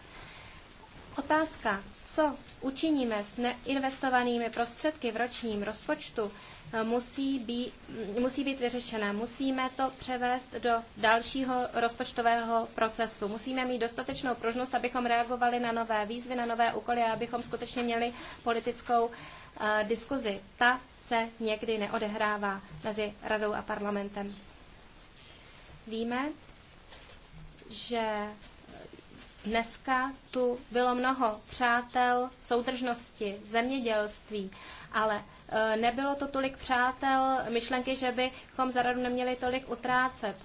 Otázka, co učiníme s neinvestovanými prostředky v ročním rozpočtu, eh, musí být, mm, musí být vyřešena. Musíme to převést do dalšího rozpočtového procesu. Musíme mít dostatečnou pružnost, abychom reagovali na nové výzvy, na nové úkoly a abychom skutečně měli politickou uh, Eh, diskuzi. Ta se někdy neodehrává mezi radou a parlamentem. Víme, že dneska tu bylo mnoho přátel soudržnosti, zemědělství, ale eh, nebylo to tolik přátel myšlenky, že bychom za radu neměli tolik utrácet.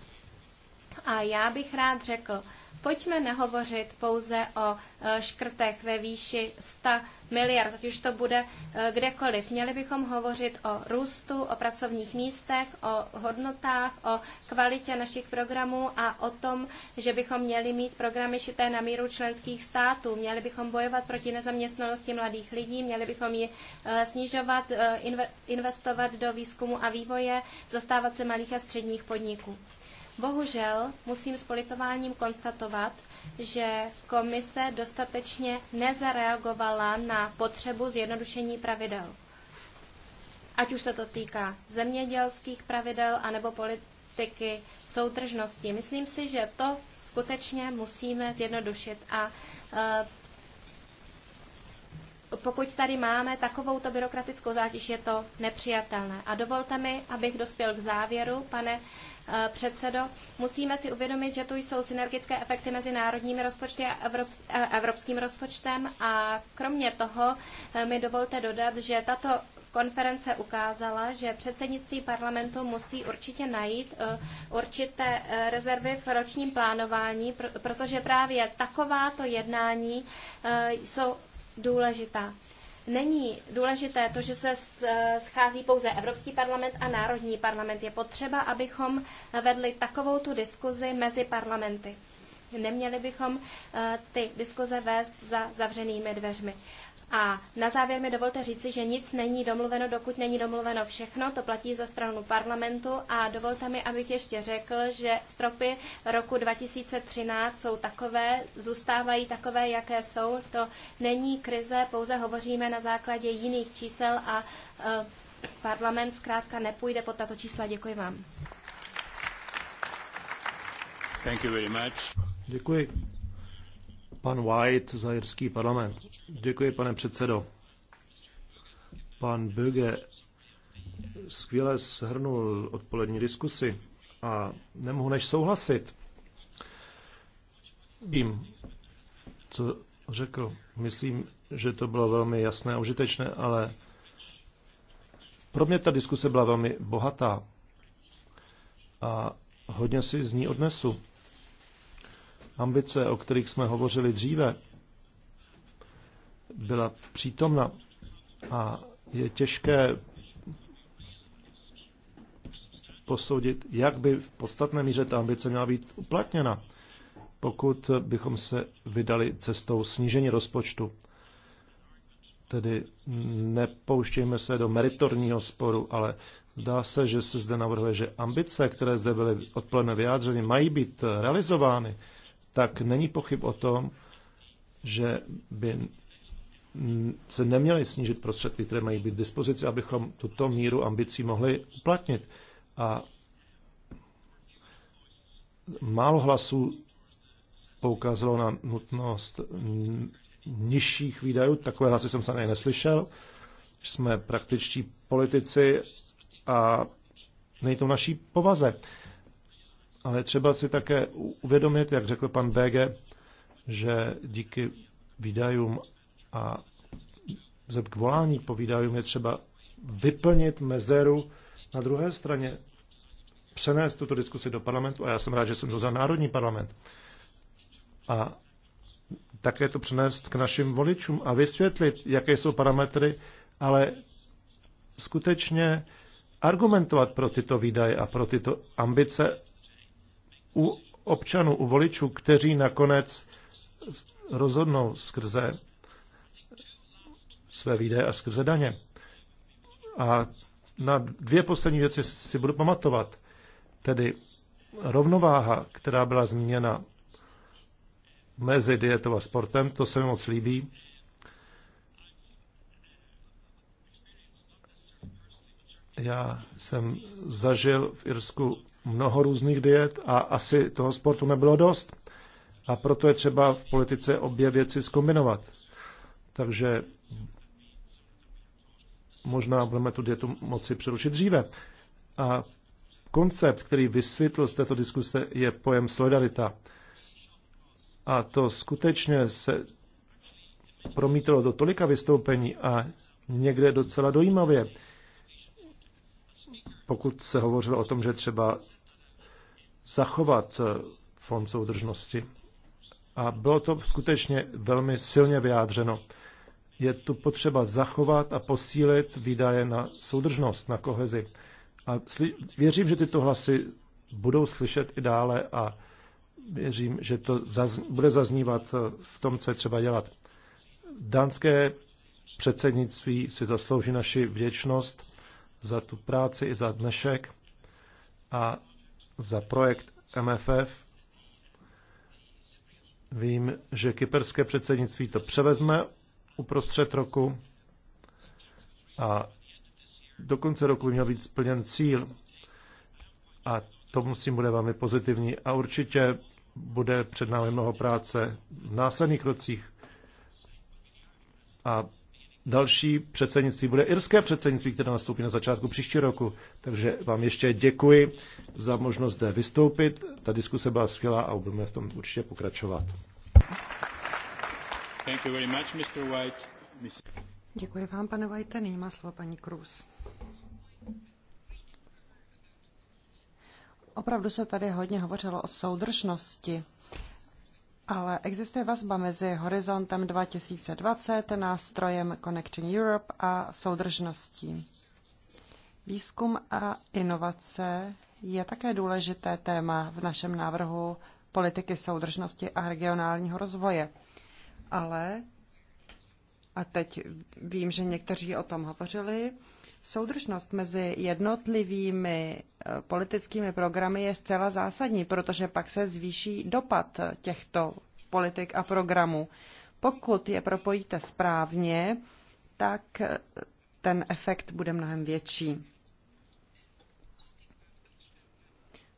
A já bych rád řekl, Pojďme nehovořit pouze o e, škrtech ve výši 100 miliard, ať už to bude e, kdekoliv. Měli bychom hovořit o růstu, o pracovních místech, o hodnotách, o kvalitě našich programů a o tom, že bychom měli mít programy šité na míru členských států. Měli bychom bojovat proti nezaměstnanosti mladých lidí, měli bychom ji e, snižovat, investovat do výzkumu a vývoje, zastávat se malých a středních podniků. Bohužel musím s politováním konstatovat, že komise dostatečně nezareagovala na potřebu zjednodušení pravidel. Ať už se to týká zemědělských pravidel anebo politiky soudržnosti. Myslím si, že to skutečně musíme zjednodušit a e, pokud tady máme takovouto byrokratickou zátěž, je to nepřijatelné. A dovolte mi, abych dospěl k závěru, pane Eh, předsedo. Musíme si uvědomit, že tu jsou synergické efekty mezi národními rozpočty a eh, evropským rozpočtem a kromě toho eh, mi dovolte dodat, že tato konference ukázala, že předsednictví parlamentu musí určitě najít určité rezervy v ročním plánování, protože právě takováto jednání jsou důležitá není důležité to, že se schází pouze Evropský parlament a Národní parlament. Je potřeba, abychom vedli takovou tu diskuzi mezi parlamenty. Neměli bychom eh, ty diskuze vést za zavřenými dveřmi. A na závěr mi dovolte říci, že nic není domluveno, dokud není domluveno všechno. To platí za stranu parlamentu a dovolte mi, abych ještě řekl, že stropy roku 2013 jsou takové, zůstávají takové, jaké jsou. To není krize, pouze hovoříme na základě jiných čísel a eh, parlament zkrátka nepůjde pod tato čísla. Děkuji vám. Thank you very much. Děkuji pan White za jirský parlament. Děkuji, pane předsedo. Pan Böge skvěle shrnul odpolední diskusi a nemohu než souhlasit. tím, co řekl. Myslím, že to bylo velmi jasné a užitečné, ale pro mě ta diskuse byla velmi bohatá a hodně si z ní odnesu ambice, o kterých jsme hovořili dříve, byla přítomna a je těžké posoudit, jak by v podstatné míře ta ambice měla být uplatněna, pokud bychom se vydali cestou snížení rozpočtu. Tedy nepouštějme se do meritorního sporu, ale zdá se, že se zde navrhuje, že ambice, které zde byly odpoledne vyjádřeny, mají být realizovány tak není pochyb o tom, že by se neměly snížit prostředky, které mají být v dispozici, abychom tuto míru ambicí mohli uplatnit. A málo hlasů poukázalo na nutnost nižších výdajů. Takové hlasy jsem se neslyšel. Jsme praktičtí politici a není to naší povaze. Ale třeba si také uvědomit, jak řekl pan BG, že díky výdajům a k volání po výdajům je třeba vyplnit mezeru na druhé straně přenést tuto diskusi do parlamentu a já jsem rád, že jsem to za národní parlament. A také to přenést k našim voličům a vysvětlit, jaké jsou parametry, ale skutečně argumentovat pro tyto výdaje a pro tyto ambice u občanů, u voličů, kteří nakonec rozhodnou skrze své výdaje a skrze daně. A na dvě poslední věci si budu pamatovat. Tedy rovnováha, která byla zmíněna mezi dietou a sportem, to se mi moc líbí. Já jsem zažil v Irsku mnoho různých diet a asi toho sportu nebylo dost. A proto je třeba v politice obě věci zkombinovat. Takže možná budeme tu dietu moci přerušit dříve. A koncept, který vysvětlil z této diskuse, je pojem solidarita. A to skutečně se promítalo do tolika vystoupení a někde docela dojímavě pokud se hovořilo o tom, že třeba zachovat eh, fond soudržnosti. A bylo to skutečně velmi silně vyjádřeno. Je tu potřeba zachovat a posílit výdaje na soudržnost, na kohezi. A věřím, že tyto hlasy budou slyšet i dále a věřím, že to zaz- bude zaznívat eh, v tom, co je třeba dělat. Dánské předsednictví si zaslouží naši věčnost za tu práci i za dnešek a za projekt MFF. Vím, že kyperské předsednictví to převezme uprostřed roku a do konce roku by měl být splněn cíl a to musím bude velmi pozitivní a určitě bude před námi mnoho práce v následných rocích a Další předsednictví bude irské předsednictví, které nastoupí na začátku příští roku. Takže vám ještě děkuji za možnost zde vystoupit. Ta diskuse byla skvělá a budeme v tom určitě pokračovat. Thank you very much, Mr. White. Děkuji vám, pane White. Nyní má slovo paní Cruz. Opravdu se tady hodně hovořilo o soudržnosti ale existuje vazba mezi horizontem 2020, nástrojem Connecting Europe a soudržností. Výzkum a inovace je také důležité téma v našem návrhu politiky soudržnosti a regionálního rozvoje. Ale, a teď vím, že někteří o tom hovořili, soudržnost mezi jednotlivými eh, politickými programy je zcela zásadní, protože pak se zvýší dopad těchto politik a programů. Pokud je propojíte správně, tak eh, ten efekt bude mnohem větší.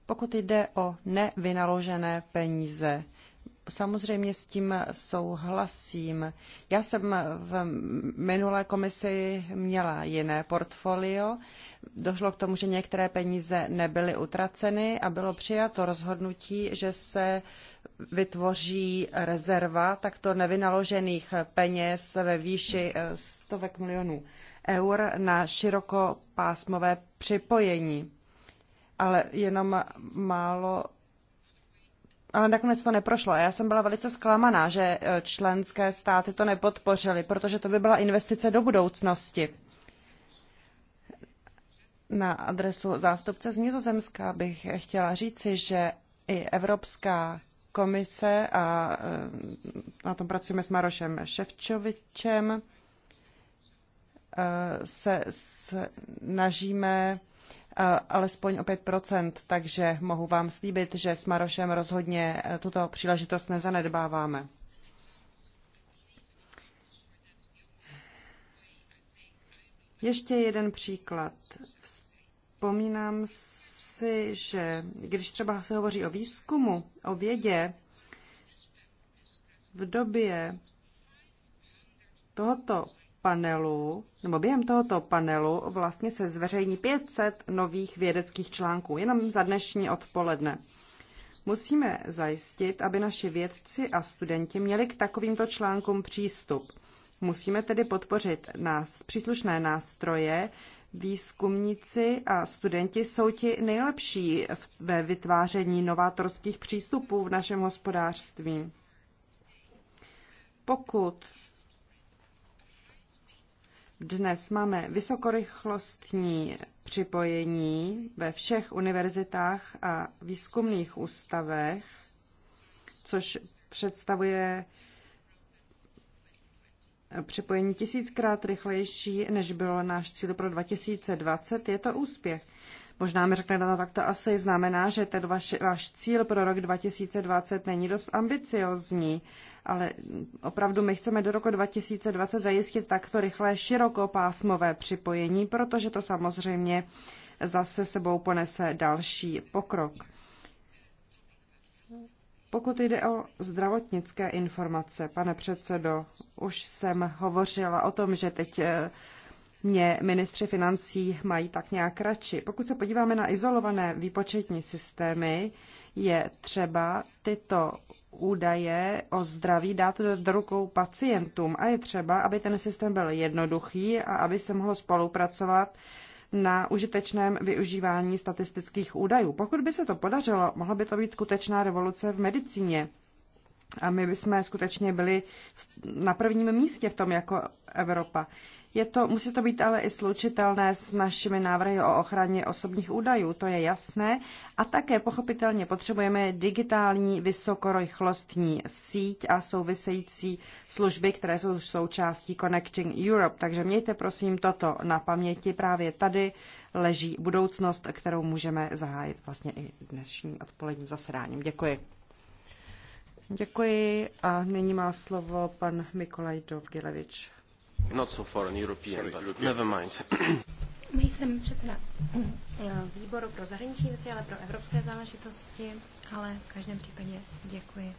Pokud jde o nevynaložené peníze, Samozřejmě s tím souhlasím. Já jsem v minulé komisi měla jiné portfolio. Došlo k tomu, že některé peníze nebyly utraceny a bylo přijato rozhodnutí, že se vytvoří rezerva takto nevynaložených peněz ve výši eh, stovek milionů eur na širokopásmové připojení. Ale jenom málo ale nakonec to neprošlo. Já jsem byla velice zklamaná, že e, členské státy to nepodpořily, protože to by byla investice do budoucnosti. Na adresu zástupce z Nizozemska bych chtěla říci, že i Evropská komise a e, na tom pracujeme s Marošem Ševčovičem, e, se snažíme Eh, alespoň o 5 takže mohu vám slíbit, že s Marošem rozhodně eh, tuto příležitost nezanedbáváme. Ještě jeden příklad. Vzpomínám si, že když třeba se hovoří o výzkumu, o vědě, v době tohoto panelu, nebo během tohoto panelu vlastně se zveřejní 500 nových vědeckých článků, jenom za dnešní odpoledne. Musíme zajistit, aby naši vědci a studenti měli k takovýmto článkům přístup. Musíme tedy podpořit nás, příslušné nástroje, Výzkumníci a studenti jsou ti nejlepší ve vytváření novátorských přístupů v našem hospodářství. Pokud dnes máme vysokorychlostní připojení ve všech univerzitách a výzkumných ústavech, což představuje připojení tisíckrát rychlejší, než bylo náš cíl pro 2020. Je to úspěch. Možná mi řeknete, no tak to asi znamená, že ten vaš, váš cíl pro rok 2020 není dost ambiciozní, ale opravdu my chceme do roku 2020 zajistit takto rychlé širokopásmové připojení, protože to samozřejmě zase sebou ponese další pokrok. Pokud jde o zdravotnické informace, pane předsedo, už jsem hovořila o tom, že teď eh, mě ministři financí mají tak nějak radši. Pokud se podíváme na izolované výpočetní systémy, je třeba tyto údaje o zdraví dát do rukou pacientům a je třeba, aby ten systém byl jednoduchý a aby se mohlo spolupracovat na užitečném využívání statistických údajů. Pokud by se to podařilo, mohla by to být skutečná revoluce v medicíně. A my bychom skutečně byli na prvním místě v tom jako Evropa. Je to, musí to být ale i slučitelné s našimi návrhy o ochraně osobních údajů, to je jasné. A také pochopitelně potřebujeme digitální vysokorychlostní síť a související služby, které jsou součástí Connecting Europe. Takže mějte prosím toto na paměti. Právě tady leží budoucnost, kterou můžeme zahájit vlastně i dnešním odpoledním zasedáním. Děkuji. Děkuji a nyní má slovo pan Mikolaj Dovgilevič. Not so far an European, Sorry, but never mind. Nejsem předseda eh, výboru pro zahraniční věci, ale pro evropské záležitosti, ale v každém případě děkuji.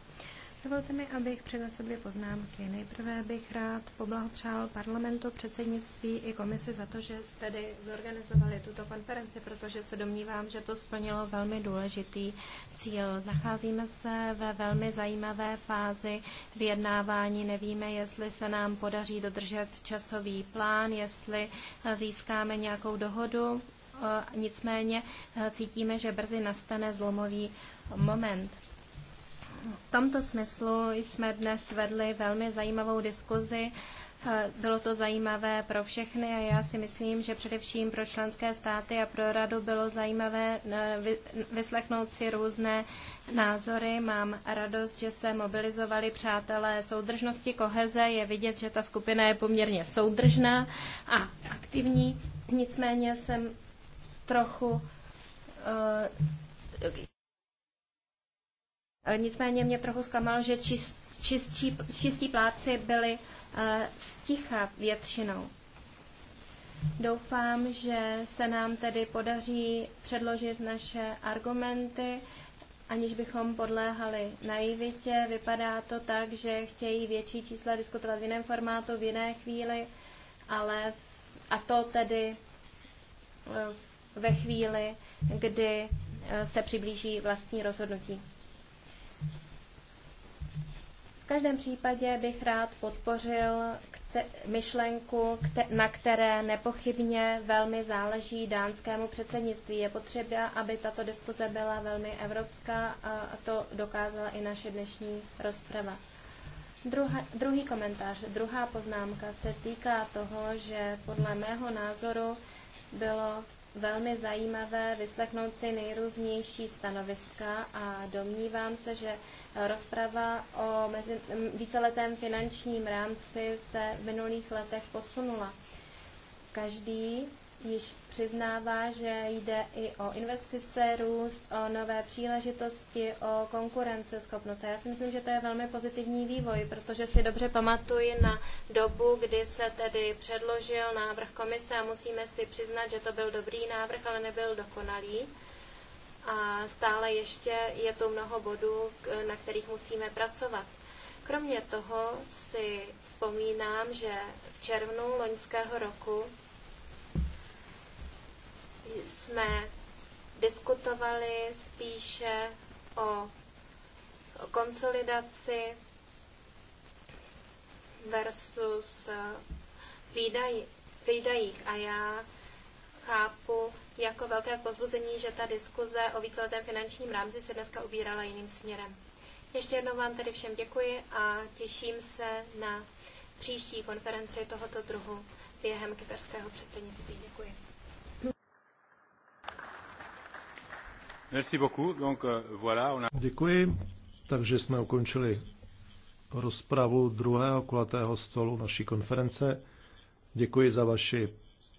Dovolte mi, abych přinesl sobě poznámky. Nejprve bych rád poblahopřál parlamentu, předsednictví i komisi za to, že tedy zorganizovali tuto konferenci, protože se domnívám, že to splnilo velmi důležitý cíl. Nacházíme se ve velmi zajímavé fázi vyjednávání. Nevíme, jestli se nám podaří dodržet časový plán, jestli získáme nějakou dohodu. E, nicméně e, cítíme, že brzy nastane zlomový moment. V tomto smyslu jsme dnes vedli velmi zajímavou diskuzi. Bylo to zajímavé pro všechny a já si myslím, že především pro členské státy a pro radu bylo zajímavé eh, vyslechnout si různé názory. Mám radost, že se mobilizovali přátelé soudržnosti koheze. Je vidět, že ta skupina je poměrně soudržná a aktivní. Nicméně jsem trochu eh, Eh, nicméně mě trochu zklamal, že čist, čistí, čistí pláci byli sticha eh, většinou. Doufám, že se nám tedy podaří předložit naše argumenty, aniž bychom podléhali naivitě. Vypadá to tak, že chtějí větší čísla diskutovat v jiném formátu, v jiné chvíli, ale a to tedy eh, ve chvíli, kdy se přiblíží vlastní rozhodnutí každém případě bych rád podpořil myšlenku, na které nepochybně velmi záleží dánskému předsednictví. Je potřeba, aby tato diskuze byla velmi evropská a to dokázala i naše dnešní rozprava. Druha, druhý komentář, druhá poznámka se týká toho, že podle mého názoru bylo velmi zajímavé vyslechnout si nejrůznější stanoviska a domnívám se, že rozprava o mezi, víceletém finančním rámci se v minulých letech posunula. Každý již přiznává, že jde i o investice, růst, o nové příležitosti, o konkurenceschopnost. A já si myslím, že to je velmi pozitivní vývoj, protože si dobře pamatuji na dobu, kdy se tedy předložil návrh komise a musíme si přiznat, že to byl dobrý návrh, ale nebyl dokonalý. A stále ještě je tu mnoho bodů, na kterých musíme pracovat. Kromě toho si vzpomínám, že v červnu loňského roku jsme diskutovali spíše o konsolidaci versus eh, výdaj, výdajích. A já chápu jako velké pozbuzení, že ta diskuze o víceletém finančním rámci se dneska ubírala jiným směrem. Ještě jednou vám tedy všem děkuji a těším se na příští konferenci tohoto druhu během kyperského předsednictví. Děkuji. Euh, Děkuji. Takže jsme ukončili rozpravu druhého kulatého stolu naší konference. Děkuji za vaši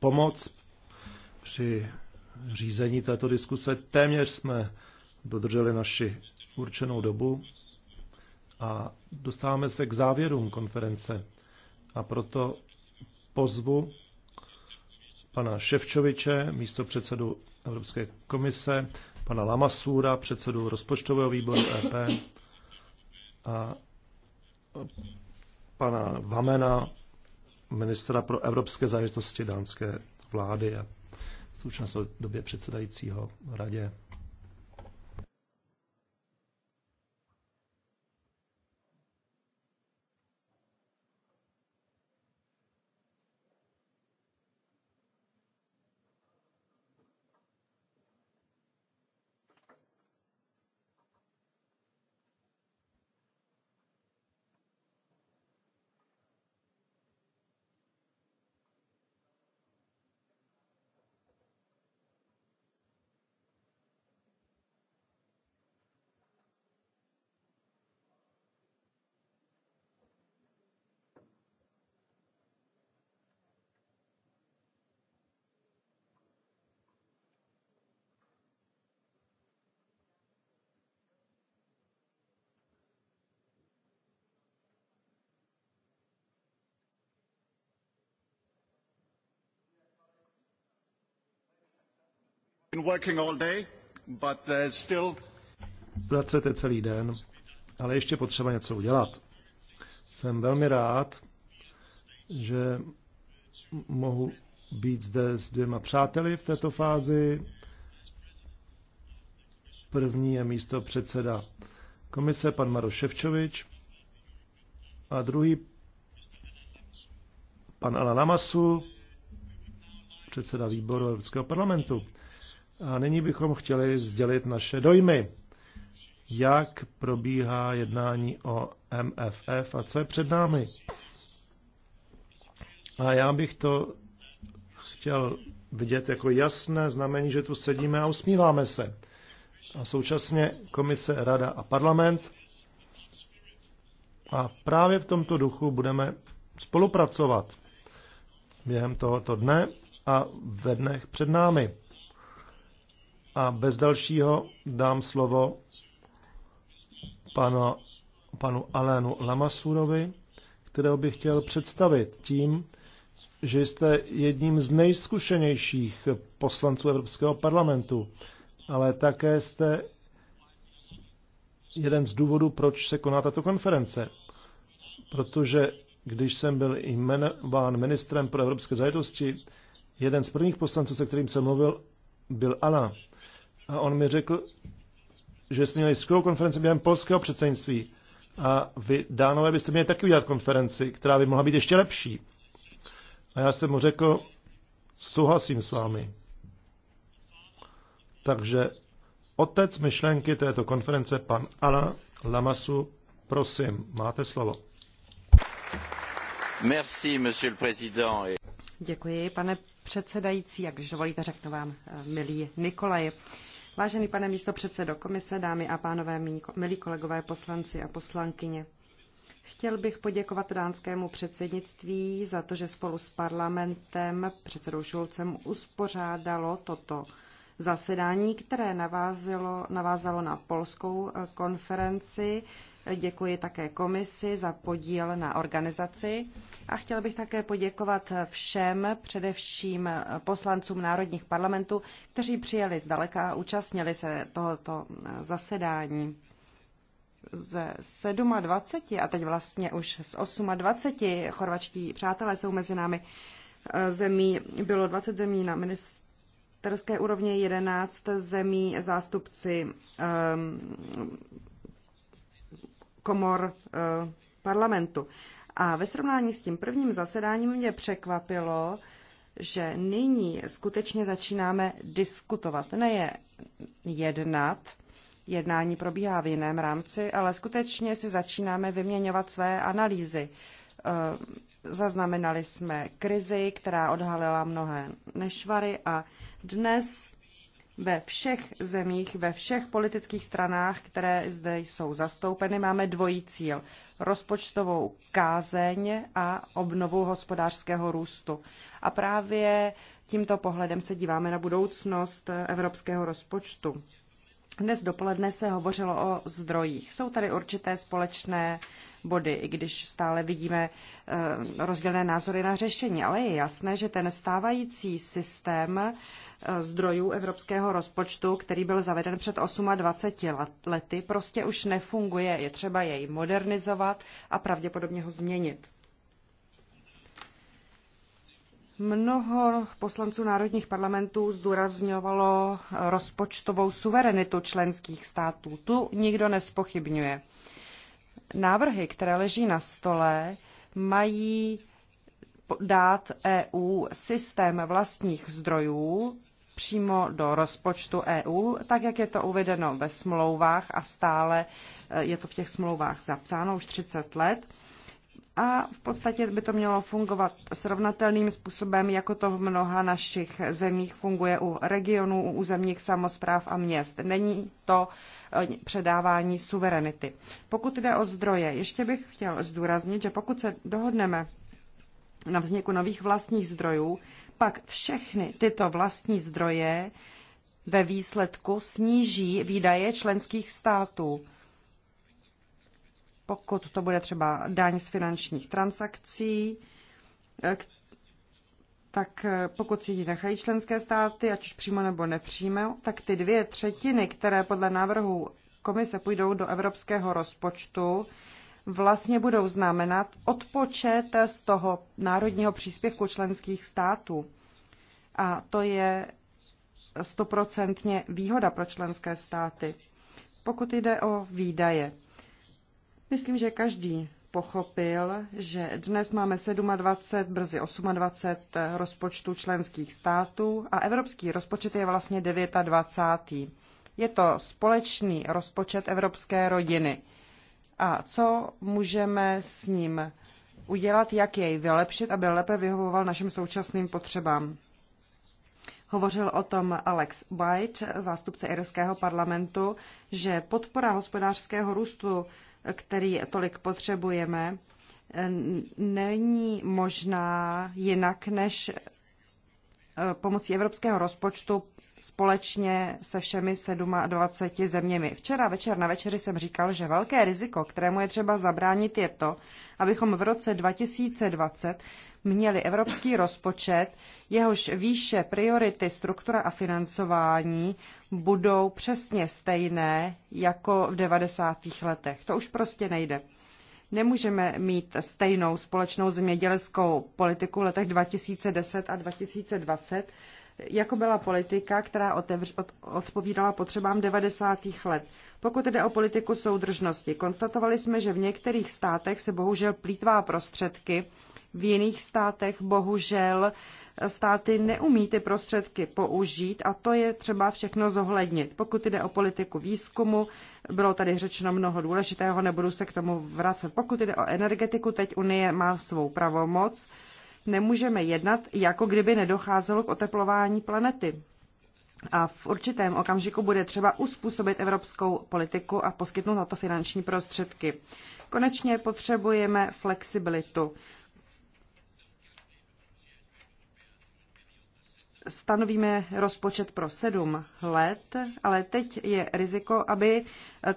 pomoc při řízení této diskuse. Téměř jsme dodrželi naši určenou dobu a dostáváme se k závěrům konference. A proto pozvu pana Ševčoviče, místo předsedu Evropské komise, pana Lamasura, předsedu rozpočtového výboru EP a pana Vamena, ministra pro evropské záležitosti dánské vlády a v současné době předsedajícího radě. Pracujete celý den, ale ještě potřeba něco udělat. Jsem velmi rád, že mohu být zde s dvěma přáteli v této fázi. První je místo předseda komise, pan Maroš Ševčovič, a druhý pan Alan Lamasu, předseda výboru Evropského parlamentu. A nyní bychom chtěli sdělit naše dojmy. Jak probíhá jednání o MFF a co je před námi? A já bych to chtěl vidět jako jasné znamení, že tu sedíme a usmíváme se. A současně komise, rada a parlament. A právě v tomto duchu budeme spolupracovat během tohoto dne a ve dnech před námi. A bez dalšího dám slovo panu, panu Alénu Lamasurovi, kterého bych chtěl představit tím, že jste jedním z nejzkušenějších poslanců Evropského parlamentu, ale také jste jeden z důvodů, proč se koná tato konference. Protože když jsem byl jmenován ministrem pro evropské záležitosti, jeden z prvních poslanců, se kterým jsem mluvil, byl Ala. A on mi řekl, že jsme měli skvělou konferenci během polského předsednictví. A vy, dánové, byste měli taky udělat konferenci, která by mohla být ještě lepší. A já jsem mu řekl, souhlasím s vámi. Takže otec myšlenky této konference, pan Ala Lamasu, prosím, máte slovo. Merci, monsieur le président. Děkuji, pane předsedající, jak když dovolíte, řeknu vám, eh, milý Nikolaj. Vážený pane místopředsedo komise, dámy a pánové, milí kolegové poslanci a poslankyně. Chtěl bych poděkovat dánskému předsednictví za to, že spolu s parlamentem, předsedou Šulcem, uspořádalo toto zasedání, které navázalo, navázalo na polskou eh, konferenci Děkuji také komisi za podíl na organizaci a chtěl bych také poděkovat všem, především poslancům národních parlamentů, kteří přijeli zdaleka a účastnili se tohoto zasedání z 27 a teď vlastně už z 28 chorvačtí přátelé jsou mezi námi zemí, bylo 20 zemí na ministerské úrovni, 11 zemí zástupci um, komor eh, parlamentu. A ve srovnání s tím prvním zasedáním mě překvapilo, že nyní skutečně začínáme diskutovat, ne je jednat, jednání probíhá v jiném rámci, ale skutečně si začínáme vyměňovat své analýzy. Eh, zaznamenali jsme krizi, která odhalila mnohé nešvary a dnes ve všech zemích, ve všech politických stranách, které zde jsou zastoupeny, máme dvojí cíl. Rozpočtovou kázeň a obnovu hospodářského růstu. A právě tímto pohledem se díváme na budoucnost evropského rozpočtu. Dnes dopoledne se hovořilo o zdrojích. Jsou tady určité společné body, i když stále vidíme eh, rozdílné názory na řešení. Ale je jasné, že ten stávající systém eh, zdrojů evropského rozpočtu, který byl zaveden před 28 lety, prostě už nefunguje. Je třeba jej modernizovat a pravděpodobně ho změnit. Mnoho poslanců národních parlamentů zdůrazňovalo eh, rozpočtovou suverenitu členských států. Tu nikdo nespochybňuje návrhy, které leží na stole, mají dát EU systém vlastních zdrojů přímo do rozpočtu EU, tak jak je to uvedeno ve smlouvách a stále e, je to v těch smlouvách zapsáno už 30 let a v podstatě by to mělo fungovat srovnatelným způsobem, jako to v mnoha našich zemích funguje u regionů, u územních samozpráv a měst. Není to eh, předávání suverenity. Pokud jde o zdroje, ještě bych chtěl zdůraznit, že pokud se dohodneme na vzniku nových vlastních zdrojů, pak všechny tyto vlastní zdroje ve výsledku sníží výdaje členských států pokud to bude třeba daň z finančních transakcí, eh, tak eh, pokud si ji nechají členské státy, ať už přímo nebo nepřímo, tak ty dvě třetiny, které podle návrhu komise půjdou do evropského rozpočtu, vlastně budou znamenat odpočet z toho národního příspěvku členských států. A to je stoprocentně výhoda pro členské státy. Pokud jde o výdaje, Myslím, že každý pochopil, že dnes máme 27, brzy 28 rozpočtů členských států a evropský rozpočet je vlastně 29. Je to společný rozpočet evropské rodiny. A co můžeme s ním udělat, jak jej vylepšit, aby lépe vyhovoval našim současným potřebám? Hovořil o tom Alex White, zástupce irského parlamentu, že podpora hospodářského růstu který tolik potřebujeme, není možná jinak než eh, pomocí evropského rozpočtu společně se všemi 27 zeměmi. Včera večer na večeři jsem říkal, že velké riziko, kterému je třeba zabránit, je to, abychom v roce 2020 měli evropský rozpočet, jehož výše, priority, struktura a financování budou přesně stejné jako v 90. letech. To už prostě nejde. Nemůžeme mít stejnou společnou zemědělskou politiku v letech 2010 a 2020, jako byla politika, která otevř, od, odpovídala potřebám 90. let. Pokud jde o politiku soudržnosti, konstatovali jsme, že v některých státech se bohužel plítvá prostředky v jiných státech bohužel státy neumí ty prostředky použít a to je třeba všechno zohlednit. Pokud jde o politiku výzkumu, bylo tady řečeno mnoho důležitého, nebudu se k tomu vracet. Pokud jde o energetiku, teď Unie má svou pravomoc. Nemůžeme jednat, jako kdyby nedocházelo k oteplování planety. A v určitém okamžiku bude třeba uspůsobit evropskou politiku a poskytnout na to finanční prostředky. Konečně potřebujeme flexibilitu. stanovíme rozpočet pro sedm let, ale teď je riziko, aby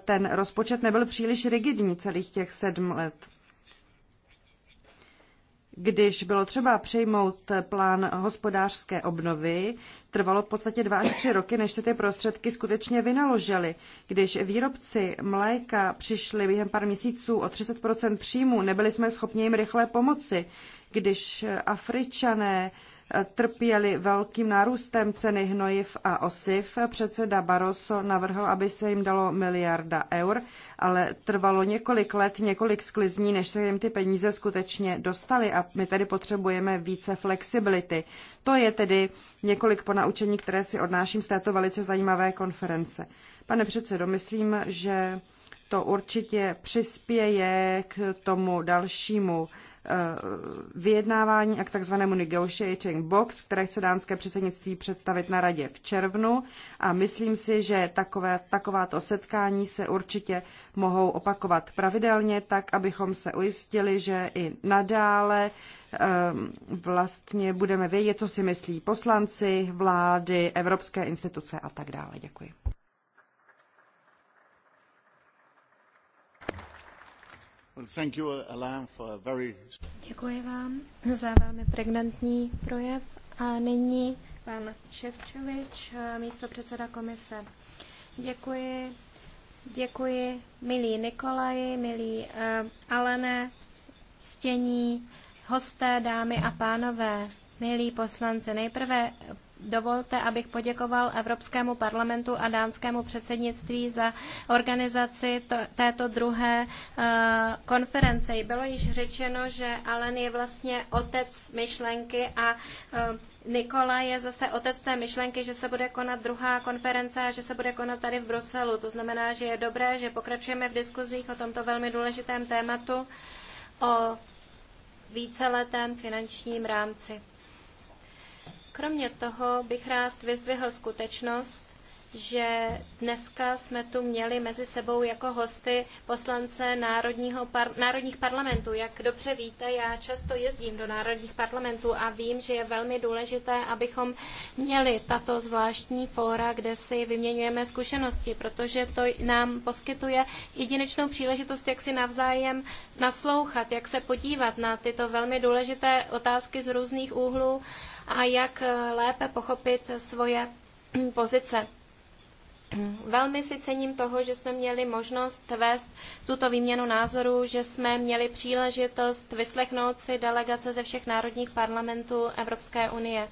ten rozpočet nebyl příliš rigidní celých těch sedm let. Když bylo třeba přejmout plán hospodářské obnovy, trvalo v podstatě dva až tři roky, než se ty prostředky skutečně vynaložily. Když výrobci mléka přišli během pár měsíců o 30 příjmu, nebyli jsme schopni jim rychle pomoci. Když Afričané trpěli velkým nárůstem ceny hnojiv a osiv. Předseda Barroso navrhl, aby se jim dalo miliarda eur, ale trvalo několik let, několik sklizní, než se jim ty peníze skutečně dostaly a my tedy potřebujeme více flexibility. To je tedy několik ponaučení, které si odnáším z této velice zajímavé konference. Pane předsedo, myslím, že to určitě přispěje k tomu dalšímu Eh, vyjednávání a k takzvanému negotiating box, které chce dánské předsednictví představit na radě v červnu a myslím si, že takové, takováto setkání se určitě mohou opakovat pravidelně, tak abychom se ujistili, že i nadále ehm, vlastně budeme vědět, co si myslí poslanci, vlády, evropské instituce a tak dále. Děkuji. Děkuji vám za velmi pregnantní projev. A nyní pan Ševčovič, eh, místo předseda komise. Děkuji. Děkuji, milí Nikolaji, milí uh, Alene, stění, hosté, dámy a pánové, milí poslanci. Nejprve Dovolte, abych poděkoval Evropskému parlamentu a dánskému předsednictví za organizaci to, této druhé uh, konference. Bylo již řečeno, že Alen je vlastně otec myšlenky a uh, Nikola je zase otec té myšlenky, že se bude konat druhá konference a že se bude konat tady v Bruselu. To znamená, že je dobré, že pokračujeme v diskuzích o tomto velmi důležitém tématu, o víceletém finančním rámci. Kromě toho bych rád vyzdvihl skutečnost, že dneska jsme tu měli mezi sebou jako hosty poslance národního par- národních parlamentů. Jak dobře víte, já často jezdím do národních parlamentů a vím, že je velmi důležité, abychom měli tato zvláštní fóra, kde si vyměňujeme zkušenosti, protože to nám poskytuje jedinečnou příležitost, jak si navzájem naslouchat, jak se podívat na tyto velmi důležité otázky z různých úhlů a jak eh, lépe pochopit svoje pozice. Velmi si cením toho, že jsme měli možnost vést tuto výměnu názorů, že jsme měli příležitost vyslechnout si delegace ze všech národních parlamentů Evropské unie.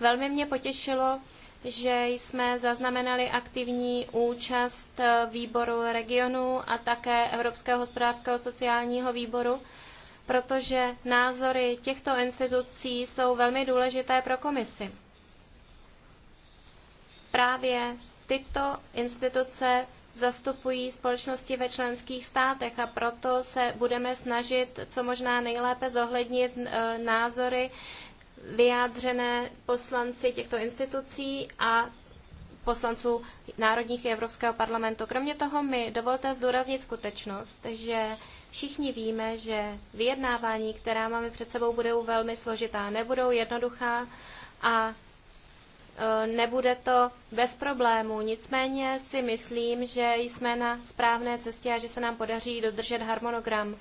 Velmi mě potěšilo, že jsme zaznamenali aktivní účast eh, výboru regionu a také Evropského hospodářského sociálního výboru protože názory těchto institucí jsou velmi důležité pro komisi. Právě tyto instituce zastupují společnosti ve členských státech a proto se budeme snažit co možná nejlépe zohlednit e, názory vyjádřené poslanci těchto institucí a poslanců národních i Evropského parlamentu. Kromě toho mi dovolte zdůraznit skutečnost, že Všichni víme, že vyjednávání, která máme před sebou, budou velmi složitá, nebudou jednoduchá a e, nebude to bez problémů. Nicméně si myslím, že jsme na správné cestě a že se nám podaří dodržet harmonogram.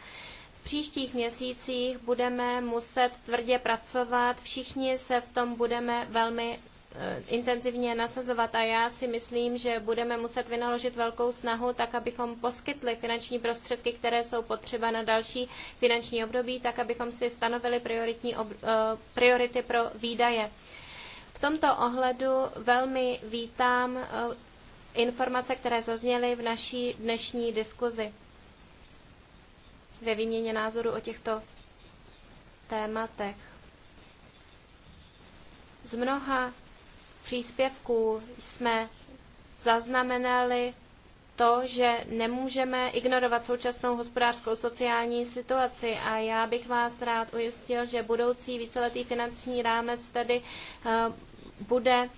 V příštích měsících budeme muset tvrdě pracovat, všichni se v tom budeme velmi Eh, intenzivně nasazovat a já si myslím, že budeme muset vynaložit velkou snahu, tak abychom poskytli finanční prostředky, které jsou potřeba na další finanční období, tak abychom si stanovili prioritní ob, eh, priority pro výdaje. V tomto ohledu velmi vítám eh, informace, které zazněly v naší dnešní diskuzi ve výměně názoru o těchto tématech. Z mnoha příspěvků jsme zaznamenali to, že nemůžeme ignorovat současnou hospodářskou sociální situaci a já bych vás rád ujistil, že budoucí víceletý finanční rámec tedy eh, bude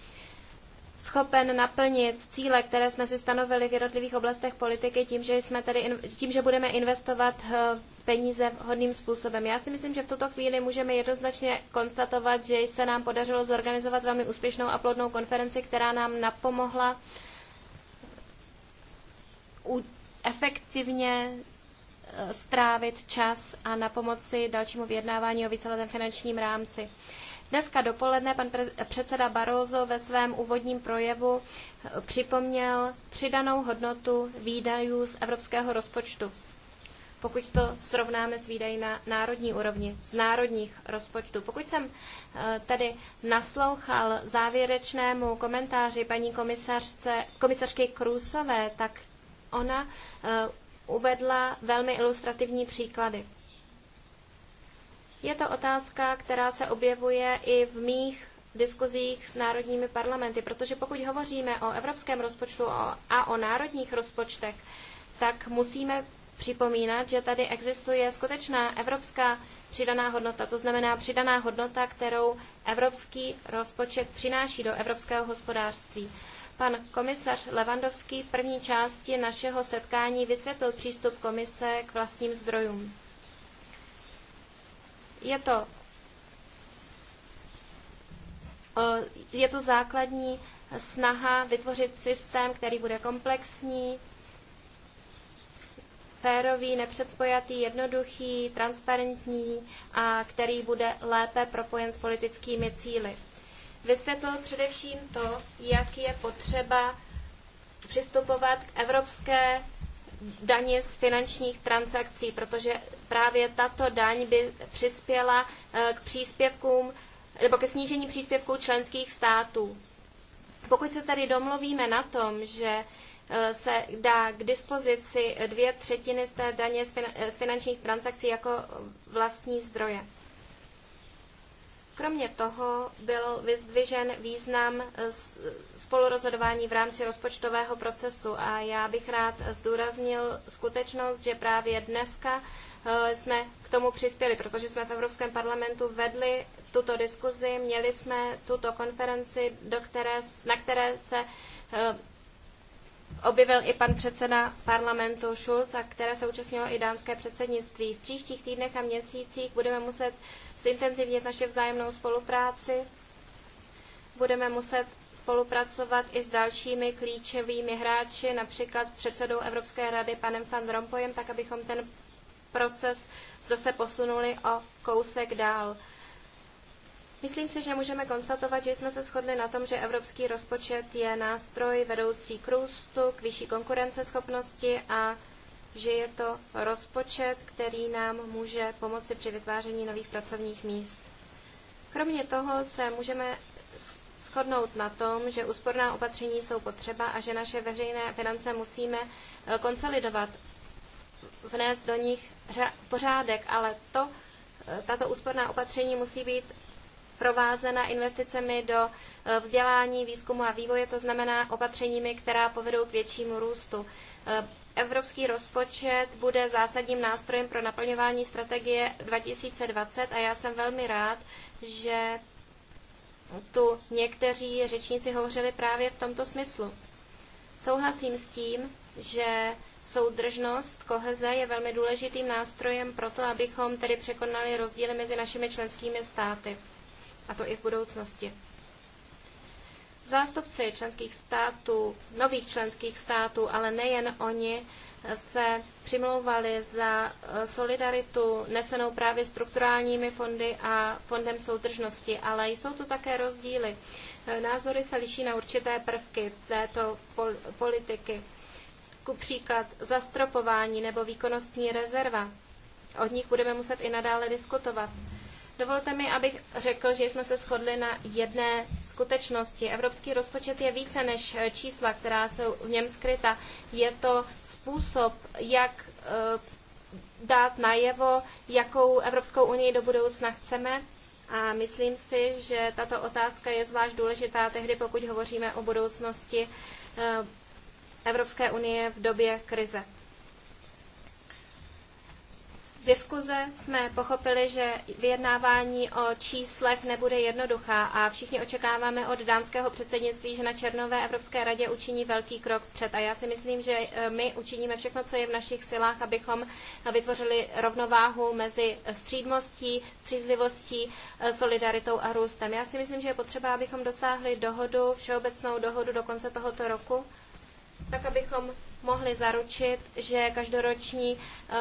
schopen naplnit cíle, které jsme si stanovili v jednotlivých oblastech politiky tím, že, jsme tady tím, že budeme investovat eh, peníze hodným způsobem. Já si myslím, že v tuto chvíli můžeme jednoznačně konstatovat, že se nám podařilo zorganizovat velmi úspěšnou a plodnou konferenci, která nám napomohla efektivně eh, strávit čas a na pomoci dalšímu vyjednávání o víceletém finančním rámci. Dneska dopoledne pan předseda Barroso ve svém úvodním projevu eh, připomněl přidanou hodnotu výdajů z evropského rozpočtu pokud to srovnáme s výdaji na národní úrovni, z národních rozpočtů. Pokud jsem eh, tedy naslouchal závěrečnému komentáři paní komisařce, komisařky Krůsové, tak ona eh, uvedla velmi ilustrativní příklady. Je to otázka, která se objevuje i v mých diskuzích s národními parlamenty, protože pokud hovoříme o evropském rozpočtu a o národních rozpočtech, tak musíme připomínat, že tady existuje skutečná evropská přidaná hodnota, to znamená přidaná hodnota, kterou evropský rozpočet přináší do evropského hospodářství. Pan komisař Levandovský v první části našeho setkání vysvětlil přístup komise k vlastním zdrojům. Je to, eh, je to základní snaha vytvořit systém, který bude komplexní, férový, nepředpojatý, jednoduchý, transparentní a který bude lépe propojen s politickými cíly. Vysvětlil především to, jak je potřeba přistupovat k evropské dani z finančních transakcí, protože právě tato daň by přispěla eh, k příspěvkům nebo ke snížení příspěvků členských států. Pokud se tady domluvíme na tom, že eh, se dá k dispozici dvě třetiny z té daně eh, z finančních transakcí jako vlastní zdroje. Kromě toho byl vyzdvižen význam spolurozhodování v rámci rozpočtového procesu a já bych rád zdůraznil skutečnost, že právě dneska Eh, jsme k tomu přispěli, protože jsme v Evropském parlamentu vedli tuto diskuzi, měli jsme tuto konferenci, do které, na které se eh, objevil i pan předseda parlamentu Schulz, a které se účastnilo i dánské předsednictví. V příštích týdnech a měsících budeme muset zintenzivnit naši vzájemnou spolupráci. Budeme muset spolupracovat i s dalšími klíčovými hráči, například s předsedou Evropské rady panem Van Rompuyem, tak abychom ten proces zase posunuli o kousek dál. Myslím si, že můžeme konstatovat, že jsme se shodli na tom, že evropský rozpočet je nástroj vedoucí k růstu, k vyšší konkurenceschopnosti a že je to rozpočet, který nám může pomoci při vytváření nových pracovních míst. Kromě toho se můžeme shodnout na tom, že úsporná opatření jsou potřeba a že naše veřejné finance musíme eh, konsolidovat, vnést do nich pořádek, ale to, eh, tato úsporná opatření musí být provázena investicemi do eh, vzdělání, výzkumu a vývoje, to znamená opatřeními, která povedou k většímu růstu. Eh, evropský rozpočet bude zásadním nástrojem pro naplňování strategie 2020 a já jsem velmi rád, že tu někteří řečníci hovořili právě v tomto smyslu. Souhlasím s tím, že Soudržnost koheze je velmi důležitým nástrojem pro to, abychom tedy překonali rozdíly mezi našimi členskými státy. A to i v budoucnosti. Zástupci členských států, nových členských států, ale nejen oni, se přimlouvali za eh, solidaritu nesenou právě strukturálními fondy a fondem soudržnosti, ale jsou tu také rozdíly. Eh, názory se liší na určité prvky této politiky ku příklad zastropování nebo výkonnostní rezerva. Od nich budeme muset i nadále diskutovat. Dovolte mi, abych řekl, že jsme se shodli na jedné skutečnosti. Evropský rozpočet je více než eh, čísla, která jsou v něm skryta. Je to způsob, jak eh, dát najevo, jakou Evropskou unii do budoucna chceme. A myslím si, že tato otázka je zvlášť důležitá tehdy, pokud hovoříme o budoucnosti eh, Evropské unie v době krize. Z diskuze jsme pochopili, že vyjednávání o číslech nebude jednoduchá a všichni očekáváme od dánského předsednictví, že na Černové Evropské radě učiní velký krok před. A já si myslím, že e, my učiníme všechno, co je v našich silách, abychom vytvořili rovnováhu mezi střídmostí, střízlivostí, e, solidaritou a růstem. Já si myslím, že je potřeba, abychom dosáhli dohodu, všeobecnou dohodu do konce tohoto roku tak abychom mohli zaručit, že každoroční eh,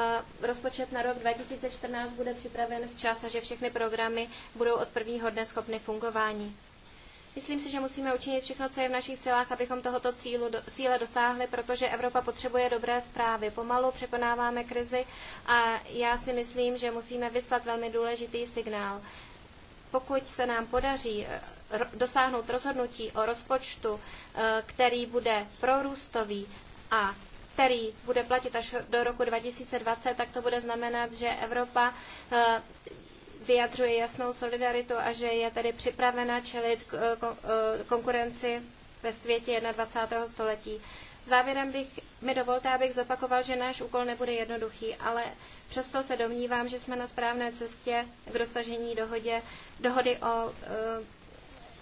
rozpočet na rok 2014 bude připraven včas a že všechny programy budou od prvního dne schopny fungování. Myslím si, že musíme učinit všechno, co je v našich silách, abychom tohoto cílu, do, cíle dosáhli, protože Evropa potřebuje dobré zprávy. Pomalu překonáváme krizi a já si myslím, že musíme vyslat velmi důležitý signál. Pokud se nám podaří eh, dosáhnout rozhodnutí o rozpočtu, eh, který bude prorůstový a který bude platit až do roku 2020, tak to bude znamenat, že Evropa eh, vyjadřuje jasnou solidaritu a že je tedy připravena čelit eh, konkurenci ve světě 21. století. Závěrem bych mi dovolte, abych zopakoval, že náš úkol nebude jednoduchý, ale přesto se domnívám, že jsme na správné cestě k dosažení dohodě, dohody o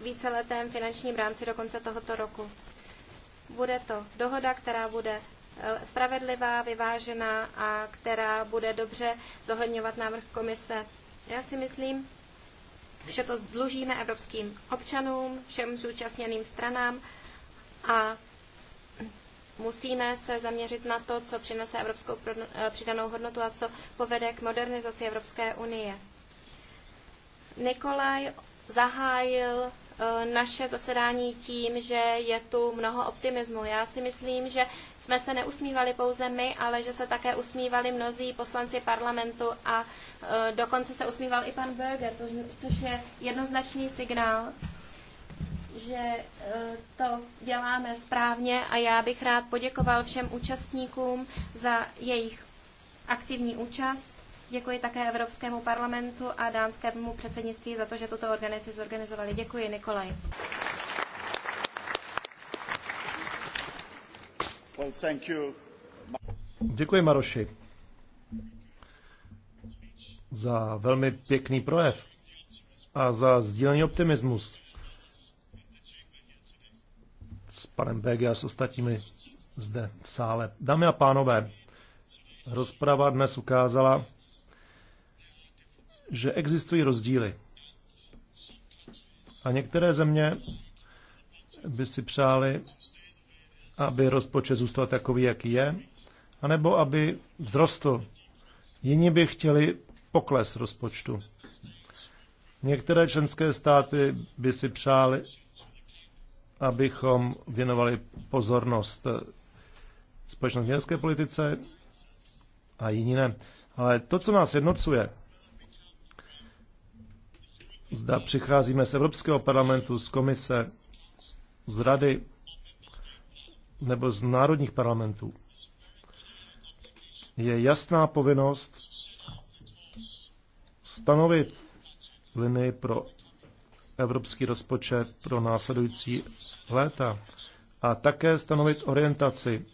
víceletém finančním rámci do konce tohoto roku. Bude to dohoda, která bude eh, spravedlivá, vyvážená a která bude dobře zohledňovat návrh komise. Já si myslím, že to dlužíme evropským občanům, všem zúčastněným stranám a musíme se zaměřit na to, co přinese evropskou eh, přidanou hodnotu a co povede k modernizaci Evropské unie. Nikolaj zahájil Eh, naše zasedání tím, že je tu mnoho optimismu. Já si myslím, že jsme se neusmívali pouze my, ale že se také usmívali mnozí poslanci parlamentu a eh, dokonce se usmíval i pan Berger, což je jednoznačný signál že eh, to děláme správně a já bych rád poděkoval všem účastníkům za jejich aktivní účast Děkuji také Evropskému parlamentu a dánskému předsednictví za to, že tuto organizaci zorganizovali. Děkuji, Nikolaj. Well, thank you. Děkuji, Maroši, za velmi pěkný projev a za sdílený optimismus s panem Bege a s ostatními zde v sále. Dámy a pánové, rozprava dnes ukázala, že existují rozdíly. A některé země by si přáli, aby rozpočet zůstal takový, jaký je, anebo aby vzrostl. Jiní by chtěli pokles rozpočtu. Některé členské státy by si přáli, abychom věnovali pozornost společnosti politice a jiní ne. Ale to, co nás jednocuje, Zda přicházíme z Evropského parlamentu, z komise, z rady nebo z národních parlamentů. Je jasná povinnost stanovit linii pro evropský rozpočet pro následující léta a také stanovit orientaci,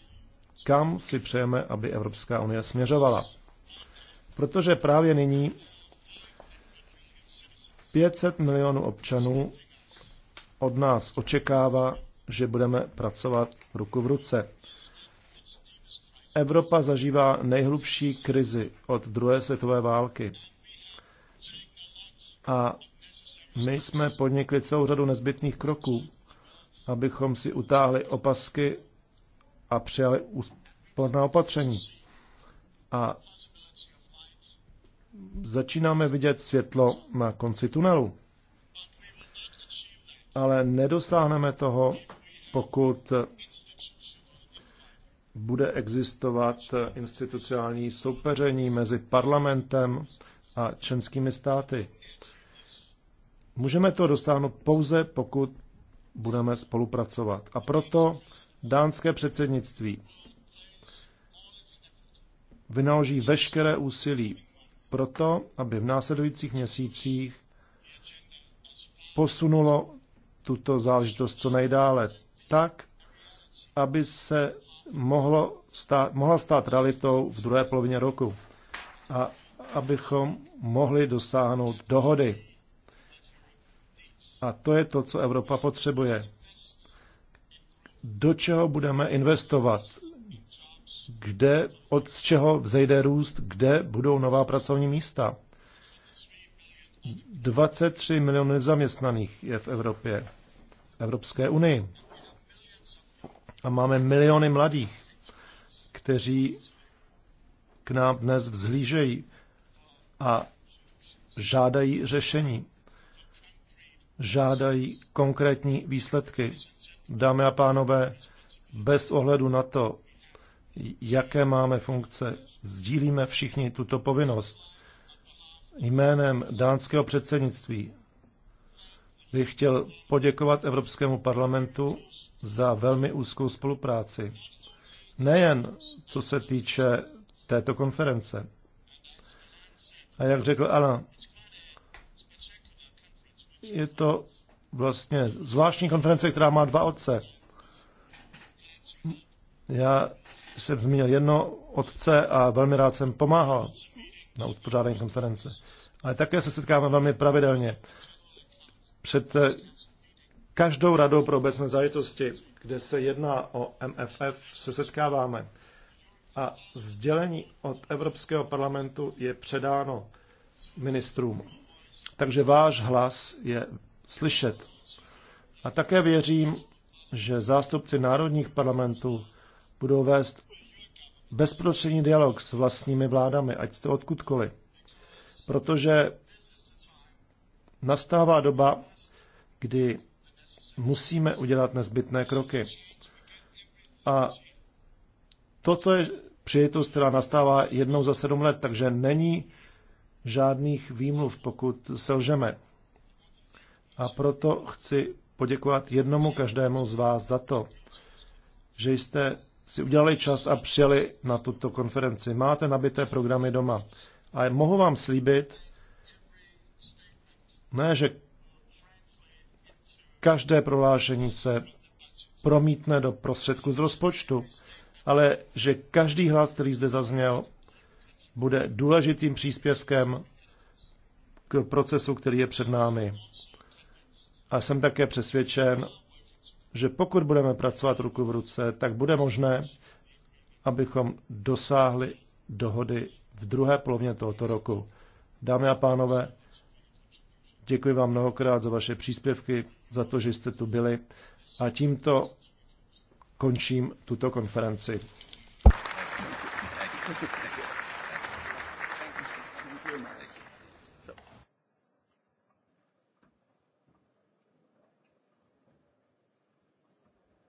kam si přejeme, aby Evropská unie směřovala. Protože právě nyní 500 milionů občanů od nás očekává, že budeme pracovat ruku v ruce. Evropa zažívá nejhlubší krizi od druhé světové války. A my jsme podnikli celou řadu nezbytných kroků, abychom si utáhli opasky a přijali úsporná opatření. A začínáme vidět světlo na konci tunelu. Ale nedosáhneme toho, pokud bude existovat institucionální soupeření mezi parlamentem a členskými státy. Můžeme to dosáhnout pouze, pokud budeme spolupracovat. A proto dánské předsednictví vynaloží veškeré úsilí proto, aby v následujících měsících posunulo tuto záležitost co nejdále tak, aby se mohlo stát, mohla stát realitou v druhé polovině roku a abychom mohli dosáhnout dohody. A to je to, co Evropa potřebuje. Do čeho budeme investovat kde, od čeho vzejde růst, kde budou nová pracovní místa. 23 milionů nezaměstnaných je v Evropě, Evropské unii. A máme miliony mladých, kteří k nám dnes vzhlížejí a žádají řešení. Žádají konkrétní výsledky. Dámy a pánové, bez ohledu na to, jaké máme funkce. Sdílíme všichni tuto povinnost. Jménem dánského předsednictví bych chtěl poděkovat Evropskému parlamentu za velmi úzkou spolupráci. Nejen co se týče této konference. A jak řekl Alan, je to vlastně zvláštní konference, která má dva otce. Já jsem zmínil jedno otce a velmi rád jsem pomáhal na uspořádání konference. Ale také se setkáme velmi pravidelně před eh, každou radou pro obecné záležitosti, kde se jedná o MFF, se setkáváme. A sdělení od Evropského parlamentu je předáno ministrům. Takže váš hlas je slyšet. A také věřím, že zástupci národních parlamentů budou vést bezprostřední dialog s vlastními vládami, ať jste odkudkoliv. Protože nastává doba, kdy musíme udělat nezbytné kroky. A toto je přijetost, která nastává jednou za sedm let, takže není žádných výmluv, pokud selžeme. A proto chci poděkovat jednomu každému z vás za to, že jste si udělali čas a přijeli na tuto konferenci. Máte nabité programy doma. A mohu vám slíbit, ne, že každé prohlášení se promítne do prostředku z rozpočtu, ale že každý hlas, který zde zazněl, bude důležitým příspěvkem k procesu, který je před námi. A jsem také přesvědčen, že pokud budeme pracovat ruku v ruce, tak bude možné, abychom dosáhli dohody v druhé polovině tohoto roku. Dámy a pánové, děkuji vám mnohokrát za vaše příspěvky, za to, že jste tu byli a tímto končím tuto konferenci. Thank you.